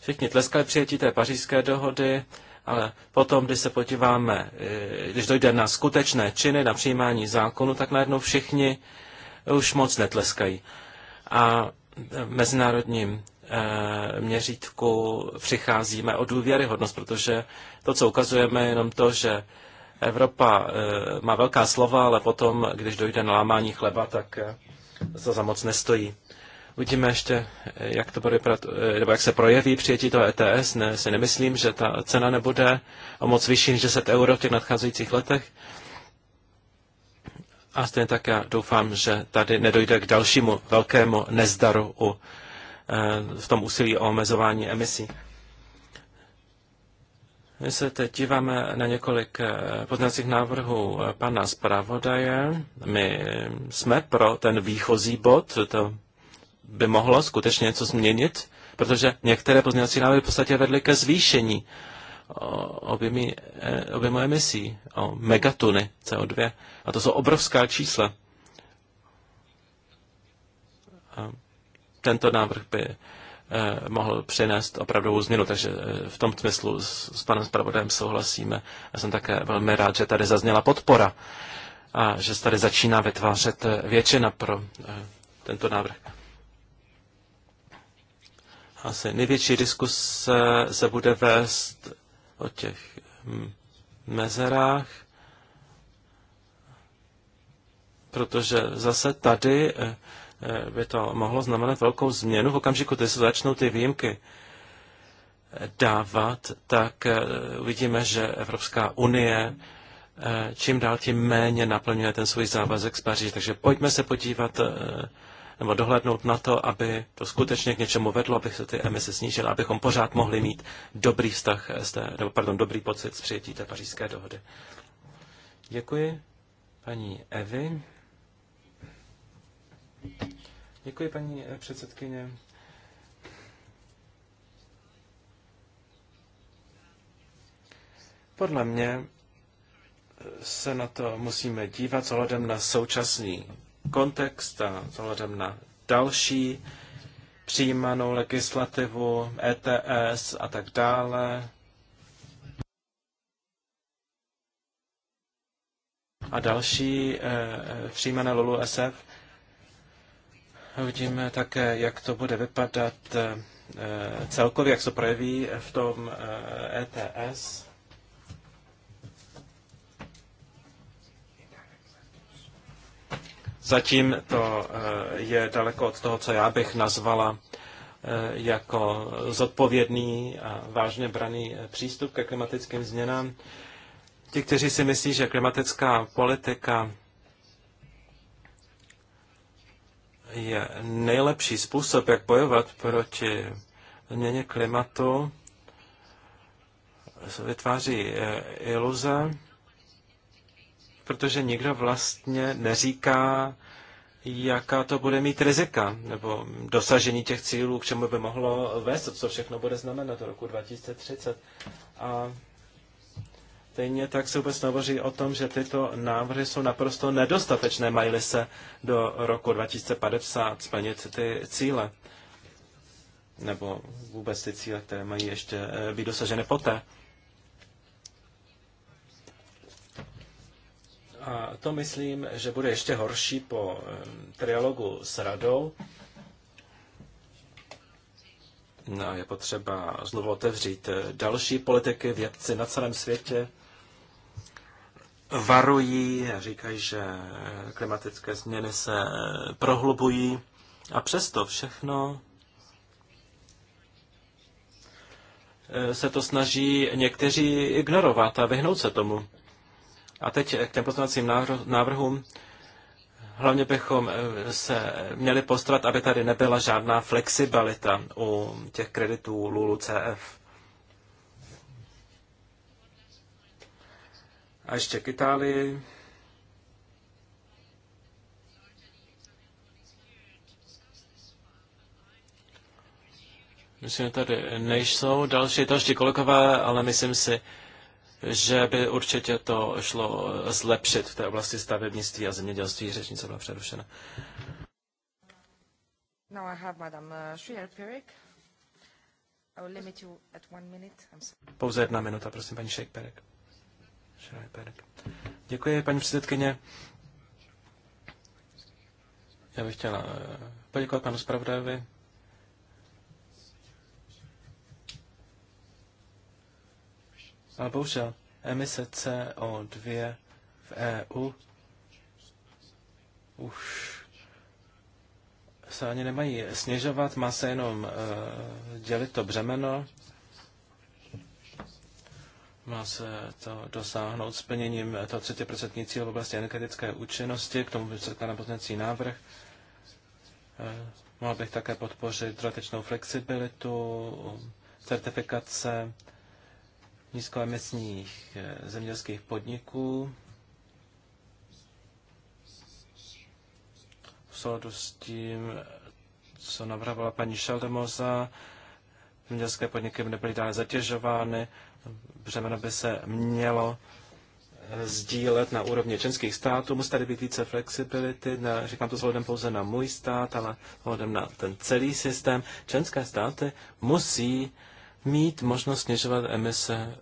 Všichni tleskali přijetí té pařížské dohody ale potom, když se podíváme, eh, když dojde na skutečné činy, na přijímání zákonu, tak najednou všichni už moc netleskají. A v mezinárodním eh, měřítku přicházíme o důvěryhodnost, protože to, co ukazujeme, je jenom to, že Evropa eh, má velká slova, ale potom, když dojde na lámání chleba, tak to za moc nestojí. Uvidíme ještě, jak to bude vypadat, nebo jak se projeví přijetí toho ETS. Ne, si nemyslím, že ta cena nebude o moc vyšší než 10 euro v těch nadcházejících letech. A stejně tak já doufám, že tady nedojde k dalšímu velkému nezdaru u, eh, v tom úsilí o omezování emisí. My se teď díváme na několik eh, poznacích návrhů eh, pana zpravodaje. My jsme pro ten výchozí bod, to by mohlo skutečně něco změnit, protože některé pozměňovací návrhy v podstatě vedly ke zvýšení e, objemu emisí o megatuny CO2. A to jsou obrovská čísla. A tento návrh by e, mohl přinést opravdovou změnu. Takže e, v tom smyslu s, s panem zpravodajem souhlasíme. Já jsem také velmi rád, že tady zazněla podpora a že se tady začíná vytvářet většina pro tento návrh. Asi největší diskuse se bude vést o těch hm, mezerách, protože zase tady eh, eh, by to mohlo znamenat velkou změnu v okamžiku, kdy se začnou ty výjimky dávat, tak eh, uvidíme, že Evropská unie čím dál tím méně naplňuje ten svůj závazek z Paříže. Takže pojďme se podívat nebo dohlednout na to, aby to skutečně k něčemu vedlo, aby se ty emise snížily, abychom pořád mohli mít dobrý vztah, té, nebo, pardon, dobrý pocit z přijetí té pařížské dohody. Děkuji paní Evy. Děkuji, paní eh, předsedkyně. Podle mě se na to musíme dívat s ohledem na současný kontext a samozřejmě na další přijímanou legislativu, ETS a tak dále. A další eh, eh přijímané LOLU SF. Uvidíme také, jak to bude vypadat eh, eh, celkově, jak se projeví v tom eh, ETS. Zatím to eh, je daleko od toho, co já bych nazvala eh, jako zodpovědný a vážně braný eh, přístup ke klimatickým změnám. Ti, kteří si myslí, že klimatická politika je nejlepší způsob, jak bojovat proti změně klimatu, vytváří iluze protože nikdo vlastně neříká, jaká to bude mít rizika, nebo dosažení těch cílů, k čemu by mohlo vést, co všechno bude znamenat do roku 2030. A stejně tak se vůbec hovoří o tom, že tyto návrhy jsou naprosto nedostatečné, mají se do roku 2050 splnit ty cíle, nebo vůbec ty cíle, které mají ještě eh, být dosaženy poté. A to myslím, že bude ještě horší po trialogu s radou. No, je potřeba znovu otevřít eh, další politiky. Vědci na celém světě varují a říkají, že klimatické změny se eh, prohlubují. A přesto všechno eh, se to snaží někteří ignorovat a vyhnout se tomu. A teď k těm pozměňovacím návrhům. Hlavně bychom eh, se měli postarat, aby tady nebyla žádná flexibilita u těch kreditů LULU CF. A ještě k Itálii. Myslím, že tady nejsou další další kolegové, ale myslím si, že by určitě to šlo zlepšit v té oblasti stavebnictví a zemědělství. Řečnice byla přerušena. Now I have uh, I will limit you at one minute. I'm sorry. Pouze jedna minuta, prosím, paní Šejperek. Děkuji, paní předsedkyně. Já bych chtěla eh, poděkovat panu zpravodajovi A bohužel emise CO2 v EU už se ani nemají snižovat, má se jenom uh, dělit to břemeno, má se to dosáhnout splněním toho 30% cíl v oblasti energetické účinnosti, k tomu bych na poznací návrh. Uh, mohl bych také podpořit dodatečnou flexibilitu, certifikace, nízkoemisních eh, zemědělských podniků v souladu s tím, co navrhovala paní Šeldemoza, zemědělské podniky by nebyly dále zatěžovány, břemeno by se mělo eh, sdílet na úrovni členských států, musí tady být více flexibility, na, říkám to zhledem pouze na můj stát, ale zhledem na ten celý systém. Členské státy musí mít možnost snižovat emise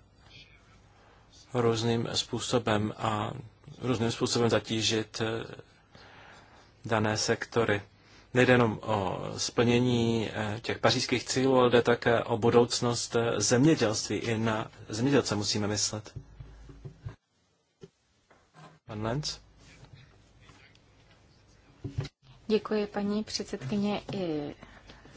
různým způsobem a různým způsobem zatížit eh, dané sektory. Nejde jenom o splnění eh, těch pařížských cílů, ale jde také o budoucnost eh, zemědělství. I na zemědělce musíme myslet. Pan Lenz? Děkuji, paní předsedkyně. I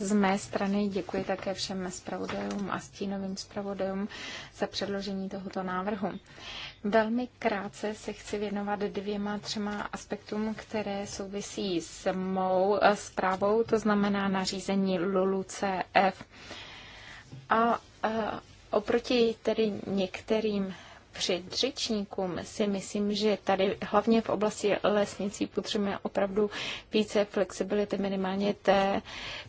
z mé strany děkuji také všem zpravodajům a stínovým zpravodajům za předložení tohoto návrhu. Velmi krátce se chci věnovat dvěma, třema aspektům, které souvisí s mou eh, zprávou, to znamená nařízení LULU CF. A, a eh, oproti tedy některým předřečníkům si myslím, že tady hlavně v oblasti lesnicí potřebujeme opravdu více flexibility, minimálně, té,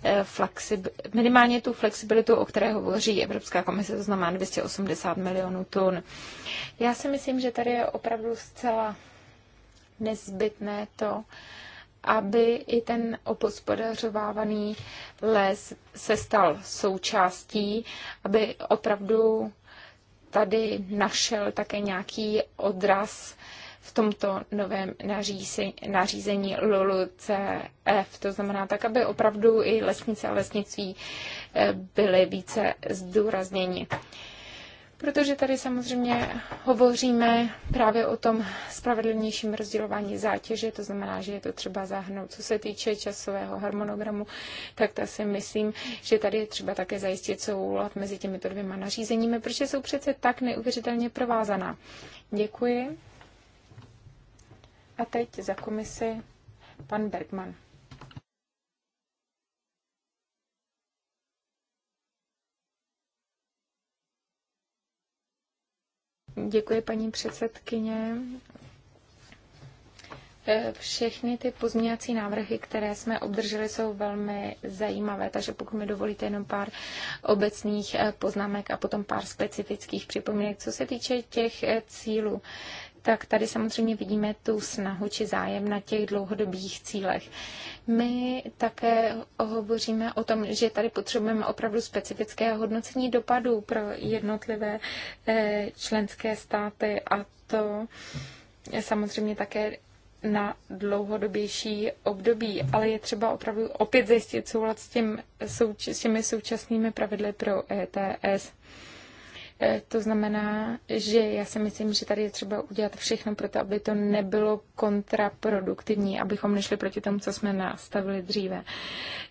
eh, flexib, minimálně tu flexibilitu, o které hovoří Evropská komise, to znamená 280 milionů tun. Já si myslím, že tady je opravdu zcela nezbytné to, aby i ten opospodařovávaný les se stal součástí, aby opravdu tady našel také nějaký odraz v tomto novém nařízení, nařízení CF. To znamená tak, aby opravdu i lesnice a lesnictví eh, byly více zdůrazněni protože tady samozřejmě hovoříme právě o tom spravedlnějším rozdělování zátěže, to znamená, že je to třeba zahrnout. Co se týče časového harmonogramu, tak ta si myslím, že tady je třeba také zajistit soulad mezi těmito dvěma nařízeními, protože jsou přece tak neuvěřitelně provázaná. Děkuji. A teď za komisi pan Bergman. Děkuji, paní předsedkyně. E, všechny ty pozměňovací návrhy, které jsme obdrželi, jsou velmi zajímavé, takže pokud mi dovolíte jenom pár obecných e, poznámek a potom pár specifických připomínek, co se týče těch e, cílů tak tady samozřejmě vidíme tu snahu či zájem na těch dlouhodobých cílech. My také hovoříme o tom, že tady potřebujeme opravdu specifické hodnocení dopadů pro jednotlivé eh, členské státy a to samozřejmě také na dlouhodobější období, ale je třeba opravdu opět zajistit soulad s, tím, s těmi současnými pravidly pro ETS. Eh, to znamená, že já si myslím, že tady je třeba udělat všechno pro to, aby to nebylo kontraproduktivní, abychom nešli proti tomu, co jsme nastavili dříve.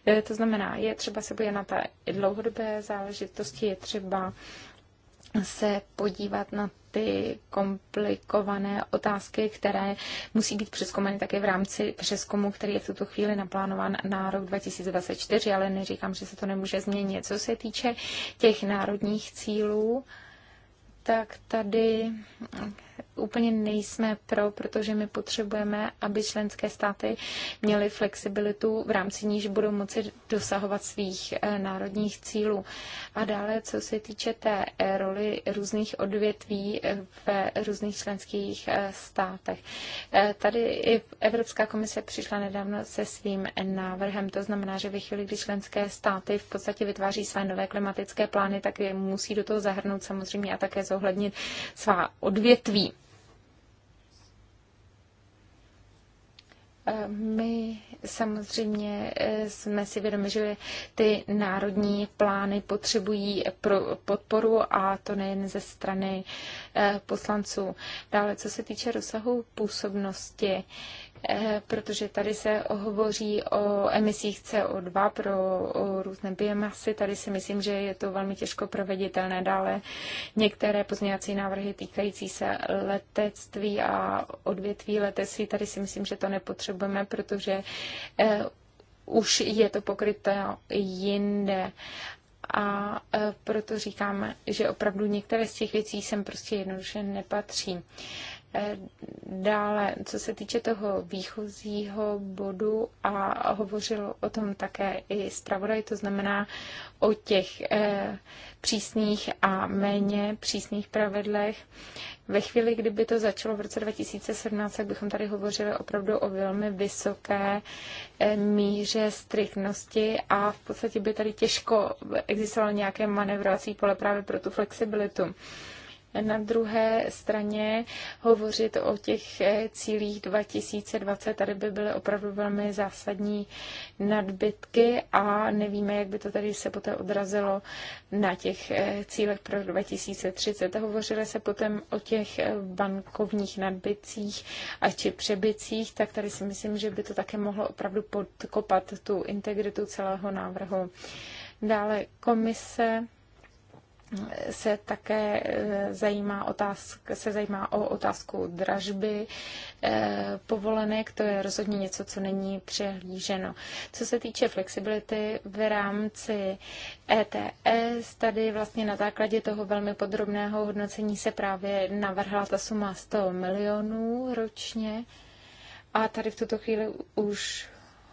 Eh, to znamená, je třeba se podívat na ta dlouhodobé záležitosti, je třeba se podívat na ty komplikované otázky, které musí být přeskomeny také v rámci přeskumu, který je v tuto chvíli naplánován na rok 2024, ale neříkám, že se to nemůže změnit. Co se týče těch národních cílů, tak tady úplně nejsme pro, protože my potřebujeme, aby členské státy měly flexibilitu, v rámci níž budou moci dosahovat svých eh, národních cílů. A dále, co se týče té eh, roli různých odvětví eh, v různých členských státech. Tady i Evropská komise přišla nedávno se svým návrhem. To znamená, že ve chvíli, kdy členské státy v podstatě vytváří své nové klimatické plány, tak je musí do toho zahrnout samozřejmě a také zohlednit svá odvětví. Eh, my samozřejmě eh, jsme si vědomi, že ty národní plány potřebují pro podporu a to nejen ze strany eh, poslanců. Dále, co se týče rozsahu působnosti, Eh, protože tady se hovoří o emisích CO2 pro různé biomasy. Tady si myslím, že je to velmi těžko proveditelné. Dále některé pozměňovací návrhy týkající se letectví a odvětví letectví, tady si myslím, že to nepotřebujeme, protože eh, už je to pokryté jinde a eh, proto říkám, že opravdu některé z těch věcí sem prostě jednoduše nepatří. Dále, co se týče toho výchozího bodu a hovořil o tom také i zpravodaj, to znamená o těch eh, přísných a méně přísných pravidlech. Ve chvíli, kdyby to začalo v roce 2017, tak bychom tady hovořili opravdu o velmi vysoké eh, míře striktnosti a v podstatě by tady těžko existovalo nějaké manevrovací pole právě pro tu flexibilitu na druhé straně hovořit o těch eh, cílích 2020. Tady by byly opravdu velmi zásadní nadbytky a nevíme, jak by to tady se poté odrazilo na těch eh, cílech pro 2030. Hovořili se potom o těch eh, bankovních nadbytcích a či přebycích, tak tady si myslím, že by to také mohlo opravdu podkopat tu integritu celého návrhu. Dále komise se také eh, zajímá otázk, se zajímá o otázku dražby eh, povolenek. To je rozhodně něco, co není přehlíženo. Co se týče flexibility v rámci ETS, tady vlastně na základě toho velmi podrobného hodnocení se právě navrhla ta suma 100 milionů ročně. A tady v tuto chvíli už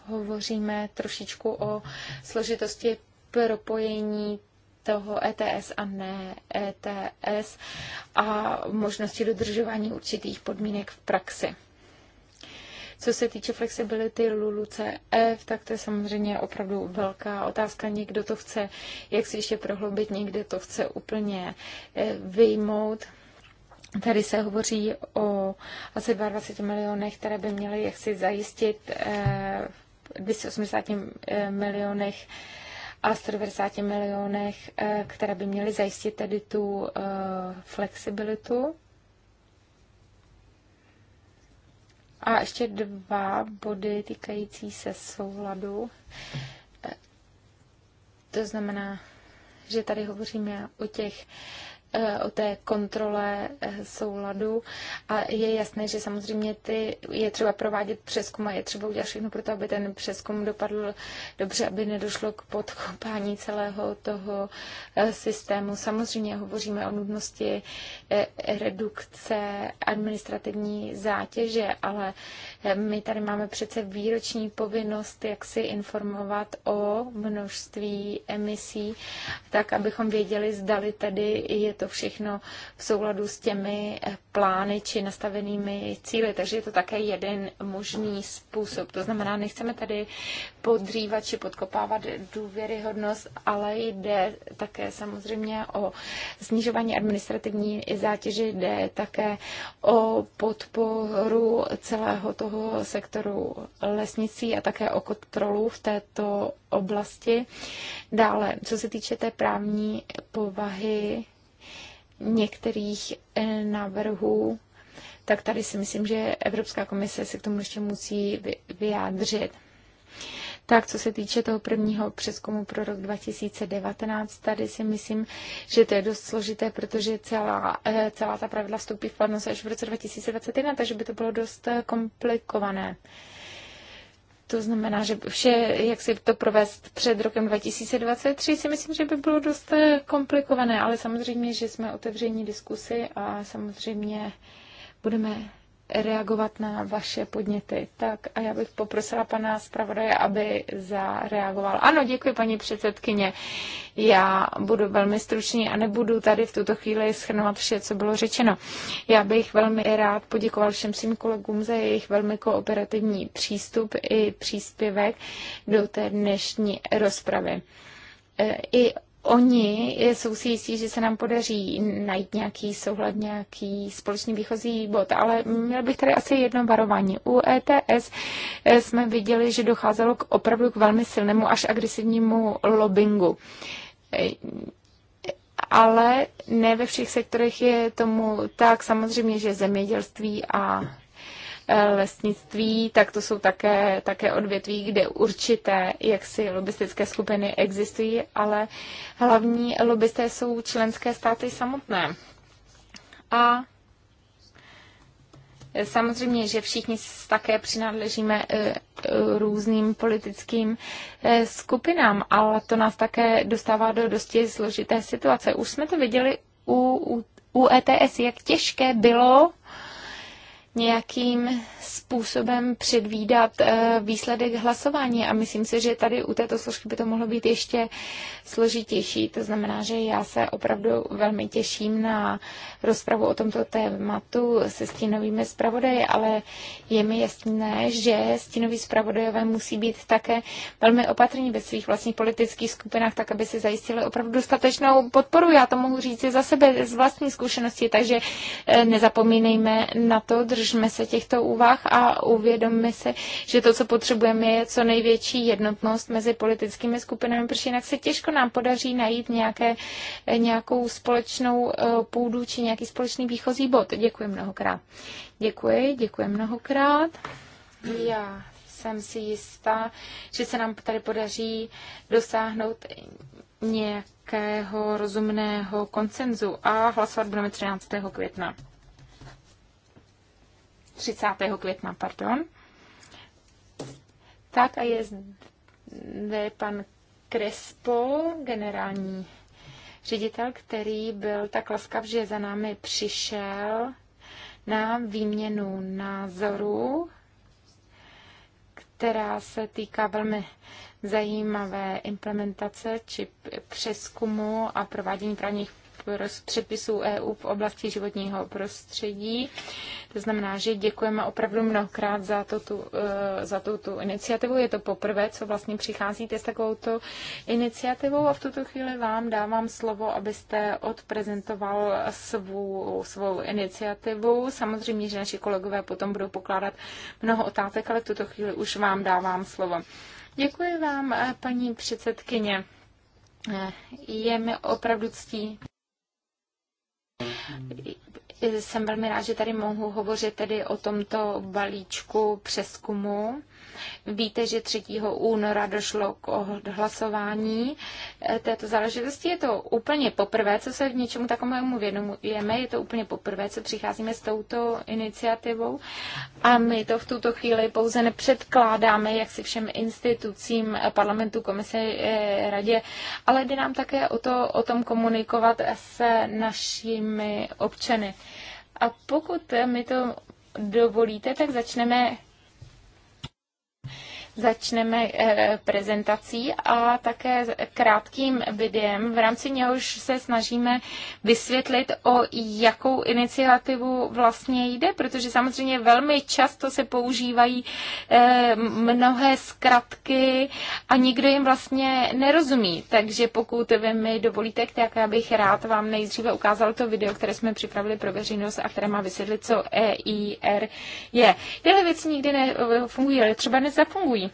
hovoříme trošičku o složitosti propojení toho ETS a ne ETS a možnosti dodržování určitých podmínek v praxi. Co se týče flexibility LULU-CF, tak to je samozřejmě opravdu velká otázka. Někdo to chce, jak si ještě prohloubit, někde to chce úplně eh, vyjmout. Tady se hovoří o asi 22 milionech, které by měly jaksi zajistit 280 eh, milionech a 190 milionech, eh, které by měly zajistit tedy tu eh, flexibilitu. A ještě dva body týkající se souladu. Eh, to znamená, že tady hovoříme o těch Eh, o té kontrole eh, souladu a je jasné, že samozřejmě ty je třeba provádět přeskum a je třeba udělat všechno pro to, aby ten přeskum dopadl dobře, aby nedošlo k podkopání celého toho eh, systému. Samozřejmě hovoříme o nutnosti redukce administrativní zátěže, ale my tady máme přece výroční povinnost, jak si informovat o množství emisí, tak abychom věděli, zdali tady je to všechno v souladu s těmi eh, plány či nastavenými cíly. Takže je to také jeden možný způsob. To znamená, nechceme tady podřívat či podkopávat důvěryhodnost, ale jde také samozřejmě o snižování administrativní zátěže, jde také o podporu celého toho sektoru lesnicí a také o kontrolu v této oblasti. Dále, co se týče té právní povahy některých eh, návrhů, tak tady si myslím, že Evropská komise se k tomu ještě musí vyjádřit. Tak co se týče toho prvního přeskumu pro rok 2019, tady si myslím, že to je dost složité, protože celá, eh, celá ta pravidla vstoupí v platnost až v roce 2021, takže by to bylo dost eh, komplikované. To znamená, že vše, jak si to provést před rokem 2023, si myslím, že by bylo dost eh, komplikované, ale samozřejmě, že jsme otevření diskusy a samozřejmě budeme reagovat na vaše podněty. Tak a já bych poprosila pana zpravodaje, aby zareagoval. Ano, děkuji paní předsedkyně. Já budu velmi stručný a nebudu tady v tuto chvíli schrnovat vše, co bylo řečeno. Já bych velmi rád poděkoval všem svým kolegům za jejich velmi kooperativní přístup i příspěvek do té dnešní rozpravy. E, I oni jsou si jistí, že se nám podaří najít nějaký souhled, nějaký společný výchozí bod, ale měl bych tady asi jedno varování. U ETS eh, jsme viděli, že docházelo k opravdu k velmi silnému až agresivnímu lobbingu eh, ale ne ve všech sektorech je tomu tak. Samozřejmě, že zemědělství a Eh, lesnictví, tak to jsou také, také odvětví, kde určité jaksi lobistické skupiny existují, ale hlavní lobbysté jsou členské státy samotné. A Samozřejmě, že všichni také přináležíme eh, různým politickým eh, skupinám, ale to nás také dostává do dosti složité situace. Už jsme to viděli u, u, u ETS, jak těžké bylo nějakým způsobem předvídat eh, výsledek hlasování a myslím si, že tady u této složky by to mohlo být ještě složitější. To znamená, že já se opravdu velmi těším na rozpravu o tomto tématu se stínovými zpravodaji, ale je mi jasné, že stínoví zpravodajové musí být také velmi opatrní ve svých vlastních politických skupinách, tak aby si zajistili opravdu dostatečnou podporu. Já to mohu říct za sebe z vlastní zkušenosti, takže eh, nezapomínejme na to, drž Držme se těchto úvah a uvědomme se, že to, co potřebujeme, je co největší jednotnost mezi politickými skupinami, protože jinak se těžko nám podaří najít nějaké, eh, nějakou společnou eh, půdu či nějaký společný výchozí bod. Děkuji mnohokrát. Děkuji, děkuji mnohokrát. Já jsem si jistá, že se nám tady podaří dosáhnout nějakého rozumného koncenzu a hlasovat budeme 13. května. 30. května, pardon. Tak a je zde pan Crespo, generální ředitel, který byl tak laskav, že za námi přišel na výměnu názorů, která se týká velmi zajímavé implementace či přeskumu a provádění právních předpisů EU v oblasti životního prostředí. To znamená, že děkujeme opravdu mnohokrát za, to tu, eh, za tuto iniciativu. Je to poprvé, co vlastně přicházíte s takovouto iniciativou a v tuto chvíli vám dávám slovo, abyste odprezentoval svou, svou iniciativu. Samozřejmě, že naši kolegové potom budou pokládat mnoho otázek, ale v tuto chvíli už vám dávám slovo. Děkuji vám, eh, paní předsedkyně. Eh, je mi opravdu ctí. Jsem velmi rád, že tady mohu hovořit tedy o tomto balíčku přeskumu Víte, že 3. února došlo k hlasování eh, této záležitosti. Je to úplně poprvé, co se v něčemu takovému věnujeme. Je to úplně poprvé, co přicházíme s touto iniciativou. A my to v tuto chvíli pouze nepředkládáme, jak si všem institucím, eh, parlamentu, komise, eh, radě, ale jde nám také o to, o tom komunikovat se našimi občany. A pokud mi to dovolíte, tak začneme Začneme eh, prezentací a také krátkým videem, v rámci něhož se snažíme vysvětlit, o jakou iniciativu vlastně jde, protože samozřejmě velmi často se používají eh, mnohé zkratky a nikdo jim vlastně nerozumí. Takže pokud vy mi dovolíte, tak já bych rád vám nejdříve ukázal to video, které jsme připravili pro veřejnost a které má vysvětlit, co EIR je. Tyhle věci nikdy nefungují, ale třeba nezafungují.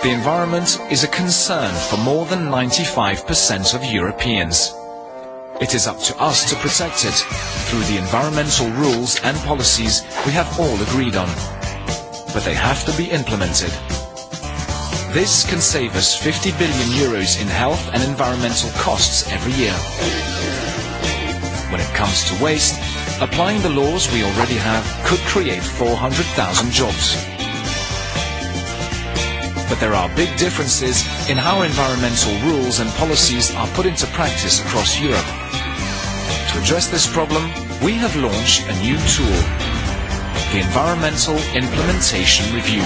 The environment is a concern for more than 95% of Europeans. It is up to us to protect it through the environmental rules and policies we have all agreed on. But they have to be implemented. This can save us 50 billion euros in health and environmental costs every year. When it comes to waste, applying the laws we already have could create 400,000 jobs but there are big differences in how environmental rules and policies are put into practice across Europe. To address this problem, we have launched a new tool, the Environmental Implementation Review,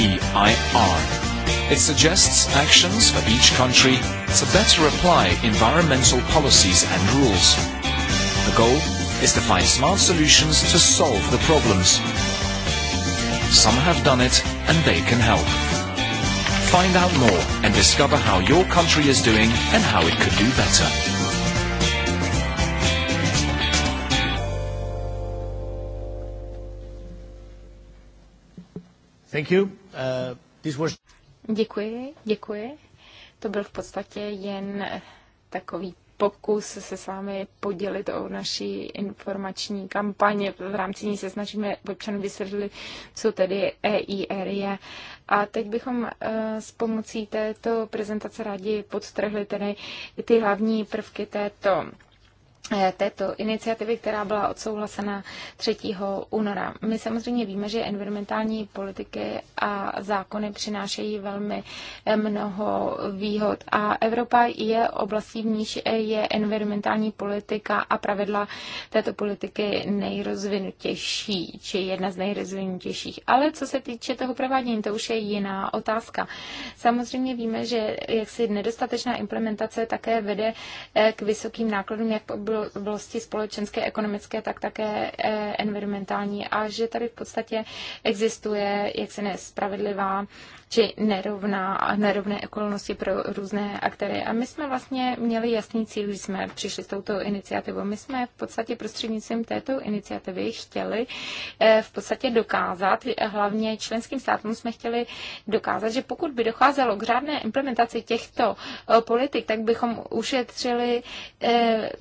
EIR. It suggests actions for each country to better apply environmental policies and rules. The goal is to find smart solutions to solve the problems. Some have done it and they can help. Find out more and discover how your country is doing and how it could do better. Thank you. Uh, this was... Děkuji, děkuji. To byl v podstatě jen takový pokus se s vámi podělit o naší informační kampaně. V rámci ní se snažíme občanům vysvětlit, co tedy EIR je a teď bychom eh, s pomocí této prezentace rádi podstrhli tedy ty hlavní prvky této Eh, této iniciativy, která byla odsouhlasena 3. února. My samozřejmě víme, že environmentální politiky a zákony přinášejí velmi eh, mnoho výhod a Evropa je oblastí, v níž eh, je environmentální politika a pravidla této politiky nejrozvinutější, či jedna z nejrozvinutějších. Ale co se týče toho provádění, to už je jiná otázka. Samozřejmě víme, že jaksi nedostatečná implementace také vede k vysokým nákladům, jak bylo oblasti společenské, ekonomické, tak také eh, environmentální a že tady v podstatě existuje jaksi nespravedlivá či nerovná, nerovné okolnosti pro různé aktéry. A my jsme vlastně měli jasný cíl, když jsme přišli s touto iniciativou. My jsme v podstatě prostřednictvím této iniciativy chtěli eh, v podstatě dokázat, eh, hlavně členským státům jsme chtěli dokázat, že pokud by docházelo k řádné implementaci těchto eh, politik, tak bychom ušetřili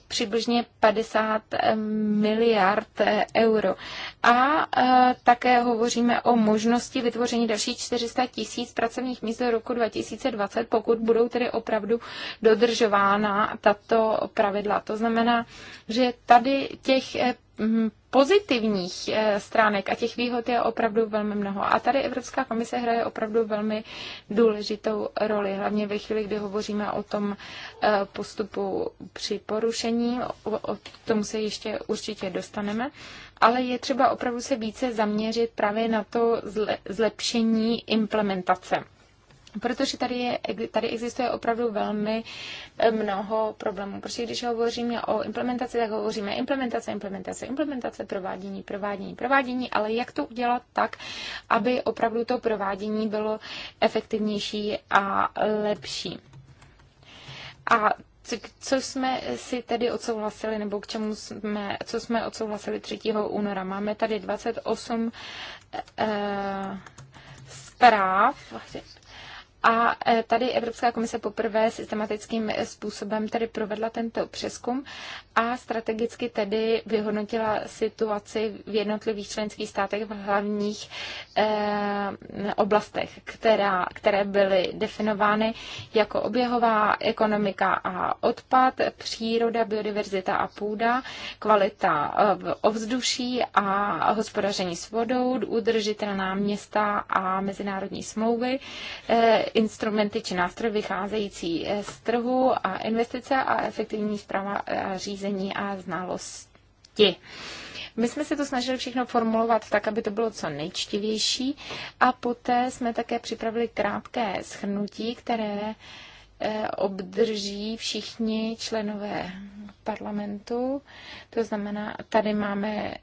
přibližně 50 miliard euro. A také hovoříme o možnosti vytvoření dalších 400 tisíc tisíc pracovních míst do roku 2020, pokud budou tedy opravdu dodržována tato pravidla. To znamená, že tady těch eh, pozitivních eh, stránek a těch výhod je opravdu velmi mnoho. A tady Evropská komise hraje opravdu velmi důležitou roli, hlavně ve chvíli, kdy hovoříme o tom eh, postupu při porušení, o tom se ještě určitě dostaneme ale je třeba opravdu se více zaměřit právě na to zlepšení implementace protože tady, je, tady existuje opravdu velmi eh, mnoho problémů. Protože když hovoříme o implementaci, tak hovoříme implementace, implementace, implementace, provádění, provádění, provádění, ale jak to udělat tak, aby opravdu to provádění bylo efektivnější a lepší. A co jsme si tedy odsouhlasili, nebo k čemu jsme, co jsme odsouhlasili 3. února. Máme tady 28 eh, eh, zpráv, a e, tady Evropská komise poprvé systematickým e, způsobem tedy provedla tento přeskum a strategicky tedy vyhodnotila situaci v jednotlivých členských státech v hlavních eh, oblastech, která, které byly definovány jako oběhová ekonomika a odpad, příroda, biodiverzita a půda, kvalita e, ovzduší a hospodaření s vodou, udržitelná města a mezinárodní smlouvy, eh, instrumenty či nástroje vycházející eh, z trhu a investice a efektivní zpráva eh, a řízení a znalosti. My jsme se to snažili všechno formulovat tak, aby to bylo co nejčtivější a poté jsme také připravili krátké schrnutí, které eh, obdrží všichni členové parlamentu. To znamená, tady máme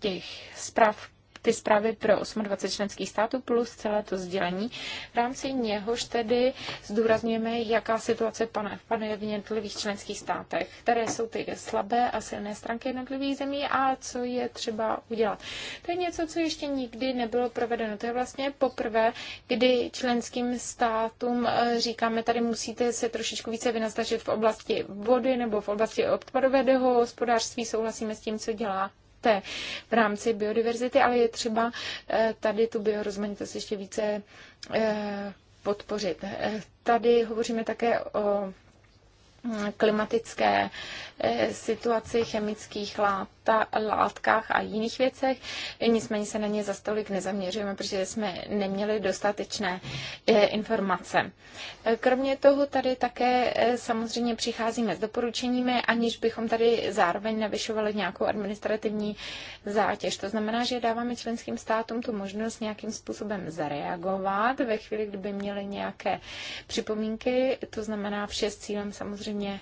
těch zpráv ty zprávy pro 28 členských států plus celé to sdělení. V rámci něhož tedy zdůrazňujeme, jaká situace panuje v jednotlivých členských státech, které jsou ty slabé a silné stránky jednotlivých zemí a co je třeba udělat. To je něco, co ještě nikdy nebylo provedeno. To je vlastně poprvé, kdy členským státům eh, říkáme, tady musíte se trošičku více vynastažit v oblasti vody nebo v oblasti odpadového hospodářství. Souhlasíme s tím, co dělá roste v rámci biodiverzity, ale je třeba eh, tady tu biorozmanitost ještě více eh, podpořit. Eh, tady hovoříme také o mm, klimatické situaci chemických lát ta látkách a jiných věcech, nicméně se na ně za stolik nezaměřujeme, protože jsme neměli dostatečné e, informace. E, kromě toho tady také e, samozřejmě přicházíme s doporučeními, aniž bychom tady zároveň navyšovali nějakou administrativní zátěž. To znamená, že dáváme členským státům tu možnost nějakým způsobem zareagovat ve chvíli, kdyby měli nějaké připomínky. To znamená vše s cílem samozřejmě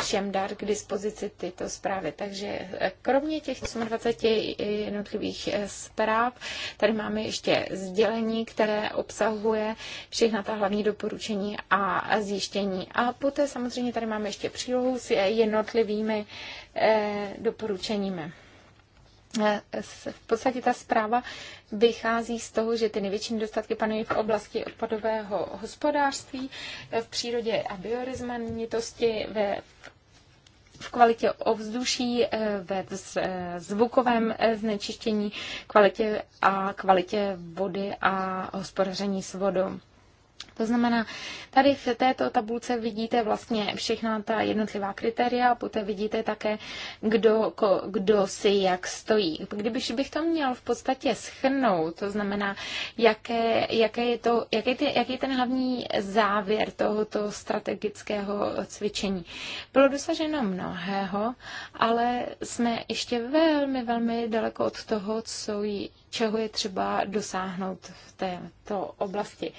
všem dát k dispozici tyto zprávy. Takže eh, kromě těch 28 jednotlivých eh, zpráv, tady máme ještě sdělení, které obsahuje všechna ta hlavní doporučení a zjištění. A poté samozřejmě tady máme ještě přílohu s eh, jednotlivými doporučeními v podstatě ta zpráva vychází z toho, že ty největší nedostatky panují v oblasti odpadového hospodářství, v přírodě a biorizmanitosti, ve v kvalitě ovzduší, eh, ve eh, zvukovém eh, znečištění, kvalitě a kvalitě vody a hospodaření s vodou. To znamená, tady v této tabulce vidíte vlastně všechna ta jednotlivá kritéria, poté vidíte také, kdo, ko, kdo si jak stojí. Kdybych bych to měl v podstatě schrnout, to znamená, jaké, jaké je to, jaký, ty, jaký je ten hlavní závěr tohoto strategického cvičení. Bylo dosaženo mnohého, ale jsme ještě velmi, velmi daleko od toho, co jí, čeho je třeba dosáhnout v této oblasti.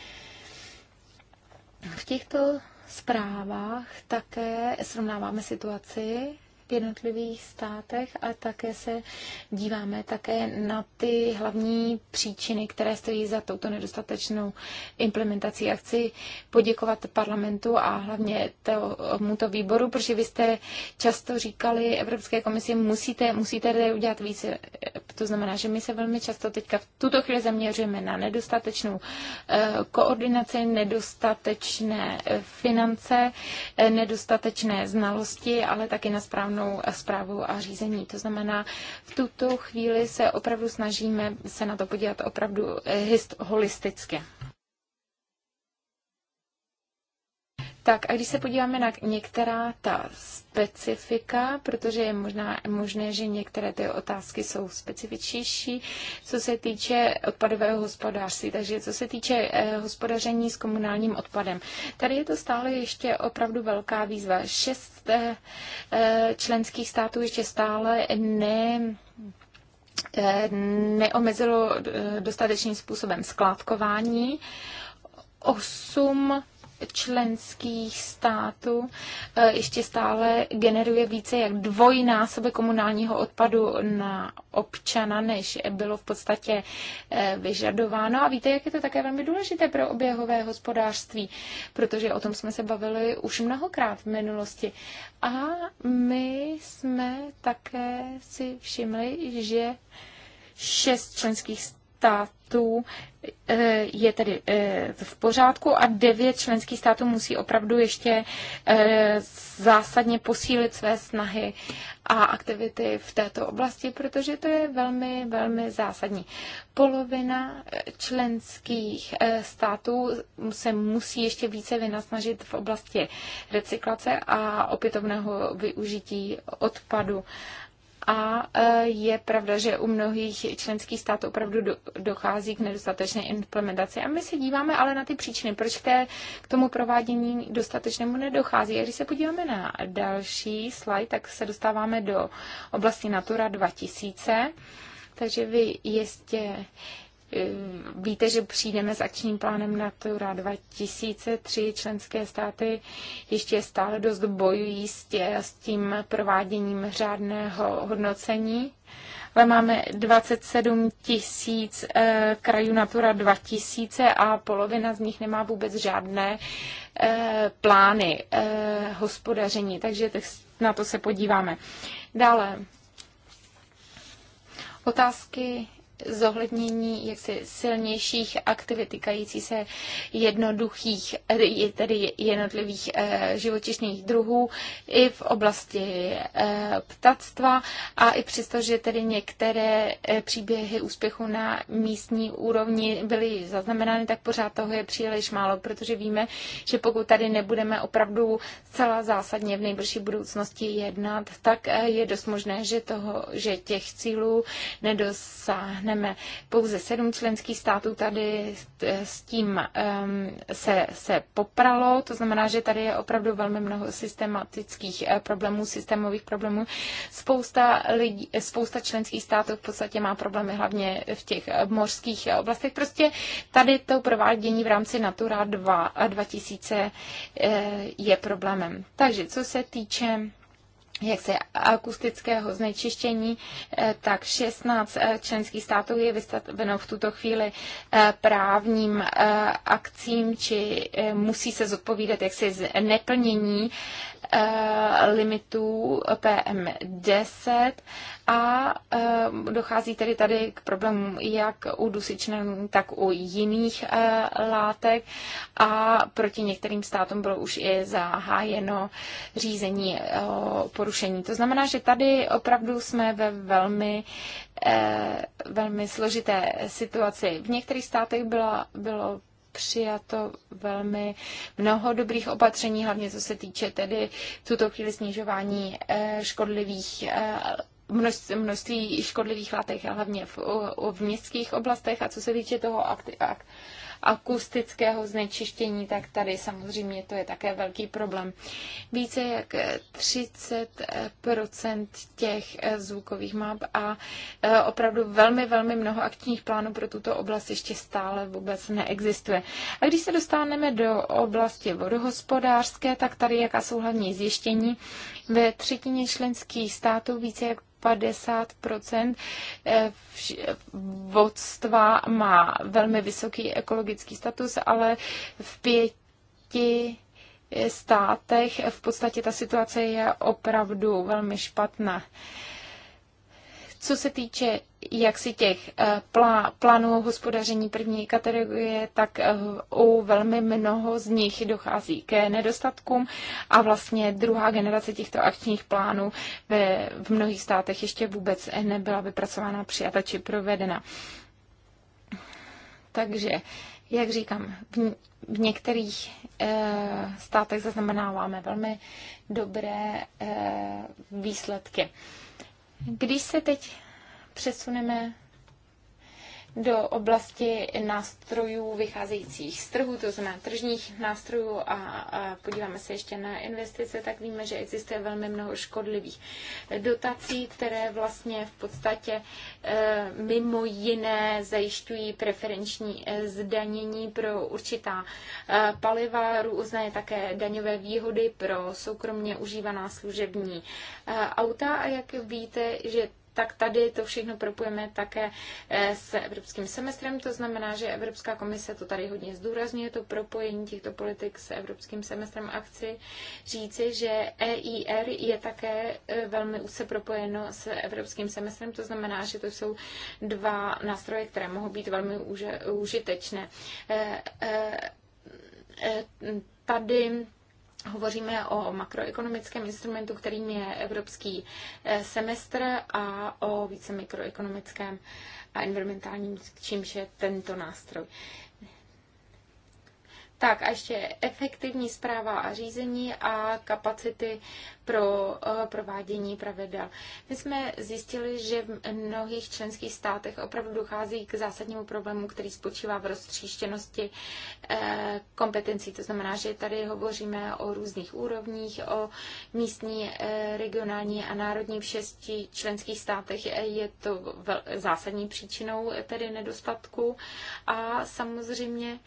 V těchto zprávách také srovnáváme situaci v jednotlivých státech a také se díváme také na ty hlavní příčiny, které stojí za touto nedostatečnou implementací. Já chci poděkovat parlamentu a hlavně tomuto výboru, protože vy jste často říkali Evropské komisi, musíte, musíte tady udělat více. To znamená, že my se velmi často teďka v tuto chvíli zaměřujeme na nedostatečnou eh, koordinaci, nedostatečné eh, finance, eh, nedostatečné znalosti, ale taky na správnou výkonnou zprávu a řízení. To znamená, v tuto chvíli se opravdu snažíme se na to podívat opravdu eh, holisticky. Tak a když se podíváme na některá ta specifika, protože je možná, možné, že některé ty otázky jsou specifičnější, co se týče odpadového hospodářství, takže co se týče eh, hospodaření s komunálním odpadem. Tady je to stále ještě opravdu velká výzva. Šest eh, eh, členských států ještě stále ne neomezilo dostatečným způsobem skládkování. Osm členských států eh, ještě stále generuje více jak dvojnásobe komunálního odpadu na občana, než bylo v podstatě eh, vyžadováno. A víte, jak je to také velmi důležité pro oběhové hospodářství, protože o tom jsme se bavili už mnohokrát v minulosti. A my jsme také si všimli, že šest členských států států eh, je tedy eh, v pořádku a devět členských států musí opravdu ještě eh, zásadně posílit své snahy a aktivity v této oblasti, protože to je velmi, velmi zásadní. Polovina členských států se musí ještě více vynasnažit v oblasti recyklace a opětovného využití odpadu. A e, je pravda, že u mnohých členských států opravdu dochází k nedostatečné implementaci. A my se díváme ale na ty příčiny, proč té, k tomu provádění dostatečnému nedochází. A když se podíváme na další slide, tak se dostáváme do oblasti Natura 2000. Takže vy jistě Eh, víte, že přijdeme s akčním plánem Natura 2003. Členské státy ještě stále dost bojují s, tě, s tím prováděním řádného hodnocení ale máme 27 tisíc e, krajů Natura 2000 a polovina z nich nemá vůbec žádné e, plány e, hospodaření, takže na to se podíváme. Dále. Otázky zohlednění jaksi silnějších aktivit týkající se jednoduchých, tedy jednotlivých eh, živočišných druhů i v oblasti eh, ptactva a i přesto, že tedy některé eh, příběhy úspěchu na místní úrovni byly zaznamenány, tak pořád toho je příliš málo, protože víme, že pokud tady nebudeme opravdu zcela zásadně v nejbližší budoucnosti jednat, tak je dost možné, že, toho, že těch cílů nedosáhne navrhneme pouze sedm členských států, tady s tím se, se popralo, to znamená, že tady je opravdu velmi mnoho systematických eh, problémů, systémových problémů. Spousta, lidí, spousta členských států v podstatě má problémy hlavně v těch eh, mořských eh, oblastech. Prostě tady to provádění v rámci Natura 2 a 2000 je problémem. Takže co se týče jak se akustického znečištění, eh, tak 16 eh, členských států je vystaveno v tuto chvíli eh, právním akcím, či musí se zodpovídat jaksi z neplnění Eh, limitů PM10 a eh, dochází tedy tady k problémům jak u dusičnanů, tak u jiných eh, látek a proti některým státům bylo už i zahájeno řízení porušení. To znamená, že tady opravdu jsme ve velmi velmi složité situaci. V některých státech bylo, bylo přijato velmi mnoho dobrých opatření, hlavně co se týče tedy v tuto chvíli snižování eh, škodlivých eh, množství škodlivých látek, hlavně v, v městských oblastech. A co se týče toho akti, ak, akustického znečištění, tak tady samozřejmě to je také velký problém. Více jak 30 eh, těch eh, zvukových map a eh, opravdu velmi, velmi mnoho akčních plánů pro tuto oblast ještě stále vůbec neexistuje. A když se dostaneme do oblasti vodohospodářské, tak tady jaká jsou hlavní zjištění? Ve třetině členských států více jak 50 eh, vodstva má velmi vysoký ekologický status, ale v pěti eh, státech v podstatě ta situace je opravdu velmi špatná. Co se týče jak si těch eh, plánů hospodaření první kategorie, tak eh, u velmi mnoho z nich dochází ke nedostatkům a vlastně druhá generace těchto akčních plánů ve, v mnohých státech ještě vůbec nebyla vypracována, přijata či provedena. Takže, jak říkám, v, v některých e, státech zaznamenáváme velmi dobré e, výsledky. E, když se teď přesuneme do oblasti nástrojů vycházejících z trhu, to znamená tržních nástrojů a, a podíváme se ještě na investice, tak víme, že existuje velmi mnoho škodlivých dotací, které vlastně v podstatě e, mimo jiné zajišťují preferenční e, zdanění pro určitá e, paliva, různé také daňové výhody pro soukromně užívaná služební auta a jak víte, že tak tady to všechno propujeme také eh, s evropským semestrem. To znamená, že Evropská komise to tady hodně zdůrazňuje, to propojení těchto politik s evropským semestrem. A chci říci, že EIR je také eh, velmi úzce propojeno s evropským semestrem. To znamená, že to jsou dva nástroje, které mohou být velmi užitečné. Eh, tady Hovoříme o makroekonomickém instrumentu, kterým je evropský eh, semestr a o více mikroekonomickém a environmentálním, čímž je tento nástroj. Tak a ještě efektivní zpráva a řízení a kapacity pro eh, provádění pravidel. My jsme zjistili, že v mnohých členských státech opravdu dochází k zásadnímu problému, který spočívá v roztříštěnosti eh, kompetencí. To znamená, že tady hovoříme o různých úrovních, o místní, eh, regionální a národní v šesti členských státech. Je to zásadní příčinou tedy nedostatku a samozřejmě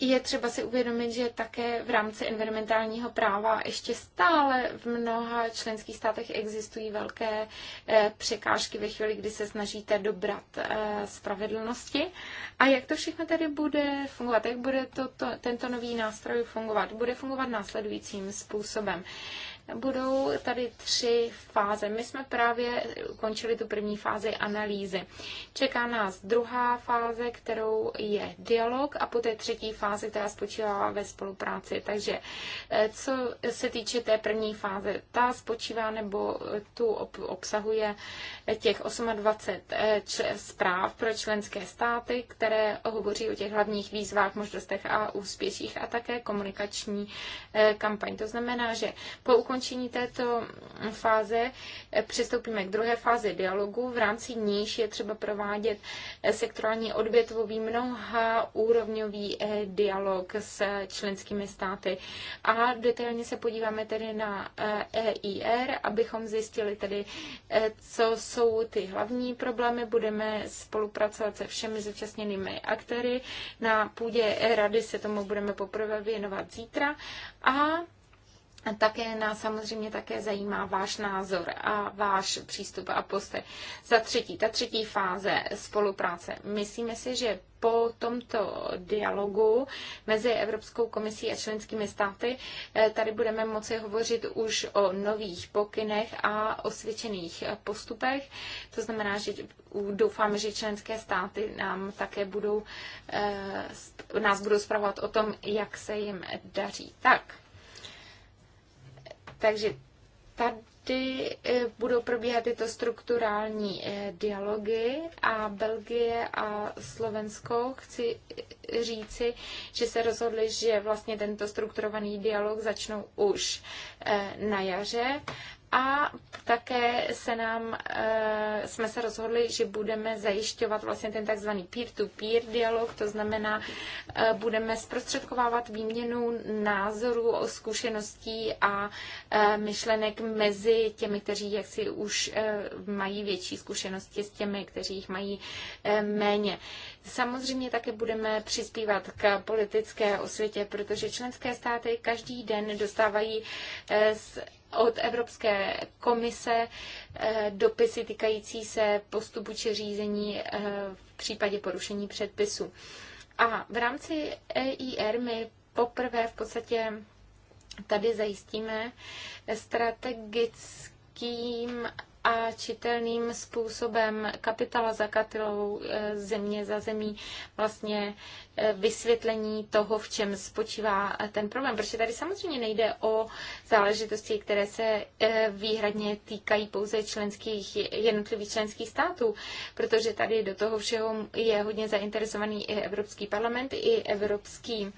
je třeba si uvědomit, že také v rámci environmentálního práva ještě stále v mnoha členských státech existují velké eh, překážky ve chvíli, kdy se snažíte dobrat eh, spravedlnosti. A jak to všechno tady bude fungovat? Jak bude to, to, tento nový nástroj fungovat? Bude fungovat následujícím způsobem budou tady tři fáze. My jsme právě končili tu první fázi analýzy. Čeká nás druhá fáze, kterou je dialog a poté třetí fáze, která spočívá ve spolupráci. Takže eh, co se týče té první fáze, ta spočívá nebo tu obsahuje těch 28 eh, zpráv pro členské státy, které hovoří o těch hlavních výzvách, možnostech a úspěších a také komunikační eh, kampaň. To znamená, že po ukončení ukončení této fáze eh, přistoupíme k druhé fázi dialogu, v rámci níž je třeba provádět eh, sektorální odvětvový mnoha úrovňový eh, dialog s členskými státy. A detailně se podíváme tedy na EIR, e abychom zjistili tedy, co jsou ty hlavní problémy. Budeme spolupracovat se všemi zúčastněnými aktéry. Na půdě rady se tomu budeme poprvé věnovat zítra. A také nás samozřejmě také zajímá váš názor a váš přístup a postoj. Za třetí, ta třetí fáze spolupráce. Myslíme si, že po tomto dialogu mezi Evropskou komisí a členskými státy eh, tady budeme moci hovořit už o nových pokynech a osvědčených postupech. To znamená, že doufám, že členské státy nám také budou, eh, nás budou zpravovat o tom, jak se jim daří. Tak. Takže tady eh, budou probíhat tyto strukturální eh, dialogy a Belgie a Slovensko chci eh, říci, že se rozhodli, že vlastně tento strukturovaný dialog začnou už na jaře a také se nám, eh, jsme se rozhodli, že budeme zajišťovat vlastně ten takzvaný peer-to-peer dialog, to znamená, eh, budeme zprostředkovávat výměnu názorů, zkušeností a eh, myšlenek mezi těmi, kteří jaksi už mají větší zkušenosti s těmi, kteří jich mají méně. Samozřejmě také budeme přispívat k politické osvětě, protože členské státy každý den dostávají eh, z od Evropské komise eh, dopisy týkající se postupu či řízení eh, v případě porušení předpisu. A v rámci EIR my poprvé v podstatě tady zajistíme strategickým a čitelným způsobem kapitala za katilou e, země za zemí vlastně e, vysvětlení toho, v čem spočívá ten problém. Protože tady samozřejmě nejde o záležitosti, které se e, výhradně týkají pouze členských, jednotlivých členských států, protože tady do toho všeho je hodně zainteresovaný i Evropský parlament, i Evropský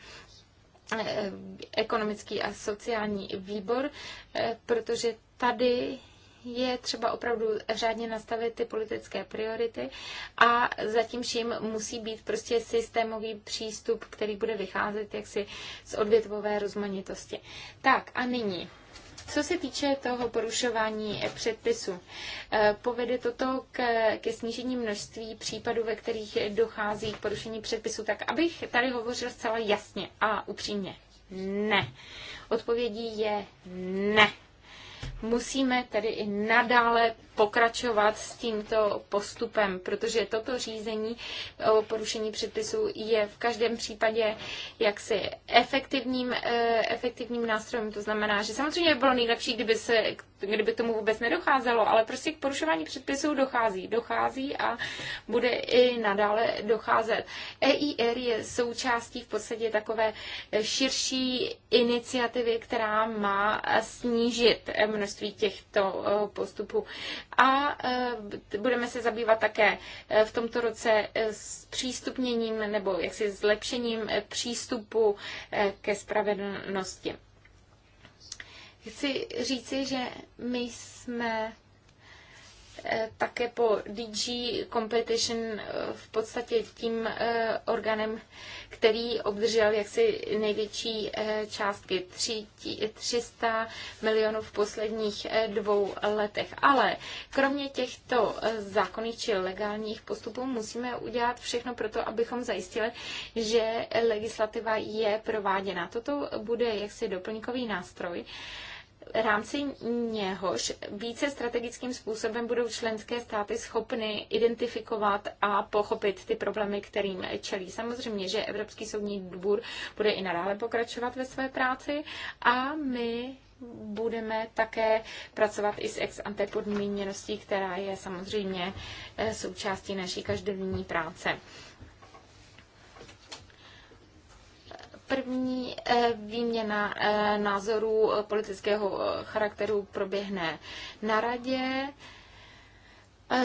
ekonomický a sociální výbor, protože tady je třeba opravdu řádně nastavit ty politické priority a zatím vším musí být prostě systémový přístup, který bude vycházet jaksi z odvětvové rozmanitosti. Tak a nyní co se týče toho porušování předpisu, eh, povede toto k, ke snížení množství případů, ve kterých dochází k porušení předpisu, tak abych tady hovořil zcela jasně a upřímně. Ne. Odpovědí je ne. Musíme tedy i nadále pokračovat s tímto postupem, protože toto řízení o porušení předpisů je v každém případě jaksi efektivním, eh, efektivním nástrojem. To znamená, že samozřejmě by bylo nejlepší, kdyby se kdyby tomu vůbec nedocházelo, ale prostě k porušování předpisů dochází. Dochází a bude i nadále docházet. EIR je součástí v podstatě takové širší iniciativy, která má snížit množství těchto eh, postupů. A eh, budeme se zabývat také eh, v tomto roce s přístupněním nebo jaksi zlepšením přístupu ke spravedlnosti. Chci říci, že my jsme eh, také po DG Competition eh, v podstatě tím eh, orgánem, který obdržel jaksi největší částky 300 milionů v posledních dvou letech. Ale kromě těchto zákonných či legálních postupů musíme udělat všechno pro to, abychom zajistili, že legislativa je prováděna. Toto bude jaksi doplňkový nástroj, rámci něhož více strategickým způsobem budou členské státy schopny identifikovat a pochopit ty problémy, kterým čelí. Samozřejmě, že Evropský soudní dvůr bude i nadále pokračovat ve své práci a my budeme také pracovat i s ex ante podmíněností, která je samozřejmě eh, součástí naší každodenní práce. První eh, výměna eh, názorů eh, politického charakteru proběhne na radě.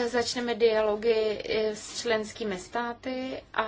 Začneme dialogy s členskými státy a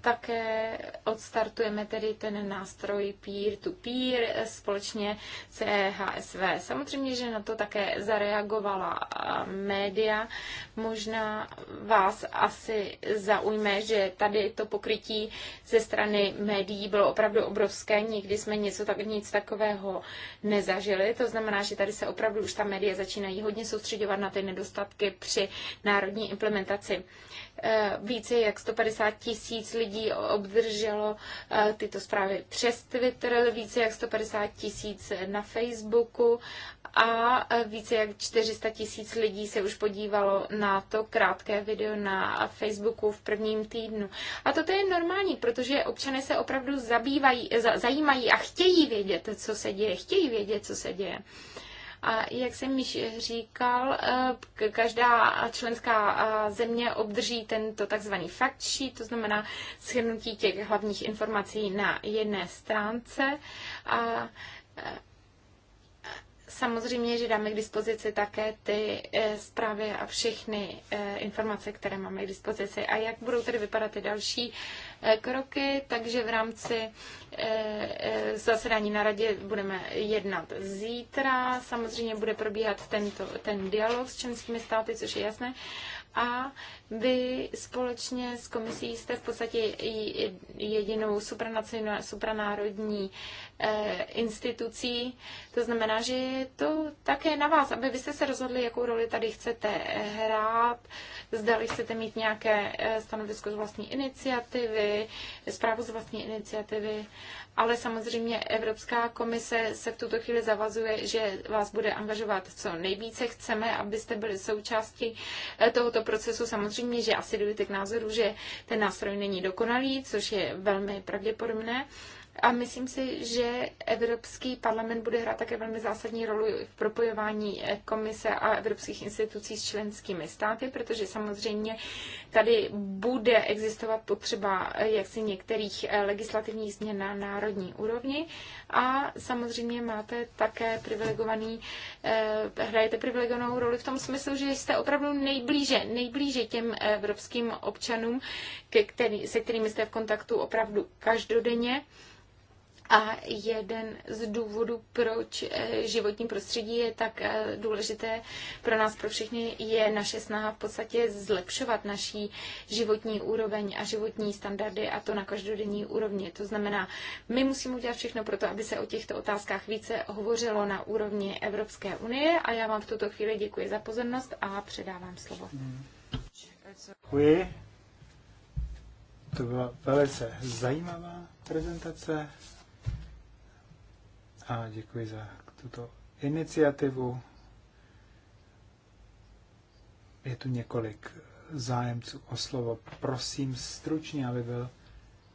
také odstartujeme tedy ten nástroj peer-to-peer -peer společně s e HSV. Samozřejmě, že na to také zareagovala média. Možná vás asi zaujme, že tady to pokrytí ze strany médií bylo opravdu obrovské. Nikdy jsme něco tak, nic takového nezažili. To znamená, že tady se opravdu už ta média začínají hodně soustředovat na ty nedostatky při národní implementaci Eh, více jak 150 tisíc lidí obdrželo eh, tyto zprávy přes Twitter, více jak 150 tisíc na Facebooku a eh, více jak 400 tisíc lidí se už podívalo na to krátké video na Facebooku v prvním týdnu. A toto je normální, protože občané se opravdu zabývají, zajímají a chtějí vědět, co se děje, chtějí vědět, co se děje. Uh, a jak jsem již říkal, eh, každá členská eh, země obdrží tento takzvaný fact sheet, to znamená shrnutí těch hlavních informací na jedné stránce. A eh, Samozřejmě, že dáme k dispozici také ty zprávy a všechny informace, které máme k dispozici. A jak budou tedy vypadat ty další Eh, kroky, takže v rámci eh, eh, zasedání na radě budeme jednat zítra. Samozřejmě bude probíhat tento, ten dialog s členskými státy, což je jasné. A vy společně s komisí jste v podstatě jedinou supranacionální supranárodní Eh, institucí. To znamená, že je to také na vás, aby vy jste se rozhodli, jakou roli tady chcete eh, hrát, zdali chcete mít nějaké eh, stanovisko z vlastní iniciativy, zprávu z vlastní iniciativy, ale samozřejmě Evropská komise se v tuto chvíli zavazuje, že vás bude angažovat co nejvíce. Chceme, abyste byli součástí tohoto procesu. Samozřejmě, že asi dojde k názoru, že ten nástroj není dokonalý, což je velmi pravděpodobné. A myslím si, že Evropský parlament bude hrát také velmi zásadní roli v propojování komise a evropských institucí s členskými státy, protože samozřejmě tady bude existovat potřeba jaksi některých eh, legislativních změn na národní úrovni. A samozřejmě máte také privilegovaný, eh, hrajete privilegovanou roli v tom smyslu, že jste opravdu nejblíže, nejblíže těm evropským občanům, se kterými jste v kontaktu opravdu každodenně. A jeden z důvodů, proč eh, životní prostředí je tak eh, důležité pro nás, pro všechny, je naše snaha v podstatě zlepšovat naší životní úroveň a životní standardy a to na každodenní úrovni. To znamená, my musíme udělat všechno pro to, aby se o těchto otázkách více hovořilo na úrovni Evropské unie a já vám v tuto chvíli děkuji za pozornost a předávám slovo. Děkuji. To byla velice zajímavá prezentace a děkuji za tuto iniciativu. Je tu několik zájemců o slovo. Prosím stručně, aby byl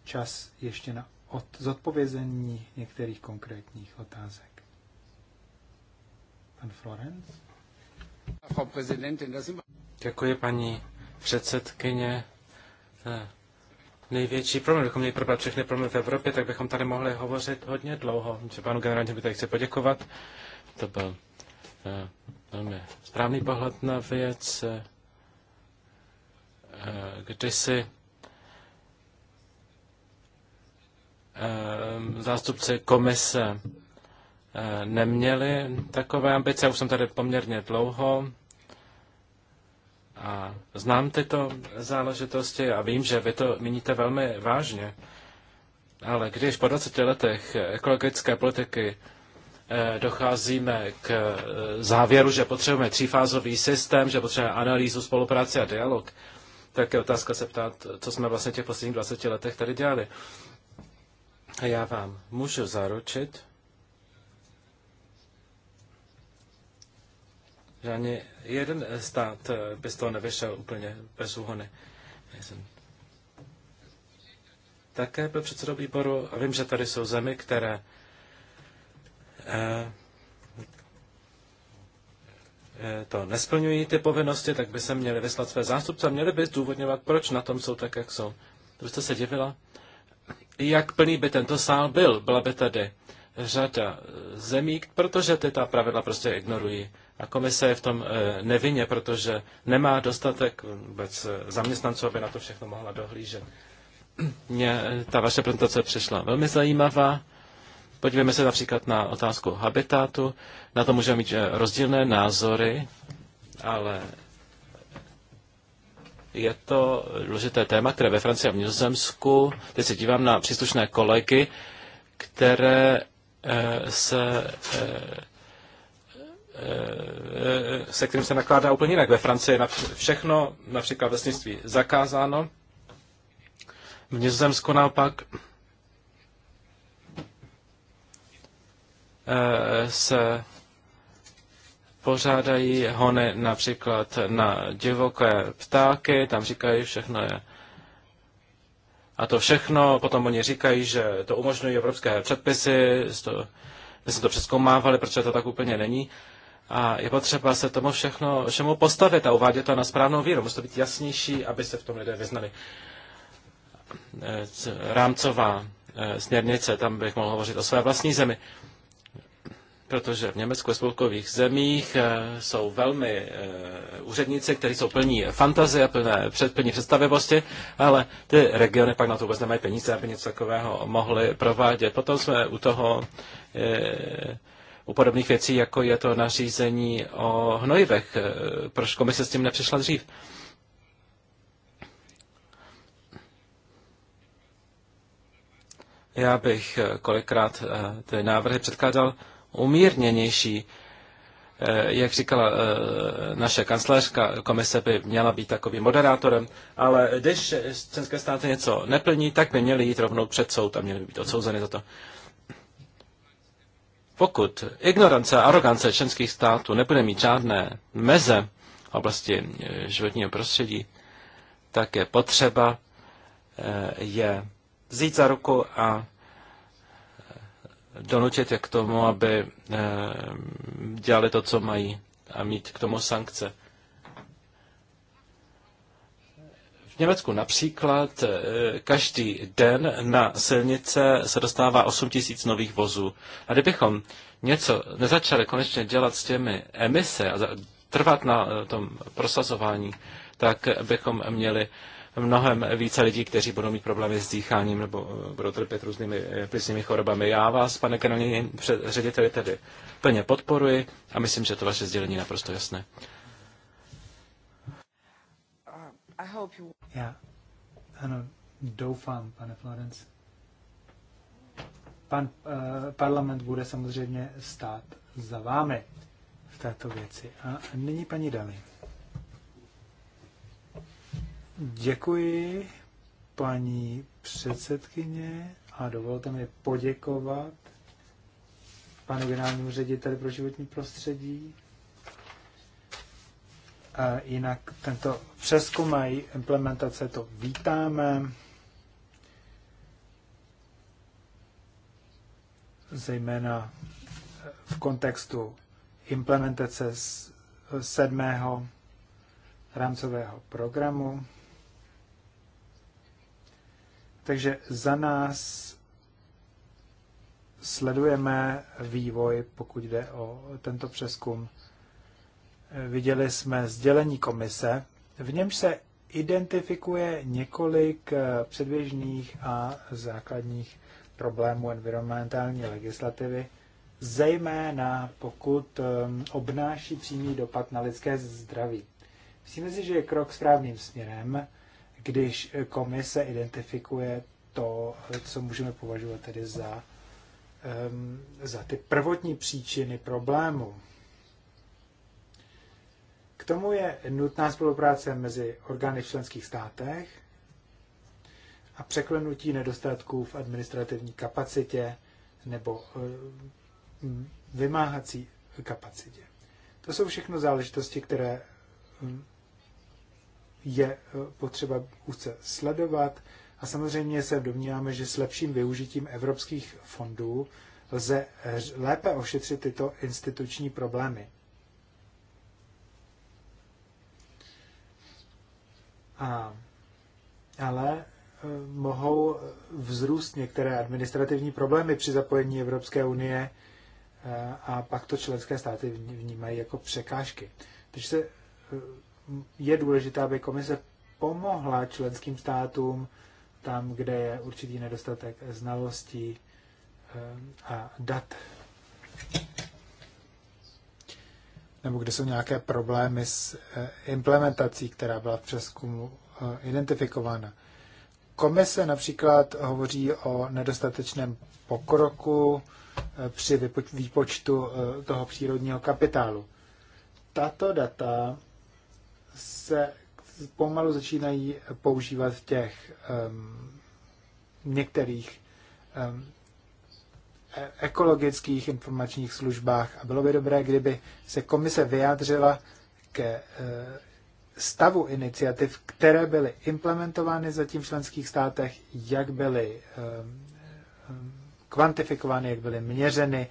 čas ještě na od zodpovězení některých konkrétních otázek. Pan Florenc? Děkuji, paní předsedkyně. Eh, největší problém. Kdybychom měli probrat všechny problémy v Evropě, tak bychom tady mohli hovořit hodně dlouho. Že panu generálnímu tady chci poděkovat. To byl eh, velmi správný pohled na věc. Eh, eh kdysi eh, zástupci komise eh, neměli takové ambice. Už jsem tady poměrně dlouho. A znám tyto záležitosti a vím, že vy to míníte velmi vážně. Ale když po 20 letech ekologické politiky eh, docházíme k eh, závěru, že potřebujeme třífázový systém, že potřebujeme analýzu, spolupráci a dialog, tak je otázka se ptát, co jsme vlastně těch posledních 20 letech tady dělali. A já vám můžu zaručit, že ani jeden eh, stát eh, by z toho nevyšel úplně bez úhony. Také byl předsedou výboru a vím, že tady jsou zemi, které eh, to nesplňují ty povinnosti, tak by se měli vyslat své zástupce a měli by zdůvodňovat, proč na tom jsou tak, jak jsou. To jste se divila? Jak plný by tento sál byl? Byla by tady řada zemí, protože ty ta pravidla prostě ignorují. A komise je v tom eh, nevinně, protože nemá dostatek vůbec eh, zaměstnanců, aby na to všechno mohla dohlížet. Mně eh, ta vaše prezentace přišla velmi zajímavá. Podívejme se například na otázku habitatu. Na to můžeme mít rozdílné názory, ale je to důležité téma, které ve Francii a v Nizozemsku, teď se dívám na příslušné kolegy, které se Eh, se kterým se nakládá úplně jinak. Ve Francii je všechno, například vesnictví, zakázáno. V Nizozemsku naopak eh, se pořádají hony například na divoké ptáky, tam říkají, všechno je a to všechno, potom oni říkají, že to umožňují evropské předpisy, to, my jsme to přeskoumávali, protože to tak úplně není. A je potřeba se tomu všechno, všemu postavit a uvádět to na správnou víru. Musí to být jasnější, aby se v tom lidé vyznali. Eh, rámcová eh, směrnice, tam bych mohl hovořit o své vlastní zemi. Protože v Německu a spolkových zemích eh, jsou velmi úředníci, kteří jsou plní fantazie, plné, plní představivosti, ale ty regiony pak na to vůbec nemají peníze, aby něco takového mohli provádět. Potom jsme u toho u podobných věcí, jako je to nařízení o hnojivech. Eh, proč komise s tím nepřišla dřív? Já bych eh, kolikrát eh, ty návrhy předkládal umírněnější. Jak říkala naše kancelářka komise by měla být takovým moderátorem, ale když členské státy něco neplní, tak by měly jít rovnou před soud a měly by být odsouzeny za to. Pokud ignorance a arogance členských států nebude mít žádné meze v oblasti eh, životního prostředí, tak je potřeba eh, je vzít za ruku a eh, donutit je k tomu, aby dělali to, co mají a mít k tomu sankce. V Německu například eh, každý den na silnice se dostává 8 tisíc nových vozů. A kdybychom něco nezačali konečně dělat s těmi emise a trvat na eh, tom prosazování, tak bychom měli mnohem více lidí, kteří budou mít problémy s dýcháním nebo eh, budou trpět různými plicními chorobami. Já vás, pane generální řediteli, tedy plně podporuji a myslím, že to vaše sdělení je naprosto jasné. Uh, já ano, doufám, pane Florence. Pan eh, parlament bude samozřejmě stát za vámi v této věci. A nyní paní Dali. Děkuji, paní předsedkyně, a dovolte mi poděkovat panu generálnímu řediteli pro životní prostředí Jinak tento přeskum a implementace to vítáme. Zejména v kontextu implementace sedmého rámcového programu. Takže za nás sledujeme vývoj, pokud jde o tento přeskum viděli jsme sdělení komise, v němž se identifikuje několik eh, předběžných a základních problémů environmentální legislativy, zejména pokud ehm, obnáší přímý dopad na lidské zdraví. Myslíme si, že je krok správným směrem, když komise identifikuje to, co můžeme považovat tedy za, um, za ty prvotní příčiny problému. K tomu je nutná spolupráce mezi orgány v členských státech a překlenutí nedostatků v administrativní kapacitě nebo eh, vymáhací kapacitě. To jsou všechno záležitosti, které hm, je eh, potřeba úzce sledovat a samozřejmě se domníváme, že s lepším využitím evropských fondů lze eh, lépe ošetřit tyto instituční problémy. A, ale e, mohou vzrůst některé administrativní problémy při zapojení Evropské unie e, a pak to členské státy vnímají jako překážky. Takže se, e, je důležité, aby komise pomohla členským státům tam, kde je určitý nedostatek znalostí a dat nebo kde jsou nějaké problémy s eh, implementací, která byla v přeskumu eh, identifikována. Komise například hovoří o nedostatečném pokroku eh, při výpočtu toho přírodního kapitálu. Tato data se pomalu začínají používat v těch um, některých um, ekologických informačních službách a bylo by dobré, kdyby se komise vyjádřila ke eh, stavu iniciativ, které byly implementovány zatím v členských státech, jak byly eh, kvantifikovány, jak byly měřeny.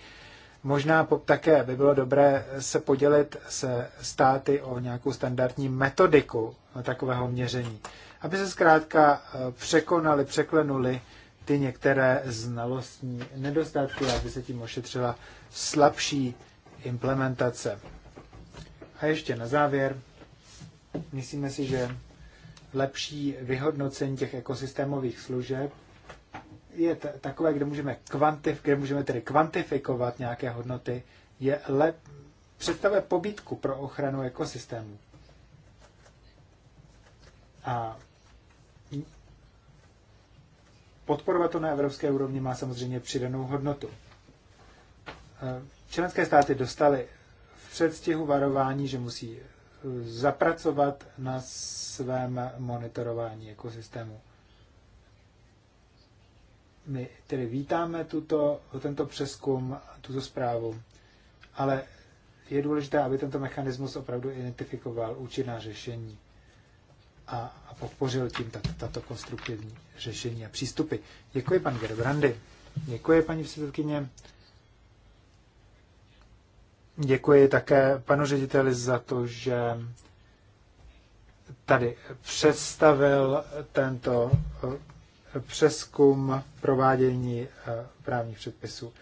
Možná také by bylo dobré se podělit se státy o nějakou standardní metodiku takového měření, aby se zkrátka eh, překonali, překlenuli ty některé znalostní nedostatky, aby se tím ošetřila slabší implementace. A ještě na závěr, myslíme si, že lepší vyhodnocení těch ekosystémových služeb je takové, kde můžeme, kvantif- kde můžeme tedy kvantifikovat nějaké hodnoty, je lep- představuje pobítku pro ochranu ekosystému. A podporovat to na evropské úrovni má samozřejmě přidanou hodnotu. Eh, členské státy dostaly v předstihu varování, že musí eh, zapracovat na svém monitorování ekosystému. My tedy vítáme tuto, tento přeskum, tuto zprávu, ale je důležité, aby tento mechanismus opravdu identifikoval účinná řešení a, a podpořil tím tato konstruktivní řešení a přístupy. Děkuji, pan Gerbrandy. Děkuji, paní předsedkyně. Děkuji také panu řediteli za to, že tady představil tento eh, přeskum provádění eh, právních předpisů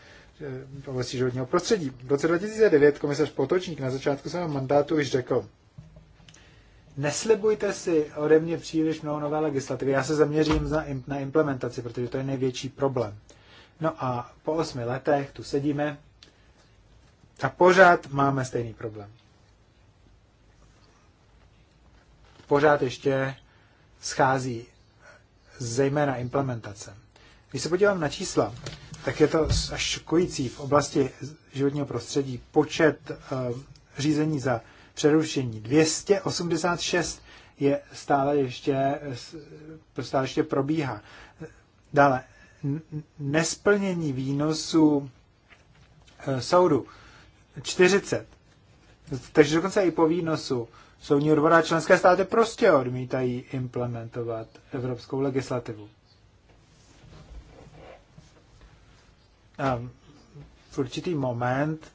eh, v oblasti životního prostředí. V roce 2009 komisař Potočník na začátku svého mandátu již řekl, neslibujte si ode mě příliš mnoho nové legislativy. Já se zaměřím na implementaci, protože to je největší problém. No a po osmi letech tu sedíme a pořád máme stejný problém. Pořád ještě schází zejména implementace. Když se podívám na čísla, tak je to až šokující v oblasti životního prostředí. Počet uh, řízení za přerušení. 286 je stále ještě, stále ještě probíhá. Dále, nesplnění výnosu e, soudu 40. Takže dokonce i po výnosu soudní dvora členské státy prostě odmítají implementovat evropskou legislativu. A v určitý moment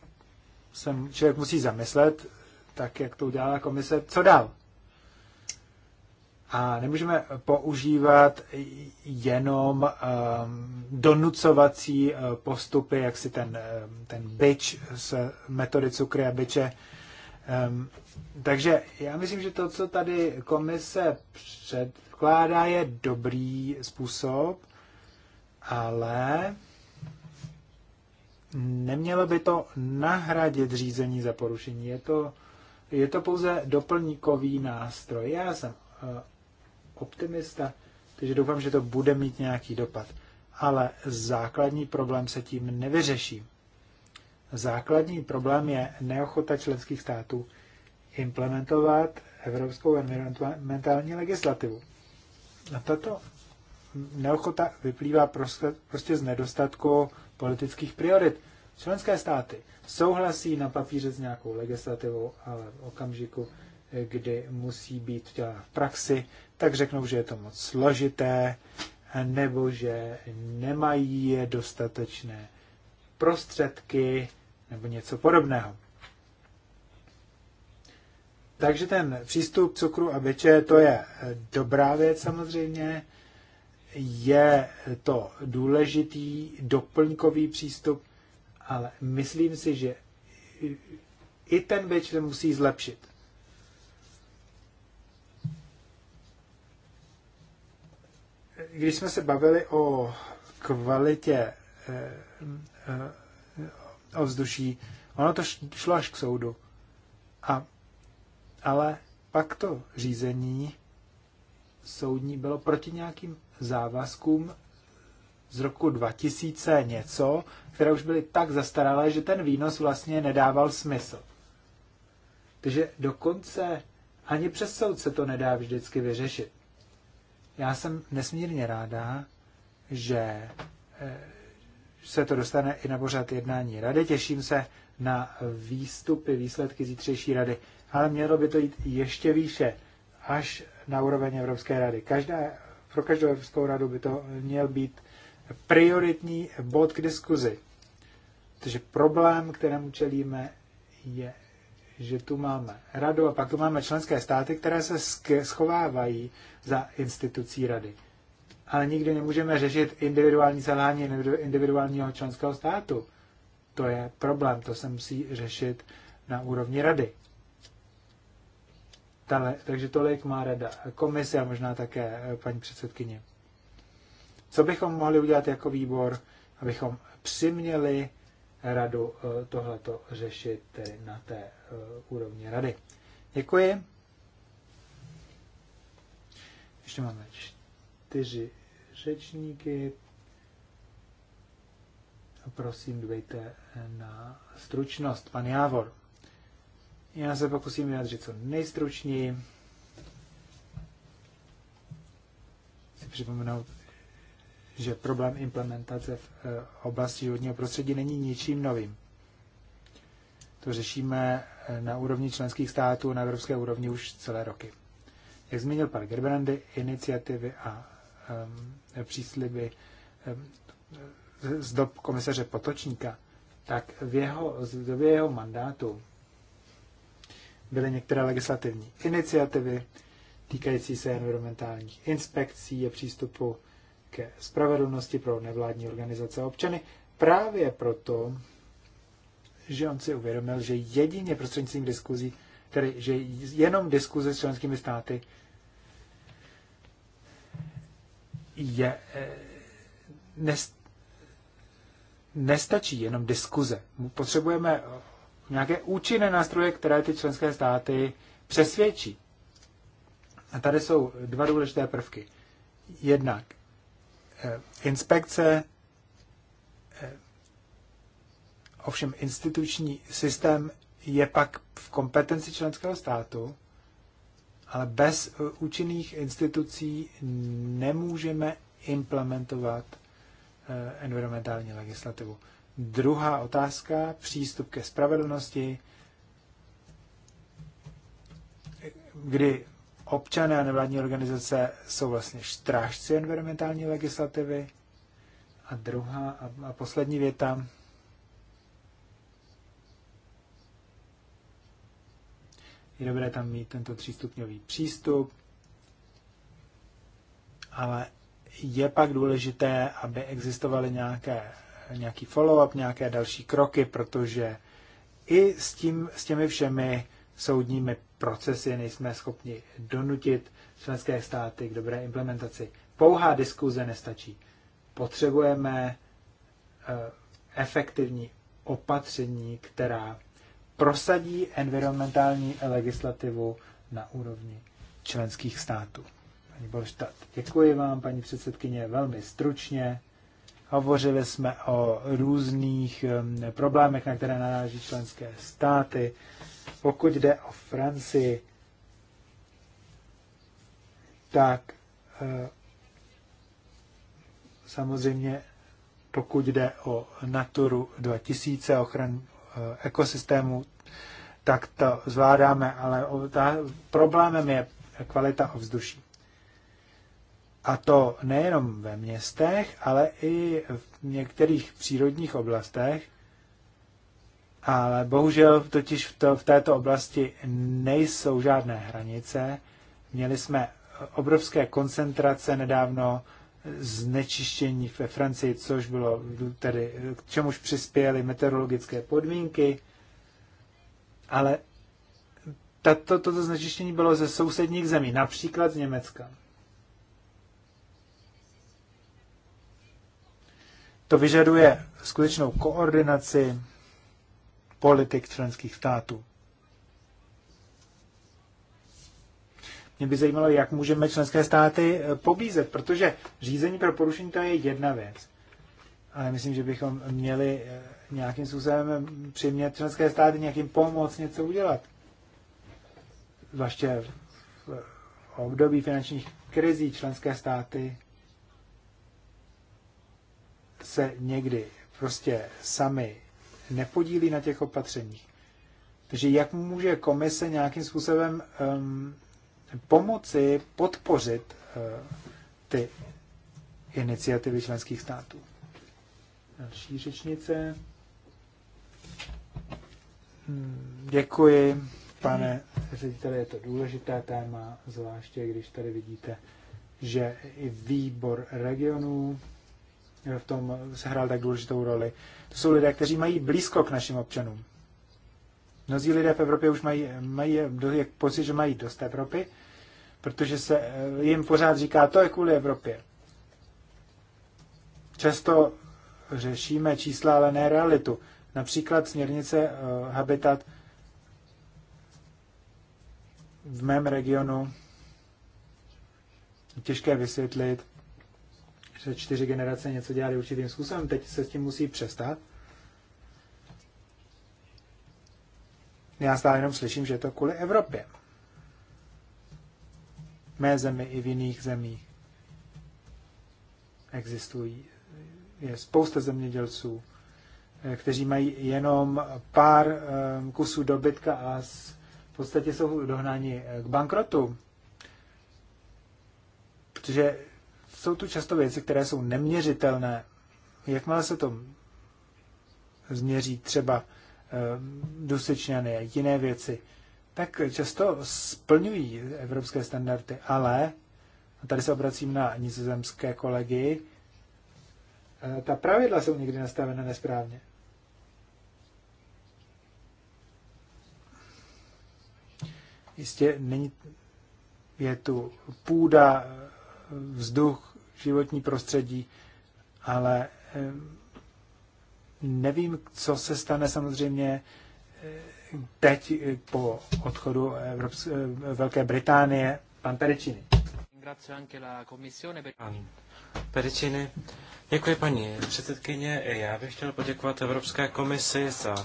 se člověk musí zamyslet, tak jak to udělala komise, co dál? A nemůžeme používat jenom um, donucovací uh, postupy, jak si ten, um, ten byč z metody cukry a byče. Um, takže já myslím, že to, co tady komise předkládá, je dobrý způsob, ale nemělo by to nahradit řízení za porušení. Je to je to pouze doplňkový nástroj. Já jsem eh, optimista, takže doufám, že to bude mít nějaký dopad. Ale základní problém se tím nevyřeší. Základní problém je neochota členských států implementovat evropskou environmentální legislativu. A tato neochota vyplývá prostě z nedostatku politických priorit. Členské státy souhlasí na papíře s nějakou legislativou, ale v okamžiku, kdy musí být dělána v praxi, tak řeknou, že je to moc složité, nebo že nemají je dostatečné prostředky, nebo něco podobného. Takže ten přístup cukru a byče, to je dobrá věc samozřejmě. Je to důležitý doplňkový přístup, ale myslím si, že i ten bachelor musí zlepšit. Když jsme se bavili o kvalitě eh, eh, ovzduší, ono to šlo až k soudu. A, ale pak to řízení soudní bylo proti nějakým závazkům z roku 2000 něco, které už byly tak zastaralé, že ten výnos vlastně nedával smysl. Takže dokonce ani přes soud se to nedá vždycky vyřešit. Já jsem nesmírně ráda, že eh, se to dostane i na pořád jednání rady. Těším se na výstupy, výsledky zítřejší rady, ale mělo by to jít ještě výše, až na úroveň Evropské rady. Každá, pro každou Evropskou radu by to měl být prioritní bod k diskuzi. Protože problém, kterému čelíme, je, že tu máme radu a pak tu máme členské státy, které se schovávají za institucí rady. Ale nikdy nemůžeme řešit individuální selhání individuálního členského státu. To je problém, to se musí řešit na úrovni rady. Tale, takže tolik má rada komise a možná také eh, paní předsedkyně. Co bychom mohli udělat jako výbor, abychom přiměli radu eh, tohleto řešit tedy na té eh, úrovni rady. Děkuji. Ještě máme čtyři řečníky. Prosím, dvejte na stručnost. Pan Jávor. Já se pokusím vyjádřit co nejstručněji. Chci připomenout, že problém implementace v eh, oblasti životního prostředí není ničím novým. To řešíme eh, na úrovni členských států, na evropské úrovni už celé roky. Jak zmínil pan Gerbrandy, iniciativy a um, přísliby um, z dob komisaře Potočníka, tak v jeho, v době jeho mandátu byly některé legislativní iniciativy týkající se environmentálních inspekcí a přístupu ke spravedlnosti pro nevládní organizace a občany právě proto, že on si uvědomil, že jedině prostřednictvím diskuzí, tedy že jenom diskuze s členskými státy je, eh, nest, nestačí jenom diskuze. Potřebujeme nějaké účinné nástroje, které ty členské státy přesvědčí. A tady jsou dva důležité prvky. Jednak Eh, inspekce, eh, ovšem instituční systém je pak v kompetenci členského státu, ale bez eh, účinných institucí nemůžeme implementovat environmentální legislativu. Druhá otázka, přístup ke spravedlnosti, kdy občané a nevládní organizace jsou vlastně strážci environmentální legislativy. A druhá a, a poslední věta. Je dobré tam mít tento třístupňový přístup, ale je pak důležité, aby existovaly nějaké, nějaký follow-up, nějaké další kroky, protože i s, tím, s těmi všemi soudními procesy, nejsme schopni donutit členské státy k dobré implementaci. Pouhá diskuze nestačí. Potřebujeme eh, efektivní opatření, která prosadí environmentální legislativu na úrovni členských států. Paní Bolštát, děkuji vám, paní předsedkyně, velmi stručně. Hovořili jsme o různých ehm, problémech, na které naráží členské státy. Pokud jde o Francii, tak eh, samozřejmě pokud jde o Naturu 2000, ochran eh, ekosystému, tak to zvládáme, ale problémem je kvalita ovzduší. A to nejenom ve městech, ale i v některých přírodních oblastech, ale bohužel totiž v, to, v této oblasti nejsou žádné hranice. Měli jsme obrovské koncentrace nedávno znečištění ve Francii, což bylo tedy, k čemuž přispěly meteorologické podmínky, ale tato, toto znečištění bylo ze sousedních zemí, například z Německa. To vyžaduje skutečnou koordinaci politik členských států. Mě by zajímalo, jak můžeme členské státy eh, pobízet, protože řízení pro porušení to je jedna věc. Ale myslím, že bychom měli eh, nějakým způsobem eh, přimět členské státy nějakým pomoc něco udělat. Zvláště v období finančních krizí členské státy se někdy prostě sami nepodílí na těch opatřeních. Takže jak může komise nějakým způsobem um, pomoci podpořit uh, ty iniciativy členských států? Další řečnice. Hmm, děkuji, pane ředitele, je to důležité téma, zvláště když tady vidíte, že i výbor regionů v tom sehrál tak důležitou roli. To jsou lidé, kteří mají blízko k našim občanům. Mnozí lidé v Evropě už mají, mají pocit, že mají dost Evropy, protože se eh, jim pořád říká, to je kvůli Evropě. Často řešíme čísla, ale ne realitu. Například směrnice eh, Habitat v mém regionu těžké vysvětlit že čtyři generace něco dělali určitým způsobem, teď se s tím musí přestat. Já stále jenom slyším, že je to kvůli Evropě. V mé zemi i v jiných zemích existují. Je spousta zemědělců, eh, kteří mají jenom pár eh, kusů dobytka a v podstatě jsou dohnáni eh, k bankrotu. Protože jsou tu často věci, které jsou neměřitelné. Jakmile se to změří třeba eh, dusičňany a jiné věci, tak často splňují evropské standardy, ale, a tady se obracím na nizozemské kolegy, eh, ta pravidla jsou někdy nastavena nesprávně. Jistě není, je tu půda, vzduch, životní prostředí, ale eh, nevím, co se stane samozřejmě eh, teď eh, po odchodu Evrops- Velké Británie. Pan Perečiny. Pan Děkuji paní předsedkyně. Já bych chtěl poděkovat Evropské komisi za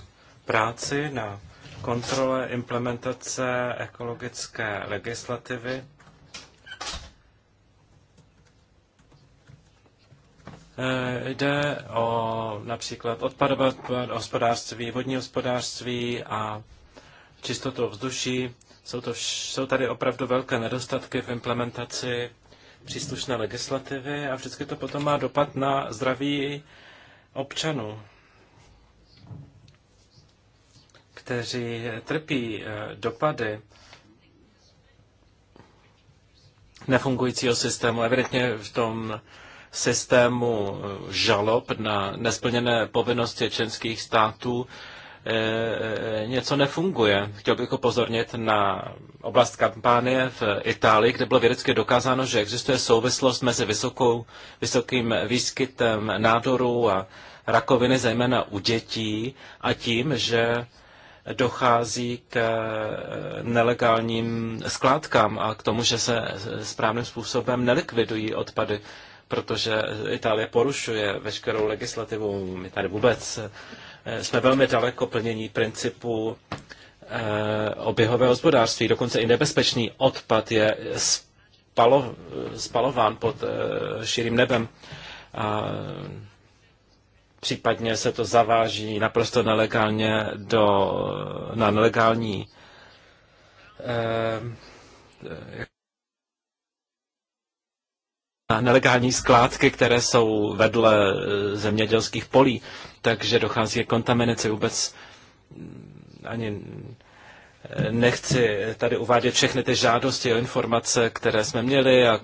práci na kontrole implementace ekologické legislativy Eh, jde o například odpadové hospodářství, vodní hospodářství a čistotu vzduší. Jsou, to, jsou tady opravdu velké nedostatky v implementaci příslušné legislativy a vždycky to potom má dopad na zdraví občanů, kteří trpí eh, dopady nefungujícího systému. Evidentně v tom systému eh, žalob na nesplněné povinnosti členských států eh, eh, něco nefunguje. Chtěl bych upozornit na oblast kampánie v Itálii, kde bylo vědecky dokázáno, že existuje souvislost mezi vysokou, vysokým výskytem nádorů a rakoviny, zejména u dětí, a tím, že dochází k nelegálním skládkám a k tomu, že se správným způsobem nelikvidují odpady protože Itálie porušuje veškerou legislativu. My tady vůbec eh, jsme velmi daleko plnění principu eh, oběhového hospodářství. Dokonce i nebezpečný odpad je spalo, spalován pod eh, širým nebem. A případně se to zaváží naprosto nelegálně do, na nelegální nelegální skládky, které jsou vedle e, zemědělských polí, takže dochází k kontaminaci vůbec mm, ani e, nechci tady uvádět všechny ty žádosti o informace, které jsme měli a e,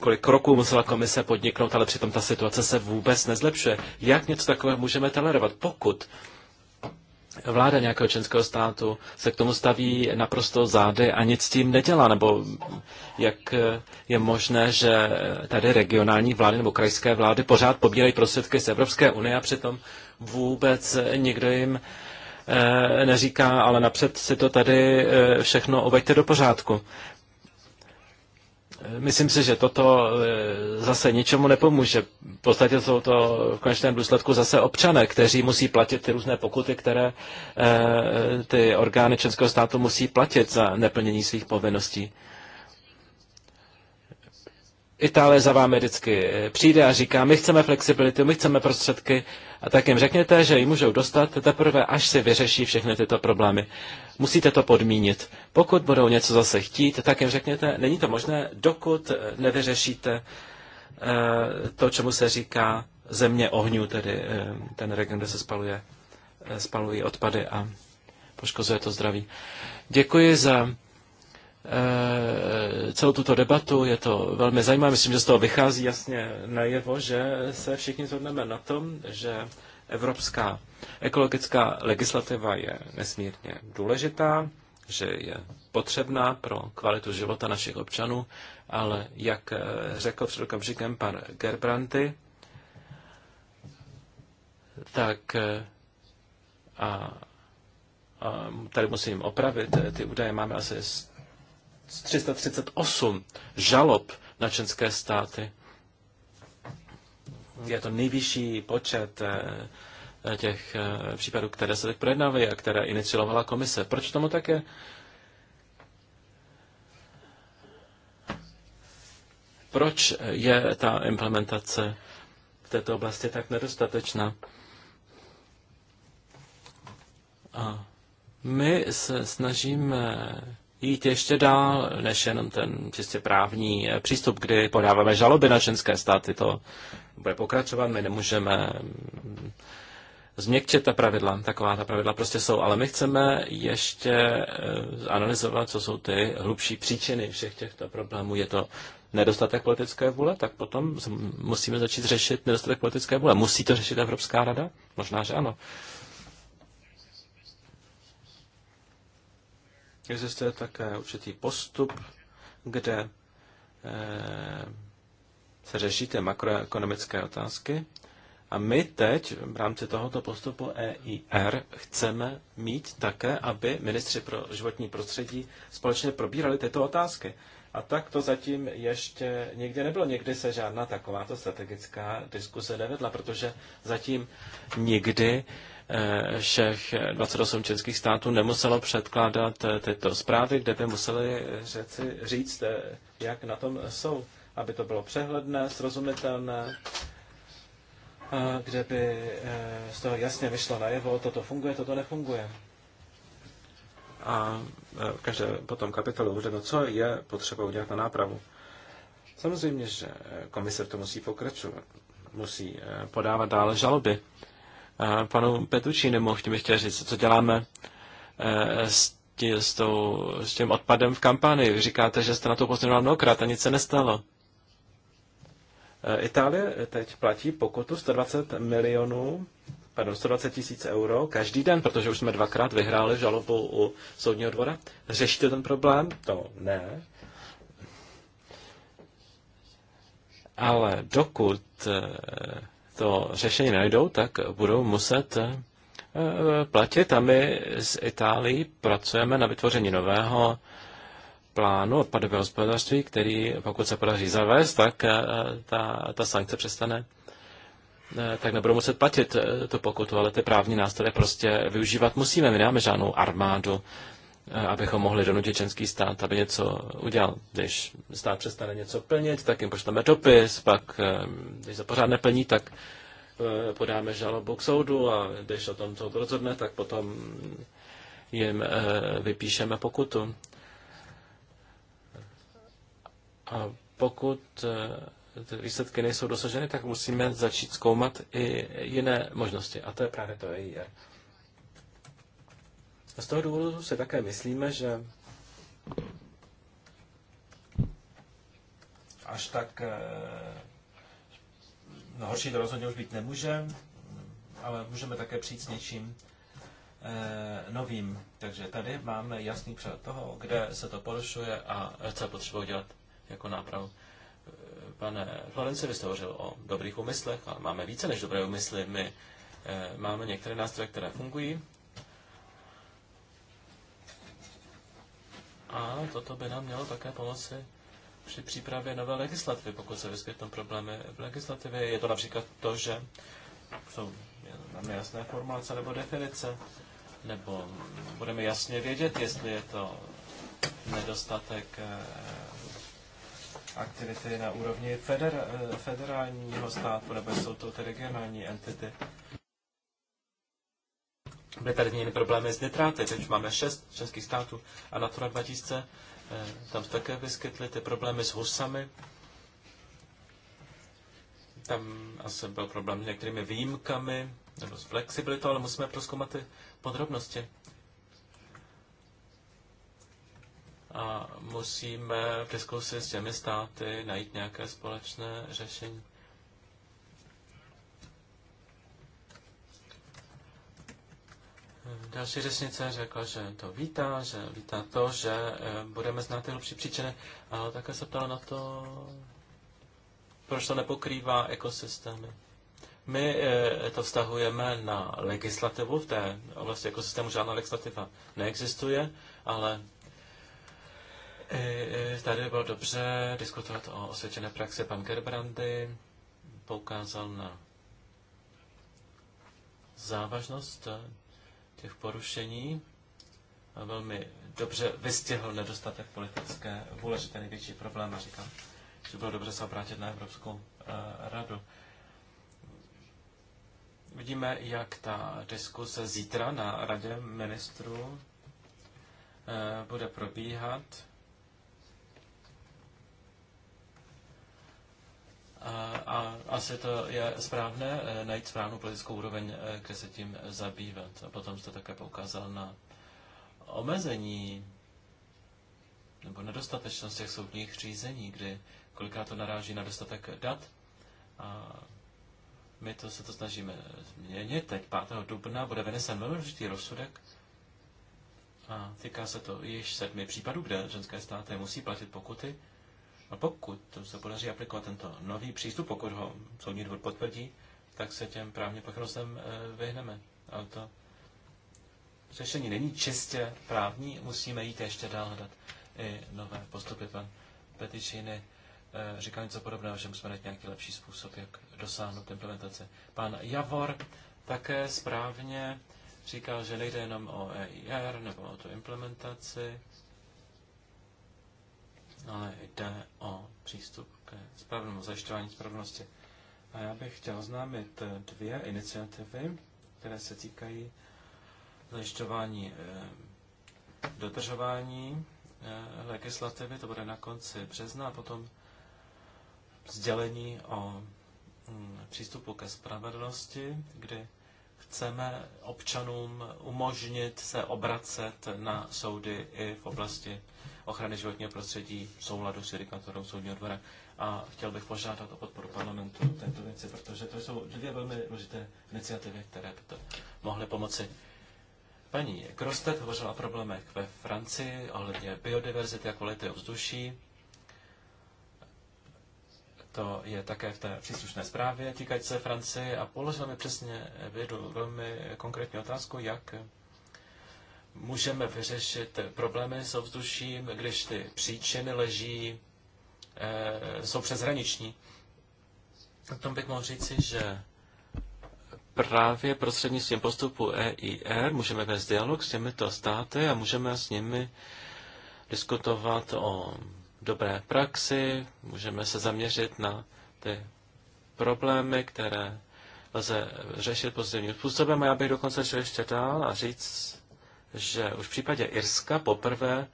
kolik kroků musela komise podniknout, ale přitom ta situace se vůbec nezlepšuje. Jak něco takového můžeme tolerovat, pokud vláda nějakého členského státu se k tomu staví naprosto zády a nic s tím nedělá, nebo jak je možné, že tady regionální vlády nebo krajské vlády pořád pobírají prostředky z Evropské unie a přitom vůbec nikdo jim eh, neříká, ale napřed si to tady eh, všechno obejte do pořádku. Myslím si, že toto e, zase ničemu nepomůže. V podstatě jsou to v konečném důsledku zase občané, kteří musí platit ty různé pokuty, které e, ty orgány Českého státu musí platit za neplnění svých povinností. Itálie za vámi vždycky e, přijde a říká, my chceme flexibilitu, my chceme prostředky a tak jim řekněte, že ji můžou dostat teprve, až si vyřeší všechny tyto problémy musíte to podmínit. Pokud budou něco zase chtít, tak jim řekněte, není to možné, dokud eh, nevyřešíte eh, to, čemu se říká země ohňů, tedy eh, ten region, kde se spaluje, spalují odpady a poškozuje to zdraví. Děkuji za celou tuto debatu. Je to velmi zajímavé. Myslím, že z toho vychází jasně najevo, že se všichni zhodneme na tom, že Evropská Ekologická legislativa je nesmírně důležitá, že je potřebná pro kvalitu života našich občanů, ale jak eh, řekl před okamžikem pan Gerbranty, tak eh, a, a tady musím opravit, eh, ty údaje máme asi z 338 žalob na české státy. Je to nejvyšší počet Eh, těch eh, případů, které se teď projednávají a které iniciovala komise. Proč tomu tak je? Proč je ta implementace v této oblasti tak nedostatečná? A my se snažíme jít ještě dál, než jenom ten čistě právní eh, přístup, kdy podáváme žaloby na ženské státy. To bude pokračovat, my nemůžeme změkčit ta pravidla. Taková ta pravidla prostě jsou, ale my chceme ještě eh, analyzovat, co jsou ty hlubší příčiny všech těchto problémů. Je to nedostatek politické vůle, tak potom musíme začít řešit nedostatek politické vůle. Musí to řešit Evropská rada? Možná, že ano. Existuje také určitý postup, kde eh, se řeší ty makroekonomické otázky a my teď v rámci tohoto postupu EIR chceme mít také, aby ministři pro životní prostředí společně probírali tyto otázky. A tak to zatím ještě nikdy nebylo. Nikdy se žádná takováto strategická diskuse nevedla, protože zatím nikdy eh, všech 28 českých států nemuselo předkládat eh, tyto zprávy, kde by museli říct, eh, jak na tom jsou, aby to bylo přehledné, srozumitelné, kde by eh, z toho jasně vyšlo najevo, toto funguje, toto nefunguje. A eh, v každé potom kapitolu uvedeno, co je potřeba udělat na nápravu. Samozřejmě, že eh, komise v tom musí pokračovat. Musí podávat dále žaloby. A panu Petuči bych chtěl říct, co děláme s, tě, s, tou, s tím odpadem v kampani. Vy říkáte, že jste na to upozorňoval mnohokrát a nic se nestalo. Eh, Itálie eh, teď platí pokutu 120 milionů, pardon, 120 tisíc euro každý den, protože už jsme dvakrát vyhráli žalobu u soudního dvora. Řešíte ten problém? To ne. Ale dokud eh, to řešení najdou, tak budou muset platit a my z Itálií pracujeme na vytvoření nového plánu odpadového hospodářství, který pokud se podaří zavést, tak eh, ta, ta sankce přestane eh, tak nebudou muset platit eh, tu pokutu, ale ty právní nástroje prostě využívat musíme. My nemáme žádnou armádu, abychom mohli donutit český stát, aby něco udělal. Když stát přestane něco plnit, tak jim pošleme dopis, pak když se pořád neplní, tak podáme žalobu k soudu a když o tom soud rozhodne, tak potom jim vypíšeme pokutu. A pokud eh, ty výsledky nejsou dosaženy, tak musíme začít zkoumat i jiné možnosti. A to je právě to EIR. A z toho důvodu si také myslíme, že až tak eh, no, horší to rozhodně už být nemůže, ale můžeme také přijít s něčím eh, novým. Takže tady máme jasný přehled toho, kde se to porušuje a co potřebuje dělat jako nápravu. Pane Florence, vy jste hovořil o dobrých úmyslech, ale máme více než dobré úmysly. My eh, máme některé nástroje, které fungují. A toto by nám mělo také pomoci při přípravě nové legislativy, pokud se vyskytnou problémy v legislativě. Je to například to, že jsou nám jasné formulace nebo definice, nebo budeme jasně vědět, jestli je to nedostatek eh, aktivity na úrovni feder, federálního státu, nebo jsou to ty regionální entity. Byly tady změny problémy s nitráty, teď máme šest českých států a Natura 2000, eh, tam se také vyskytly ty problémy s husami. Tam asi byl problém s některými výjimkami nebo s flexibilitou, ale musíme proskoumat ty podrobnosti. a musíme v diskusi s těmi státy najít nějaké společné řešení. Další řečnice řekla, že to vítá, že vítá to, že eh, budeme znát ty hlubší příčiny, ale také se ptala na to, proč to nepokrývá ekosystémy. My eh, to vztahujeme na legislativu, v té oblasti ekosystému žádná legislativa neexistuje, ale i eh, eh, tady by bylo dobře diskutovat o osvědčené praxi. Pan Gerbrandy poukázal na závažnost eh, těch porušení a velmi dobře vystihl nedostatek politické vůle, že ten největší problém, a říkám, že bylo dobře se obrátit na Evropskou radu. Vidíme, jak ta diskuse zítra na Radě ministrů bude probíhat. a asi to je správné, eh, najít správnou politickou úroveň, eh, kde se tím zabývat. A potom jste také poukázal na omezení nebo nedostatečnost těch soudních řízení, kdy kolikrát to naráží na dostatek dat. A my to se to snažíme změnit. Teď 5. dubna bude vynesen velmi důležitý rozsudek. A týká se to již sedmi případů, kde ženské státy musí platit pokuty a pokud se podaří aplikovat tento nový přístup, pokud ho soudní dvůr potvrdí, tak se těm právně pochybnostem eh, vyhneme. Ale to řešení není čistě právní, musíme jít ještě dál hledat i nové postupy. Pan Petičiny eh, říkal něco podobného, že musíme najít nějaký lepší způsob, jak dosáhnout implementace. Pan Javor také správně říkal, že nejde jenom o EIR nebo o tu implementaci, ale jde o přístup ke spravedlnému zajišťování spravedlnosti. A já bych chtěl oznámit eh, dvě iniciativy, které se týkají zajišťování eh, dodržování eh, legislativy, to bude na konci března, a potom sdělení o hm, přístupu ke spravedlnosti, kdy chceme občanům umožnit se obracet na soudy i v oblasti ochrany životního prostředí v souladu s judikatorou soudního dvora. A chtěl bych požádat o podporu parlamentu této věci, protože to jsou dvě velmi důležité iniciativy, které by to mohly pomoci. Paní Krostet hovořila o problémech ve Francii ohledně biodiverzity a kvality ovzduší. To je také v té příslušné zprávě týkající se Francie a položila mi přesně vědu velmi konkrétní otázku, jak můžeme vyřešit problémy s ovzduším, když ty příčiny leží, e, jsou přeshraniční. O tom bych mohl říci, že právě prostřednictvím postupu EIR můžeme vést dialog s těmito státy a můžeme s nimi diskutovat o dobré praxi, můžeme se zaměřit na ty problémy, které lze řešit pozitivním způsobem. A já bych dokonce šel ještě dál a říct, že už v případě Irska poprvé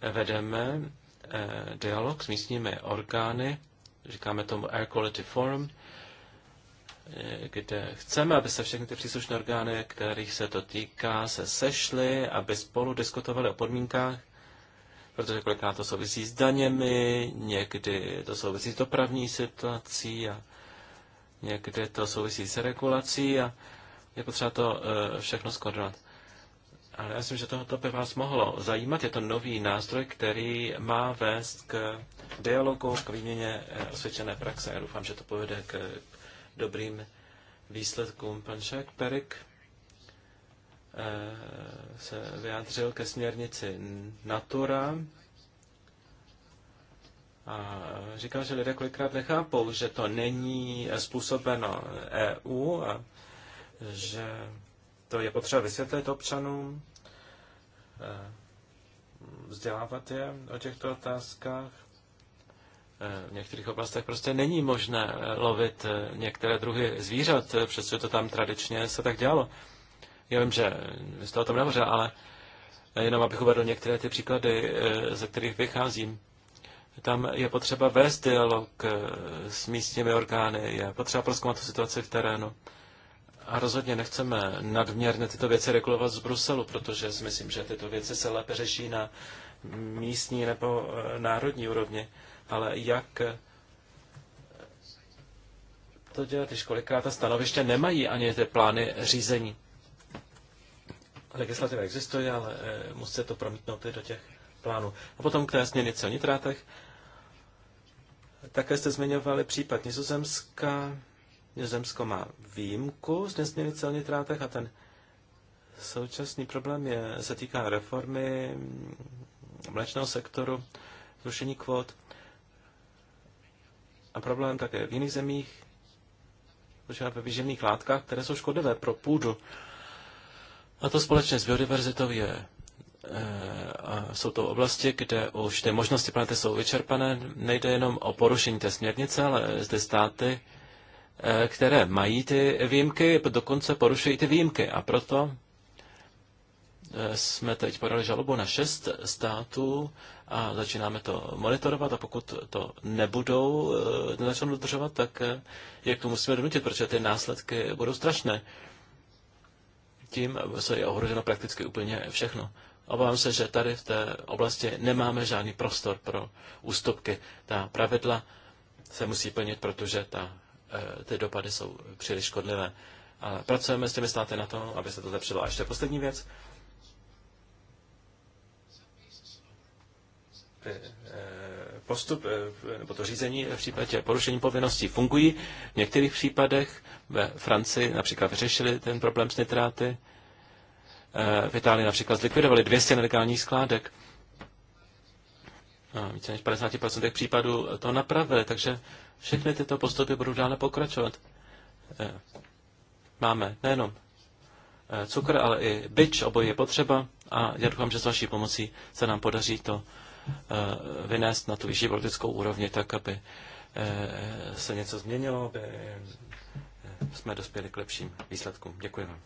eh, vedeme eh, dialog s místními orgány, říkáme tomu Air Quality Forum, eh, kde chceme, aby se všechny ty příslušné orgány, kterých se to týká, se sešly, aby spolu diskutovali o podmínkách, protože kolikrát to souvisí s daněmi, někdy to souvisí s dopravní situací a někdy to souvisí s regulací a je potřeba to všechno skoordinovat. Ale já myslím, že tohoto by vás mohlo zajímat. Je to nový nástroj, který má vést k dialogu, k výměně eh, osvědčené praxe. Já doufám, že to povede k dobrým výsledkům. Pan Šek Perik eh, se vyjádřil ke směrnici Natura a říkal, že lidé kolikrát nechápou, že to není způsobeno EU a že to je potřeba vysvětlit občanům, eh, vzdělávat je o těchto otázkách. Eh, v některých oblastech prostě není možné eh, lovit některé druhy zvířat, přestože to tam tradičně se tak dělalo. Já vím, že vy jste o tom nehořel, ale jenom abych uvedl některé ty příklady, ze kterých vycházím. Tam je potřeba vést dialog s místními orgány, je potřeba proskoumat tu situaci v terénu. A rozhodně nechceme nadměrně tyto věci regulovat z Bruselu, protože si myslím, že tyto věci se lépe řeší na místní nebo eh, národní úrovni. Ale jak eh, to dělat, když kolikrát ta stanoviště nemají ani ty plány řízení? Legislativa existuje, ale eh, musíte to promítnout i do těch plánů. A potom k té směrnici o nitrátech. Také jste zmiňovali případ Nizozemska. Nizozemsko má výjimku z nesměrnice o nitrátech a ten současný problém je, se týká reformy mléčného sektoru, zrušení kvót a problém také v jiných zemích, zrušená ve výživných látkách, které jsou škodlivé pro půdu. A to společně s biodiverzitou je eh, a jsou to oblasti, kde už ty možnosti planety jsou vyčerpané. Nejde jenom o porušení té směrnice, ale zde státy Eh, které mají ty výjimky, dokonce porušují ty výjimky. A proto eh, jsme teď podali žalobu na šest států a začínáme to monitorovat a pokud to nebudou, eh, nezačnou dodržovat, tak jak to musíme donutit, protože ty následky budou strašné. Tím se je ohroženo prakticky úplně všechno. Obávám se, že tady v té oblasti nemáme žádný prostor pro ústupky. Ta pravidla se musí plnit, protože ta Eh, ty dopady jsou příliš škodlivé. A pracujeme s těmi státy na tom, aby se to zlepšilo. A ještě poslední věc. Eh, eh, postup nebo to řízení v případě porušení povinností fungují. V některých případech ve Francii například vyřešili ten problém s nitráty. V Itálii například zlikvidovali 200 nelegálních skládek. A více než 50% případů to napravili, takže všechny tyto postupy budou dále pokračovat. Eh, máme nejenom eh, cukr, ale i byč, obojí je potřeba a já doufám, že s vaší pomocí se nám podaří to eh, vynést na tu vyšší politickou úrovni tak, aby se něco změnilo, aby jsme dospěli k lepším výsledkům. Děkuji vám.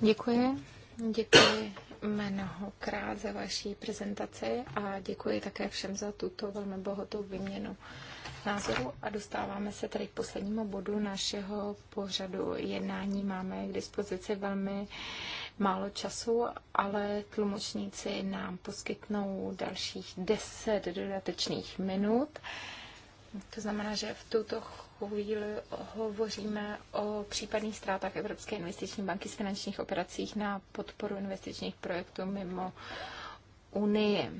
Děkuji Děkuji mnohokrát za vaší prezentaci a děkuji také všem za tuto velmi bohatou výměnu názoru a dostáváme se tady k poslednímu bodu našeho pořadu jednání. Máme k dispozici velmi málo času, ale tlumočníci nám poskytnou dalších 10 dodatečných minut. To znamená, že v tuto chvíli chvíli hovoříme o případných ztrátách Evropské investiční banky z finančních operacích na podporu investičních projektů mimo Unie.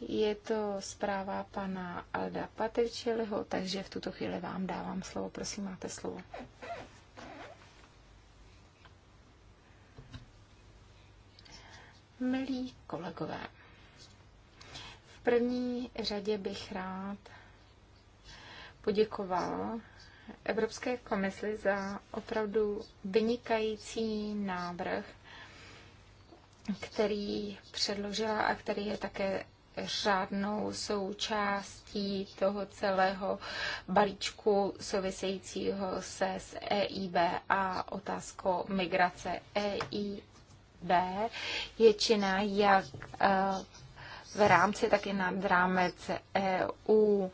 Je to zpráva pana Alda Paterčeliho, takže v tuto chvíli vám dávám slovo. Prosím, máte slovo. Milí kolegové, v první řadě bych rád poděkoval Evropské komisi za opravdu vynikající návrh, který předložila a který je také řádnou součástí toho celého balíčku souvisejícího se s EIB a otázkou migrace EIB je činná jak eh, v rámci, tak i nad rámec EU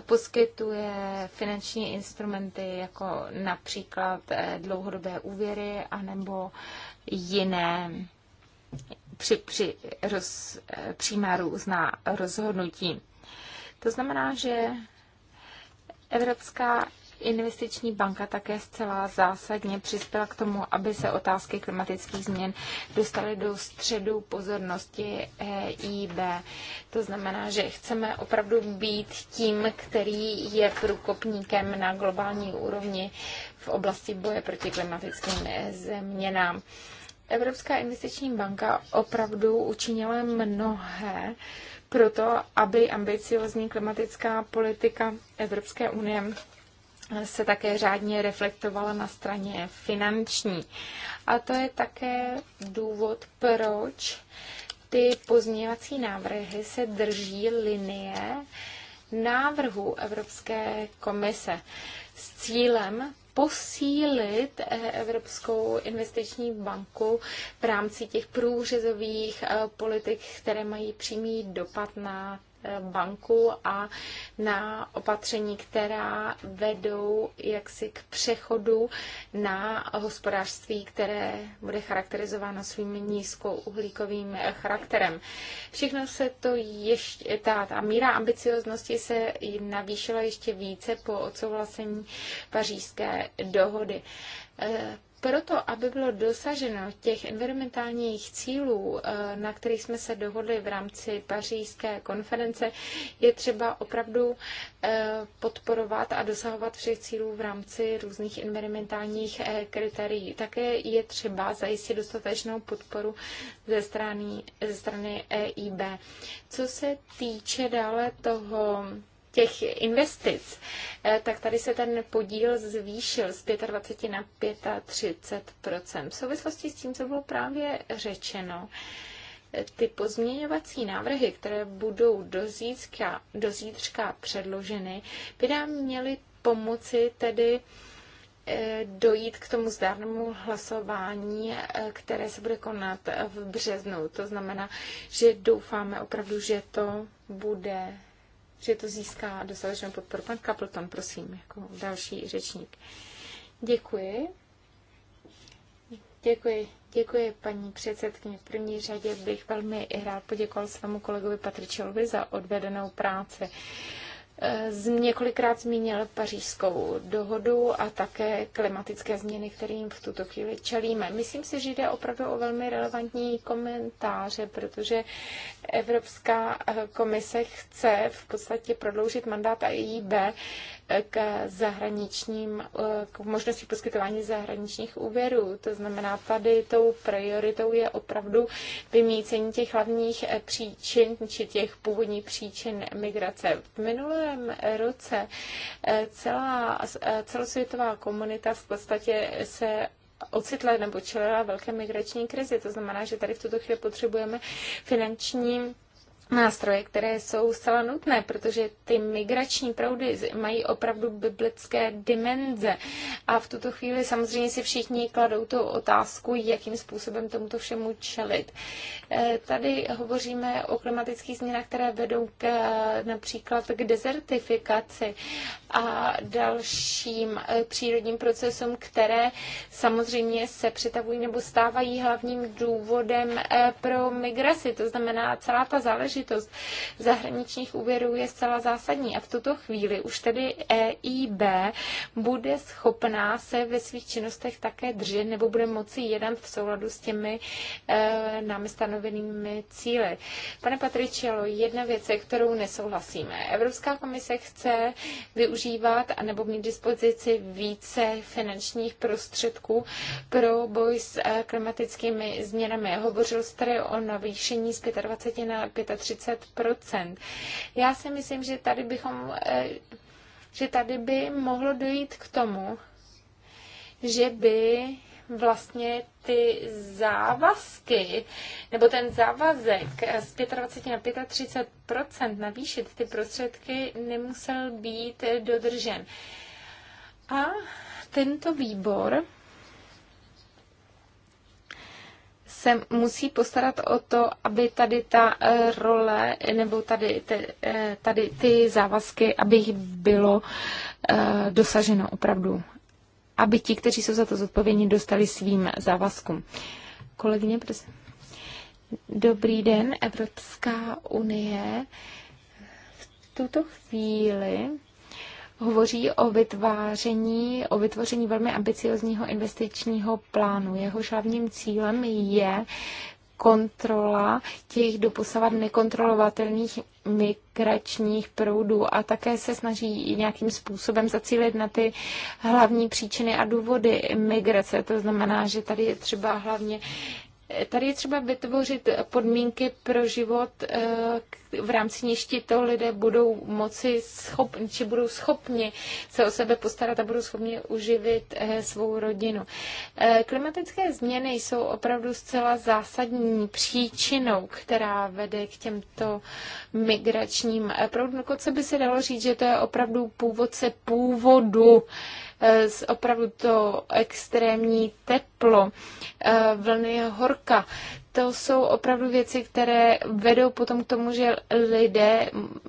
poskytuje finanční instrumenty jako například eh, dlouhodobé úvěry anebo jiné při, při roz, eh, přijímá různá rozhodnutí. To znamená, že Evropská Investiční banka také zcela zásadně přispěla k tomu, aby se otázky klimatických změn dostaly do středu pozornosti EIB. To znamená, že chceme opravdu být tím, který je průkopníkem na globální úrovni v oblasti boje proti klimatickým změnám. Evropská investiční banka opravdu učinila mnohé pro to, aby ambiciozní klimatická politika Evropské unie se také řádně reflektovala na straně finanční. A to je také důvod, proč ty pozměňovací návrhy se drží linie návrhu Evropské komise s cílem posílit e, Evropskou investiční banku v rámci těch průřezových e, politik, které mají přímý dopad na banku a na opatření, která vedou jaksi k přechodu na hospodářství, které bude charakterizováno svým nízkouhlíkovým charakterem. Všechno se to ještě, ta, ta míra ambicioznosti se navýšila ještě více po odsouhlasení pařížské dohody eh, proto, aby bylo dosaženo těch environmentálních cílů, eh, na kterých jsme se dohodli v rámci pařížské konference, je třeba opravdu eh, podporovat a dosahovat všech cílů v rámci různých environmentálních eh, kritérií. Také je třeba zajistit dostatečnou podporu ze strany, ze strany EIB. Co se týče dále toho, těch investic, eh, tak tady se ten podíl zvýšil z 25 na 35 V souvislosti s tím, co bylo právě řečeno, eh, ty pozměňovací návrhy, které budou do zítřka, do zítřka předloženy, by nám měly pomoci tedy eh, dojít k tomu zdárnému hlasování, které se bude konat v březnu. To znamená, že doufáme opravdu, že to bude že to získá dostatečnou podporu. Pan Kapleton, prosím, jako další řečník. Děkuji. Děkuji, děkuji paní předsedkyně. V první řadě bych velmi rád poděkoval svému kolegovi Patričelovi za odvedenou práci. Eh, z několikrát zmínil pařížskou dohodu a také klimatické změny, kterým v tuto chvíli čelíme. Myslím si, že jde opravdu o velmi relevantní komentáře, protože Evropská eh, komise chce v podstatě prodloužit mandát její B k zahraničním, k možnosti poskytování zahraničních úvěrů. To znamená, tady tou prioritou je opravdu vymícení těch hlavních příčin, či těch původních příčin migrace. V minulém roce eh, celá eh, celosvětová komunita v podstatě se ocitla nebo čelila velké migrační krizi. To znamená, že tady v tuto chvíli potřebujeme finanční nástroje, které jsou zcela nutné, protože ty migrační proudy mají opravdu biblické dimenze. A v tuto chvíli samozřejmě si všichni kladou tu otázku, jakým způsobem tomuto všemu čelit. E, tady hovoříme o klimatických změnách, které vedou k, například k dezertifikaci a dalším e, přírodním procesům, které samozřejmě se přetavují nebo stávají hlavním důvodem e, pro migraci. To znamená, celá ta záležitost důležitost zahraničních úvěrů je zcela zásadní a v tuto chvíli už tedy EIB bude schopná se ve svých činnostech také držet nebo bude moci jednat v souladu s těmi e, námi stanovenými cíly. Pane Patričelo, jedna věc, se kterou nesouhlasíme. Evropská komise chce využívat nebo mít dispozici více finančních prostředků pro boj s eh, klimatickými změnami. Hovořil jste o navýšení z 25 na 30 Já si myslím, že tady bychom, eh, že tady by mohlo dojít k tomu, že by vlastně ty závazky, nebo ten závazek z 25 na 35 navýšit ty prostředky nemusel být dodržen. A tento výbor se musí postarat o to, aby tady ta eh, role eh, nebo tady, eh, tady ty závazky, aby jich bylo dosaženo opravdu. Aby ti, kteří jsou za to zodpovědní, dostali svým závazkům. Kolegyně, prosím. Dobrý den, Evropská unie. V tuto chvíli hovoří o vytváření, o vytvoření velmi ambiciozního investičního plánu. Jehož hlavním cílem je kontrola těch doposavat nekontrolovatelných migračních proudů a také se snaží nějakým způsobem zacílit na ty hlavní příčiny a důvody migrace. To znamená, že tady je třeba hlavně Tady je třeba vytvořit podmínky pro život, eh, v rámci níž tito lidé budou moci schopni, či budou schopni se o sebe postarat a budou schopni uživit eh, svou rodinu. Eh, klimatické změny jsou opravdu zcela zásadní příčinou, která vede k těmto migračním proudům. Dokonce by se dalo říct, že to je opravdu původce původu Eh, opravdu to extrémní teplo, eh, vlny horka, to jsou opravdu věci, které vedou potom k tomu, že lidé, mm,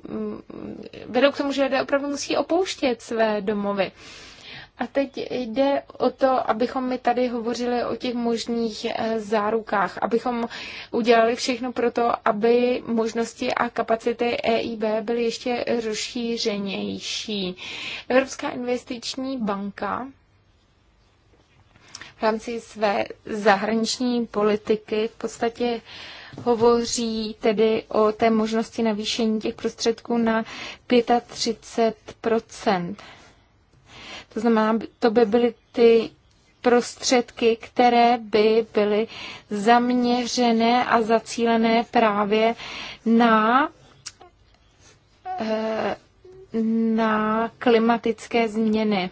mm, vedou k tomu, že lidé opravdu musí opouštět své domovy. A teď jde o to, abychom my tady hovořili o těch možných eh, zárukách, abychom udělali všechno pro to, aby možnosti a kapacity EIB byly ještě rozšířenější. Evropská investiční banka v rámci své zahraniční politiky v podstatě hovoří tedy o té možnosti navýšení těch prostředků na 35 to znamená, to by byly ty prostředky, které by byly zaměřené a zacílené právě na, eh, na klimatické změny.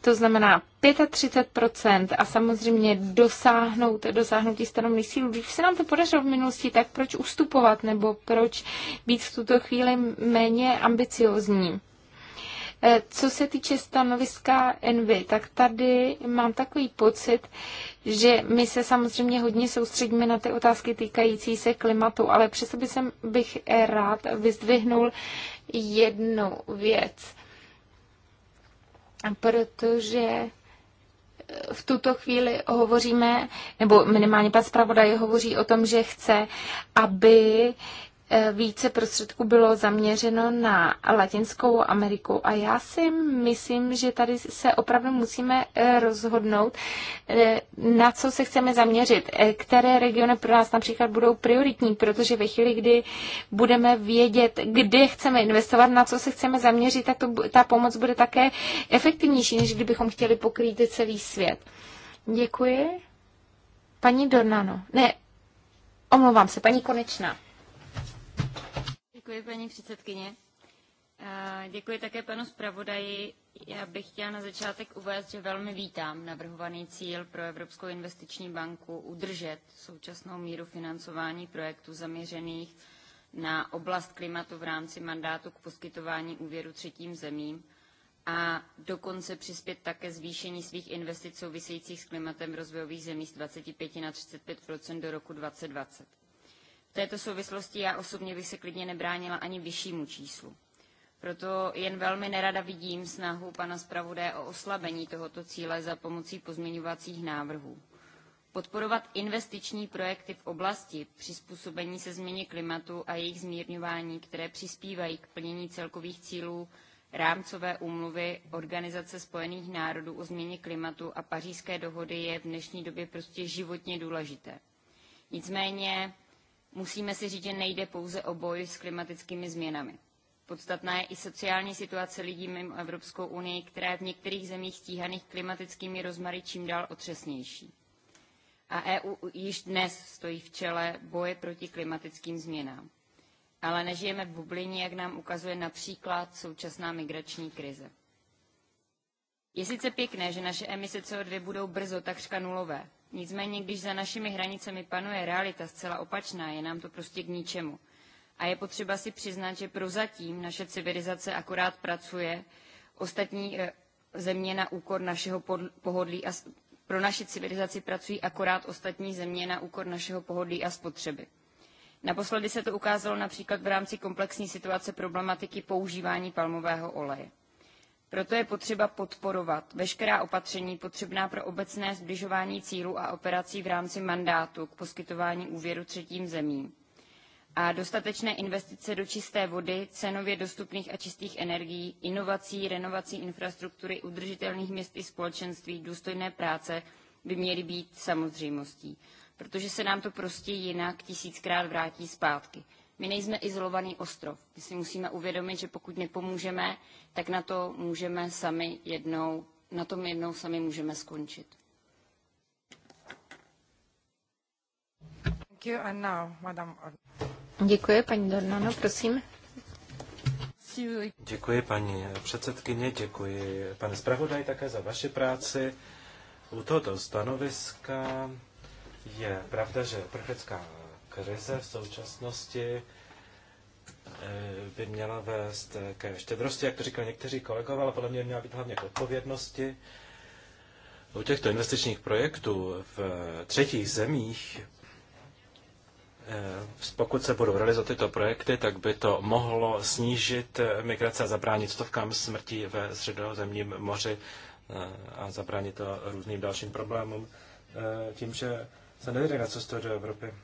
To znamená 35% a samozřejmě dosáhnout, dosáhnout těch stanovných sílů. Když se nám to podařilo v minulosti, tak proč ustupovat nebo proč být v tuto chvíli méně ambiciozní? Eh, co se týče stanoviska Envy, tak tady mám takový pocit, že my se samozřejmě hodně soustředíme na ty otázky týkající se klimatu, ale přesto bych, bych eh, rád vyzdvihnul jednu věc. Protože eh, v tuto chvíli hovoříme, nebo minimálně pan zpravodaj hovoří o tom, že chce, aby více prostředků bylo zaměřeno na Latinskou Ameriku. A já si myslím, že tady se opravdu musíme eh, rozhodnout, eh, na co se chceme zaměřit, eh, které regiony pro nás například budou prioritní, protože ve chvíli, kdy budeme vědět, kde chceme investovat, na co se chceme zaměřit, tak to, ta pomoc bude také efektivnější, než kdybychom chtěli pokrýt celý svět. Děkuji. Paní Dornano. Ne, omlouvám se, paní Konečná. Děkuji, paní předsedkyně. Děkuji také panu zpravodaji. Já bych chtěla na začátek uvést, že velmi vítám navrhovaný cíl pro Evropskou investiční banku udržet současnou míru financování projektů zaměřených na oblast klimatu v rámci mandátu k poskytování úvěru třetím zemím a dokonce přispět také zvýšení svých investic souvisejících s klimatem rozvojových zemí z 25 na 35 do roku 2020 této souvislosti já osobně bych se klidně nebránila ani vyššímu číslu. Proto jen velmi nerada vidím snahu pana zpravodaje o oslabení tohoto cíle za pomocí pozměňovacích návrhů. Podporovat investiční projekty v oblasti přizpůsobení se změně klimatu a jejich zmírňování, které přispívají k plnění celkových cílů rámcové úmluvy Organizace spojených národů o změně klimatu a pařížské dohody je v dnešní době prostě životně důležité. Nicméně Musíme si říct, že nejde pouze o boj s klimatickými změnami. Podstatná je i sociální situace lidí mimo Evropskou unii, která je v některých zemích stíhaných klimatickými rozmary čím dál otřesnější. A EU již dnes stojí v čele boje proti klimatickým změnám. Ale nežijeme v bublině, jak nám ukazuje například současná migrační krize. Je sice pěkné, že naše emise CO2 budou brzo takřka nulové, Nicméně, když za našimi hranicemi panuje realita zcela opačná, je nám to prostě k ničemu. A je potřeba si přiznat, že prozatím naše civilizace akorát pracuje ostatní e, země na úkor našeho pohodlí a pro naši civilizaci pracují akorát ostatní země na úkor našeho pohodlí a spotřeby. Naposledy se to ukázalo například v rámci komplexní situace problematiky používání palmového oleje. Proto je potřeba podporovat veškerá opatření potřebná pro obecné zbližování cílů a operací v rámci mandátu k poskytování úvěru třetím zemím a dostatečné investice do čisté vody, cenově dostupných a čistých energií, inovací, renovací infrastruktury, udržitelných měst i společenství, důstojné práce by měly být samozřejmostí, protože se nám to prostě jinak tisíckrát vrátí zpátky. My nejsme izolovaný ostrov. My si musíme uvědomit, že pokud nepomůžeme, tak na to můžeme sami jednou, na tom jednou sami můžeme skončit. Děkuji, paní Dornano, prosím. Děkuji, paní předsedkyně, děkuji, pane zpravodaj, také za vaši práci. U tohoto stanoviska je pravda, že uprchlická krize v současnosti eh, by měla vést eh, ke štědrosti, jak to říkali někteří kolegové, ale podle mě měla být hlavně k odpovědnosti. U těchto investičních projektů v eh, třetích zemích, pokud se budou realizovat tyto projekty, tak by to mohlo snížit migrace a zabránit stovkám smrti ve středozemním moři a zabránit to různým dalším problémům tím, že se nevěří na cestu do Evropy.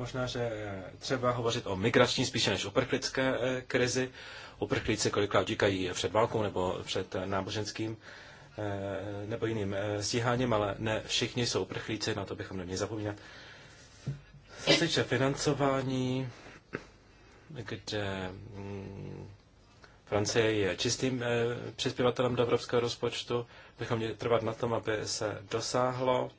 Možná, že eh, třeba hovořit o migrační spíše než uprchlické eh, krizi. Uprchlíci kolikrát utíkají před válkou nebo před eh, náboženským nebo jiným stíháním, ale ne všichni jsou uprchlíci, na to bychom neměli zapomínat. Co se týče financování, kde mm, Francie je čistým přispěvatelem do evropského rozpočtu, bychom měli trvat na tom, aby se dosáhlo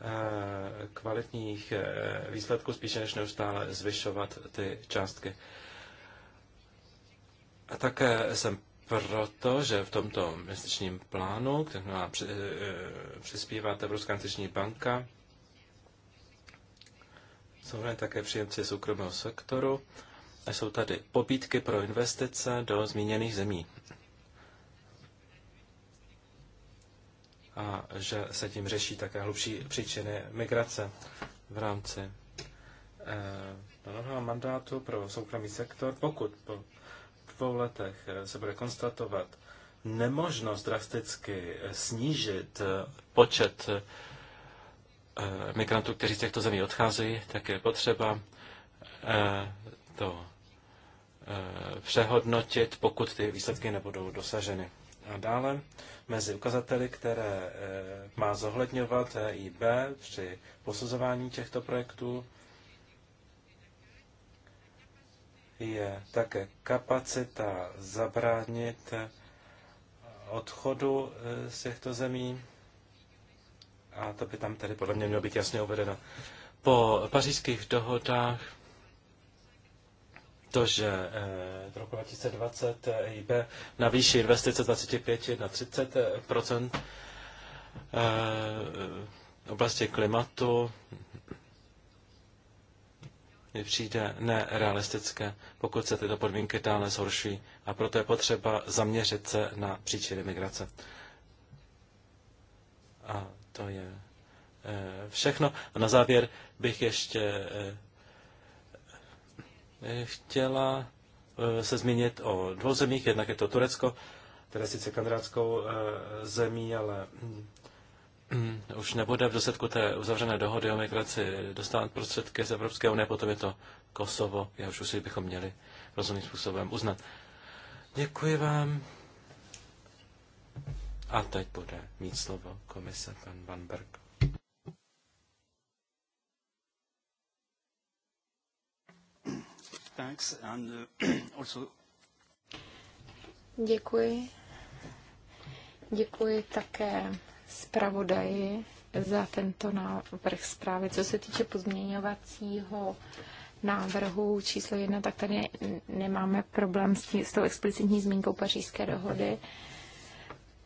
Eh, kvalitních eh, výsledků, spíše než neustále zvyšovat ty částky. A také jsem proto, že v tomto investičním plánu, který má eh, přispívat Evropská investiční banka, jsou také příjemci soukromého sektoru a jsou tady pobídky pro investice do zmíněných zemí. a že se tím řeší také hlubší příčiny migrace v rámci eh, nového mandátu pro soukromý sektor. Pokud po dvou letech eh, se bude konstatovat nemožnost drasticky eh, snížit počet migrantů, kteří z těchto zemí odcházejí, tak je potřeba to přehodnotit, pokud ty výsledky nebudou dosaženy. A dále mezi ukazateli, které eh, má zohledňovat EIB při posuzování těchto projektů. Je také kapacita zabránit odchodu eh, z těchto zemí a to by tam tedy podle mě mělo být jasně uvedeno. Po pařížských dohodách to, že do eh, roku 2020 EIB navýší investice z 25 na 30 eh, eh, v oblasti klimatu, mi přijde nerealistické, pokud se tyto podmínky dále zhorší a proto je potřeba zaměřit se na příčiny migrace. A to je všechno. A na závěr bych ještě Eh, chtěla eh, se zmínit o dvou zemích. Jednak je to Turecko, které je sice kandidátskou eh, zemí, ale hm, už nebude v dosledku té uzavřené dohody o migraci dostávat prostředky z Evropské unie, potom je to Kosovo, jehož už si bychom měli rozumným způsobem uznat. Děkuji vám. A teď bude mít slovo komise pan Van Berg. Thanks. And uh, also... Děkuji. Děkuji také zpravodaji za tento návrh zprávy. Co se týče pozměňovacího návrhu číslo jedna, tak tady nemáme problém s, tím, s tou explicitní zmínkou pařížské dohody. Uh,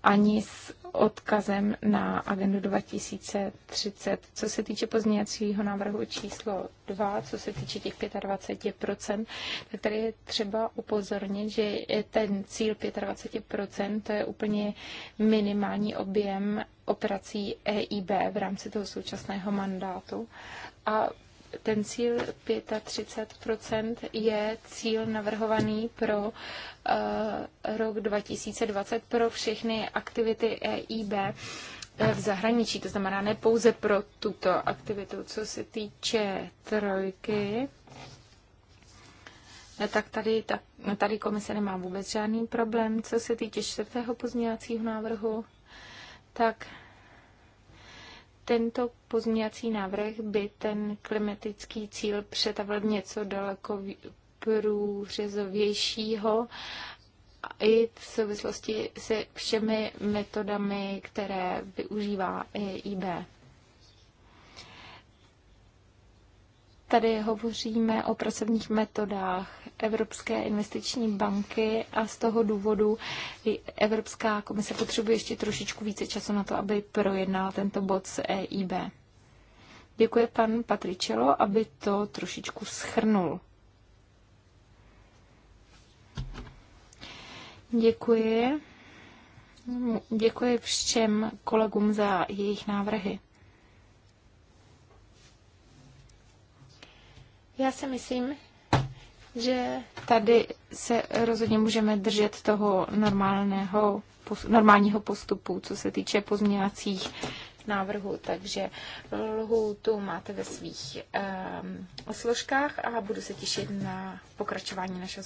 ani s odkazem na agendu 2030. Co se týče pozměňovacího návrhu číslo 2, co se týče těch 25%, tak tady je třeba upozornit, že ten cíl 25% to je úplně minimální objem operací EIB v rámci toho současného mandátu. A ten cíl 35 je cíl navrhovaný pro eh, rok 2020 pro všechny aktivity EIB eh, v zahraničí, to znamená ne pouze pro tuto aktivitu. Co se týče trojky, eh, tak tady, tak, no, tady komise nemá vůbec žádný problém. Co se týče čtvrtého pozměňovacího návrhu, tak tento pozměňovací návrh by ten klimatický cíl přetavil v něco daleko průřezovějšího i v souvislosti se všemi metodami, které využívá e IB. Tady hovoříme o pracovních metodách Evropské investiční banky a z toho důvodu Evropská komise potřebuje ještě trošičku více času na to, aby projednala tento bod s EIB. Děkuji pan Patričelo, aby to trošičku schrnul. Děkuji. Děkuji všem kolegům za jejich návrhy. Já si myslím, že tady se rozhodně můžeme držet toho normálného, normálního postupu, co se týče pozměňovacích návrhů, takže lhůtu máte ve svých um, složkách a budu se těšit na pokračování našeho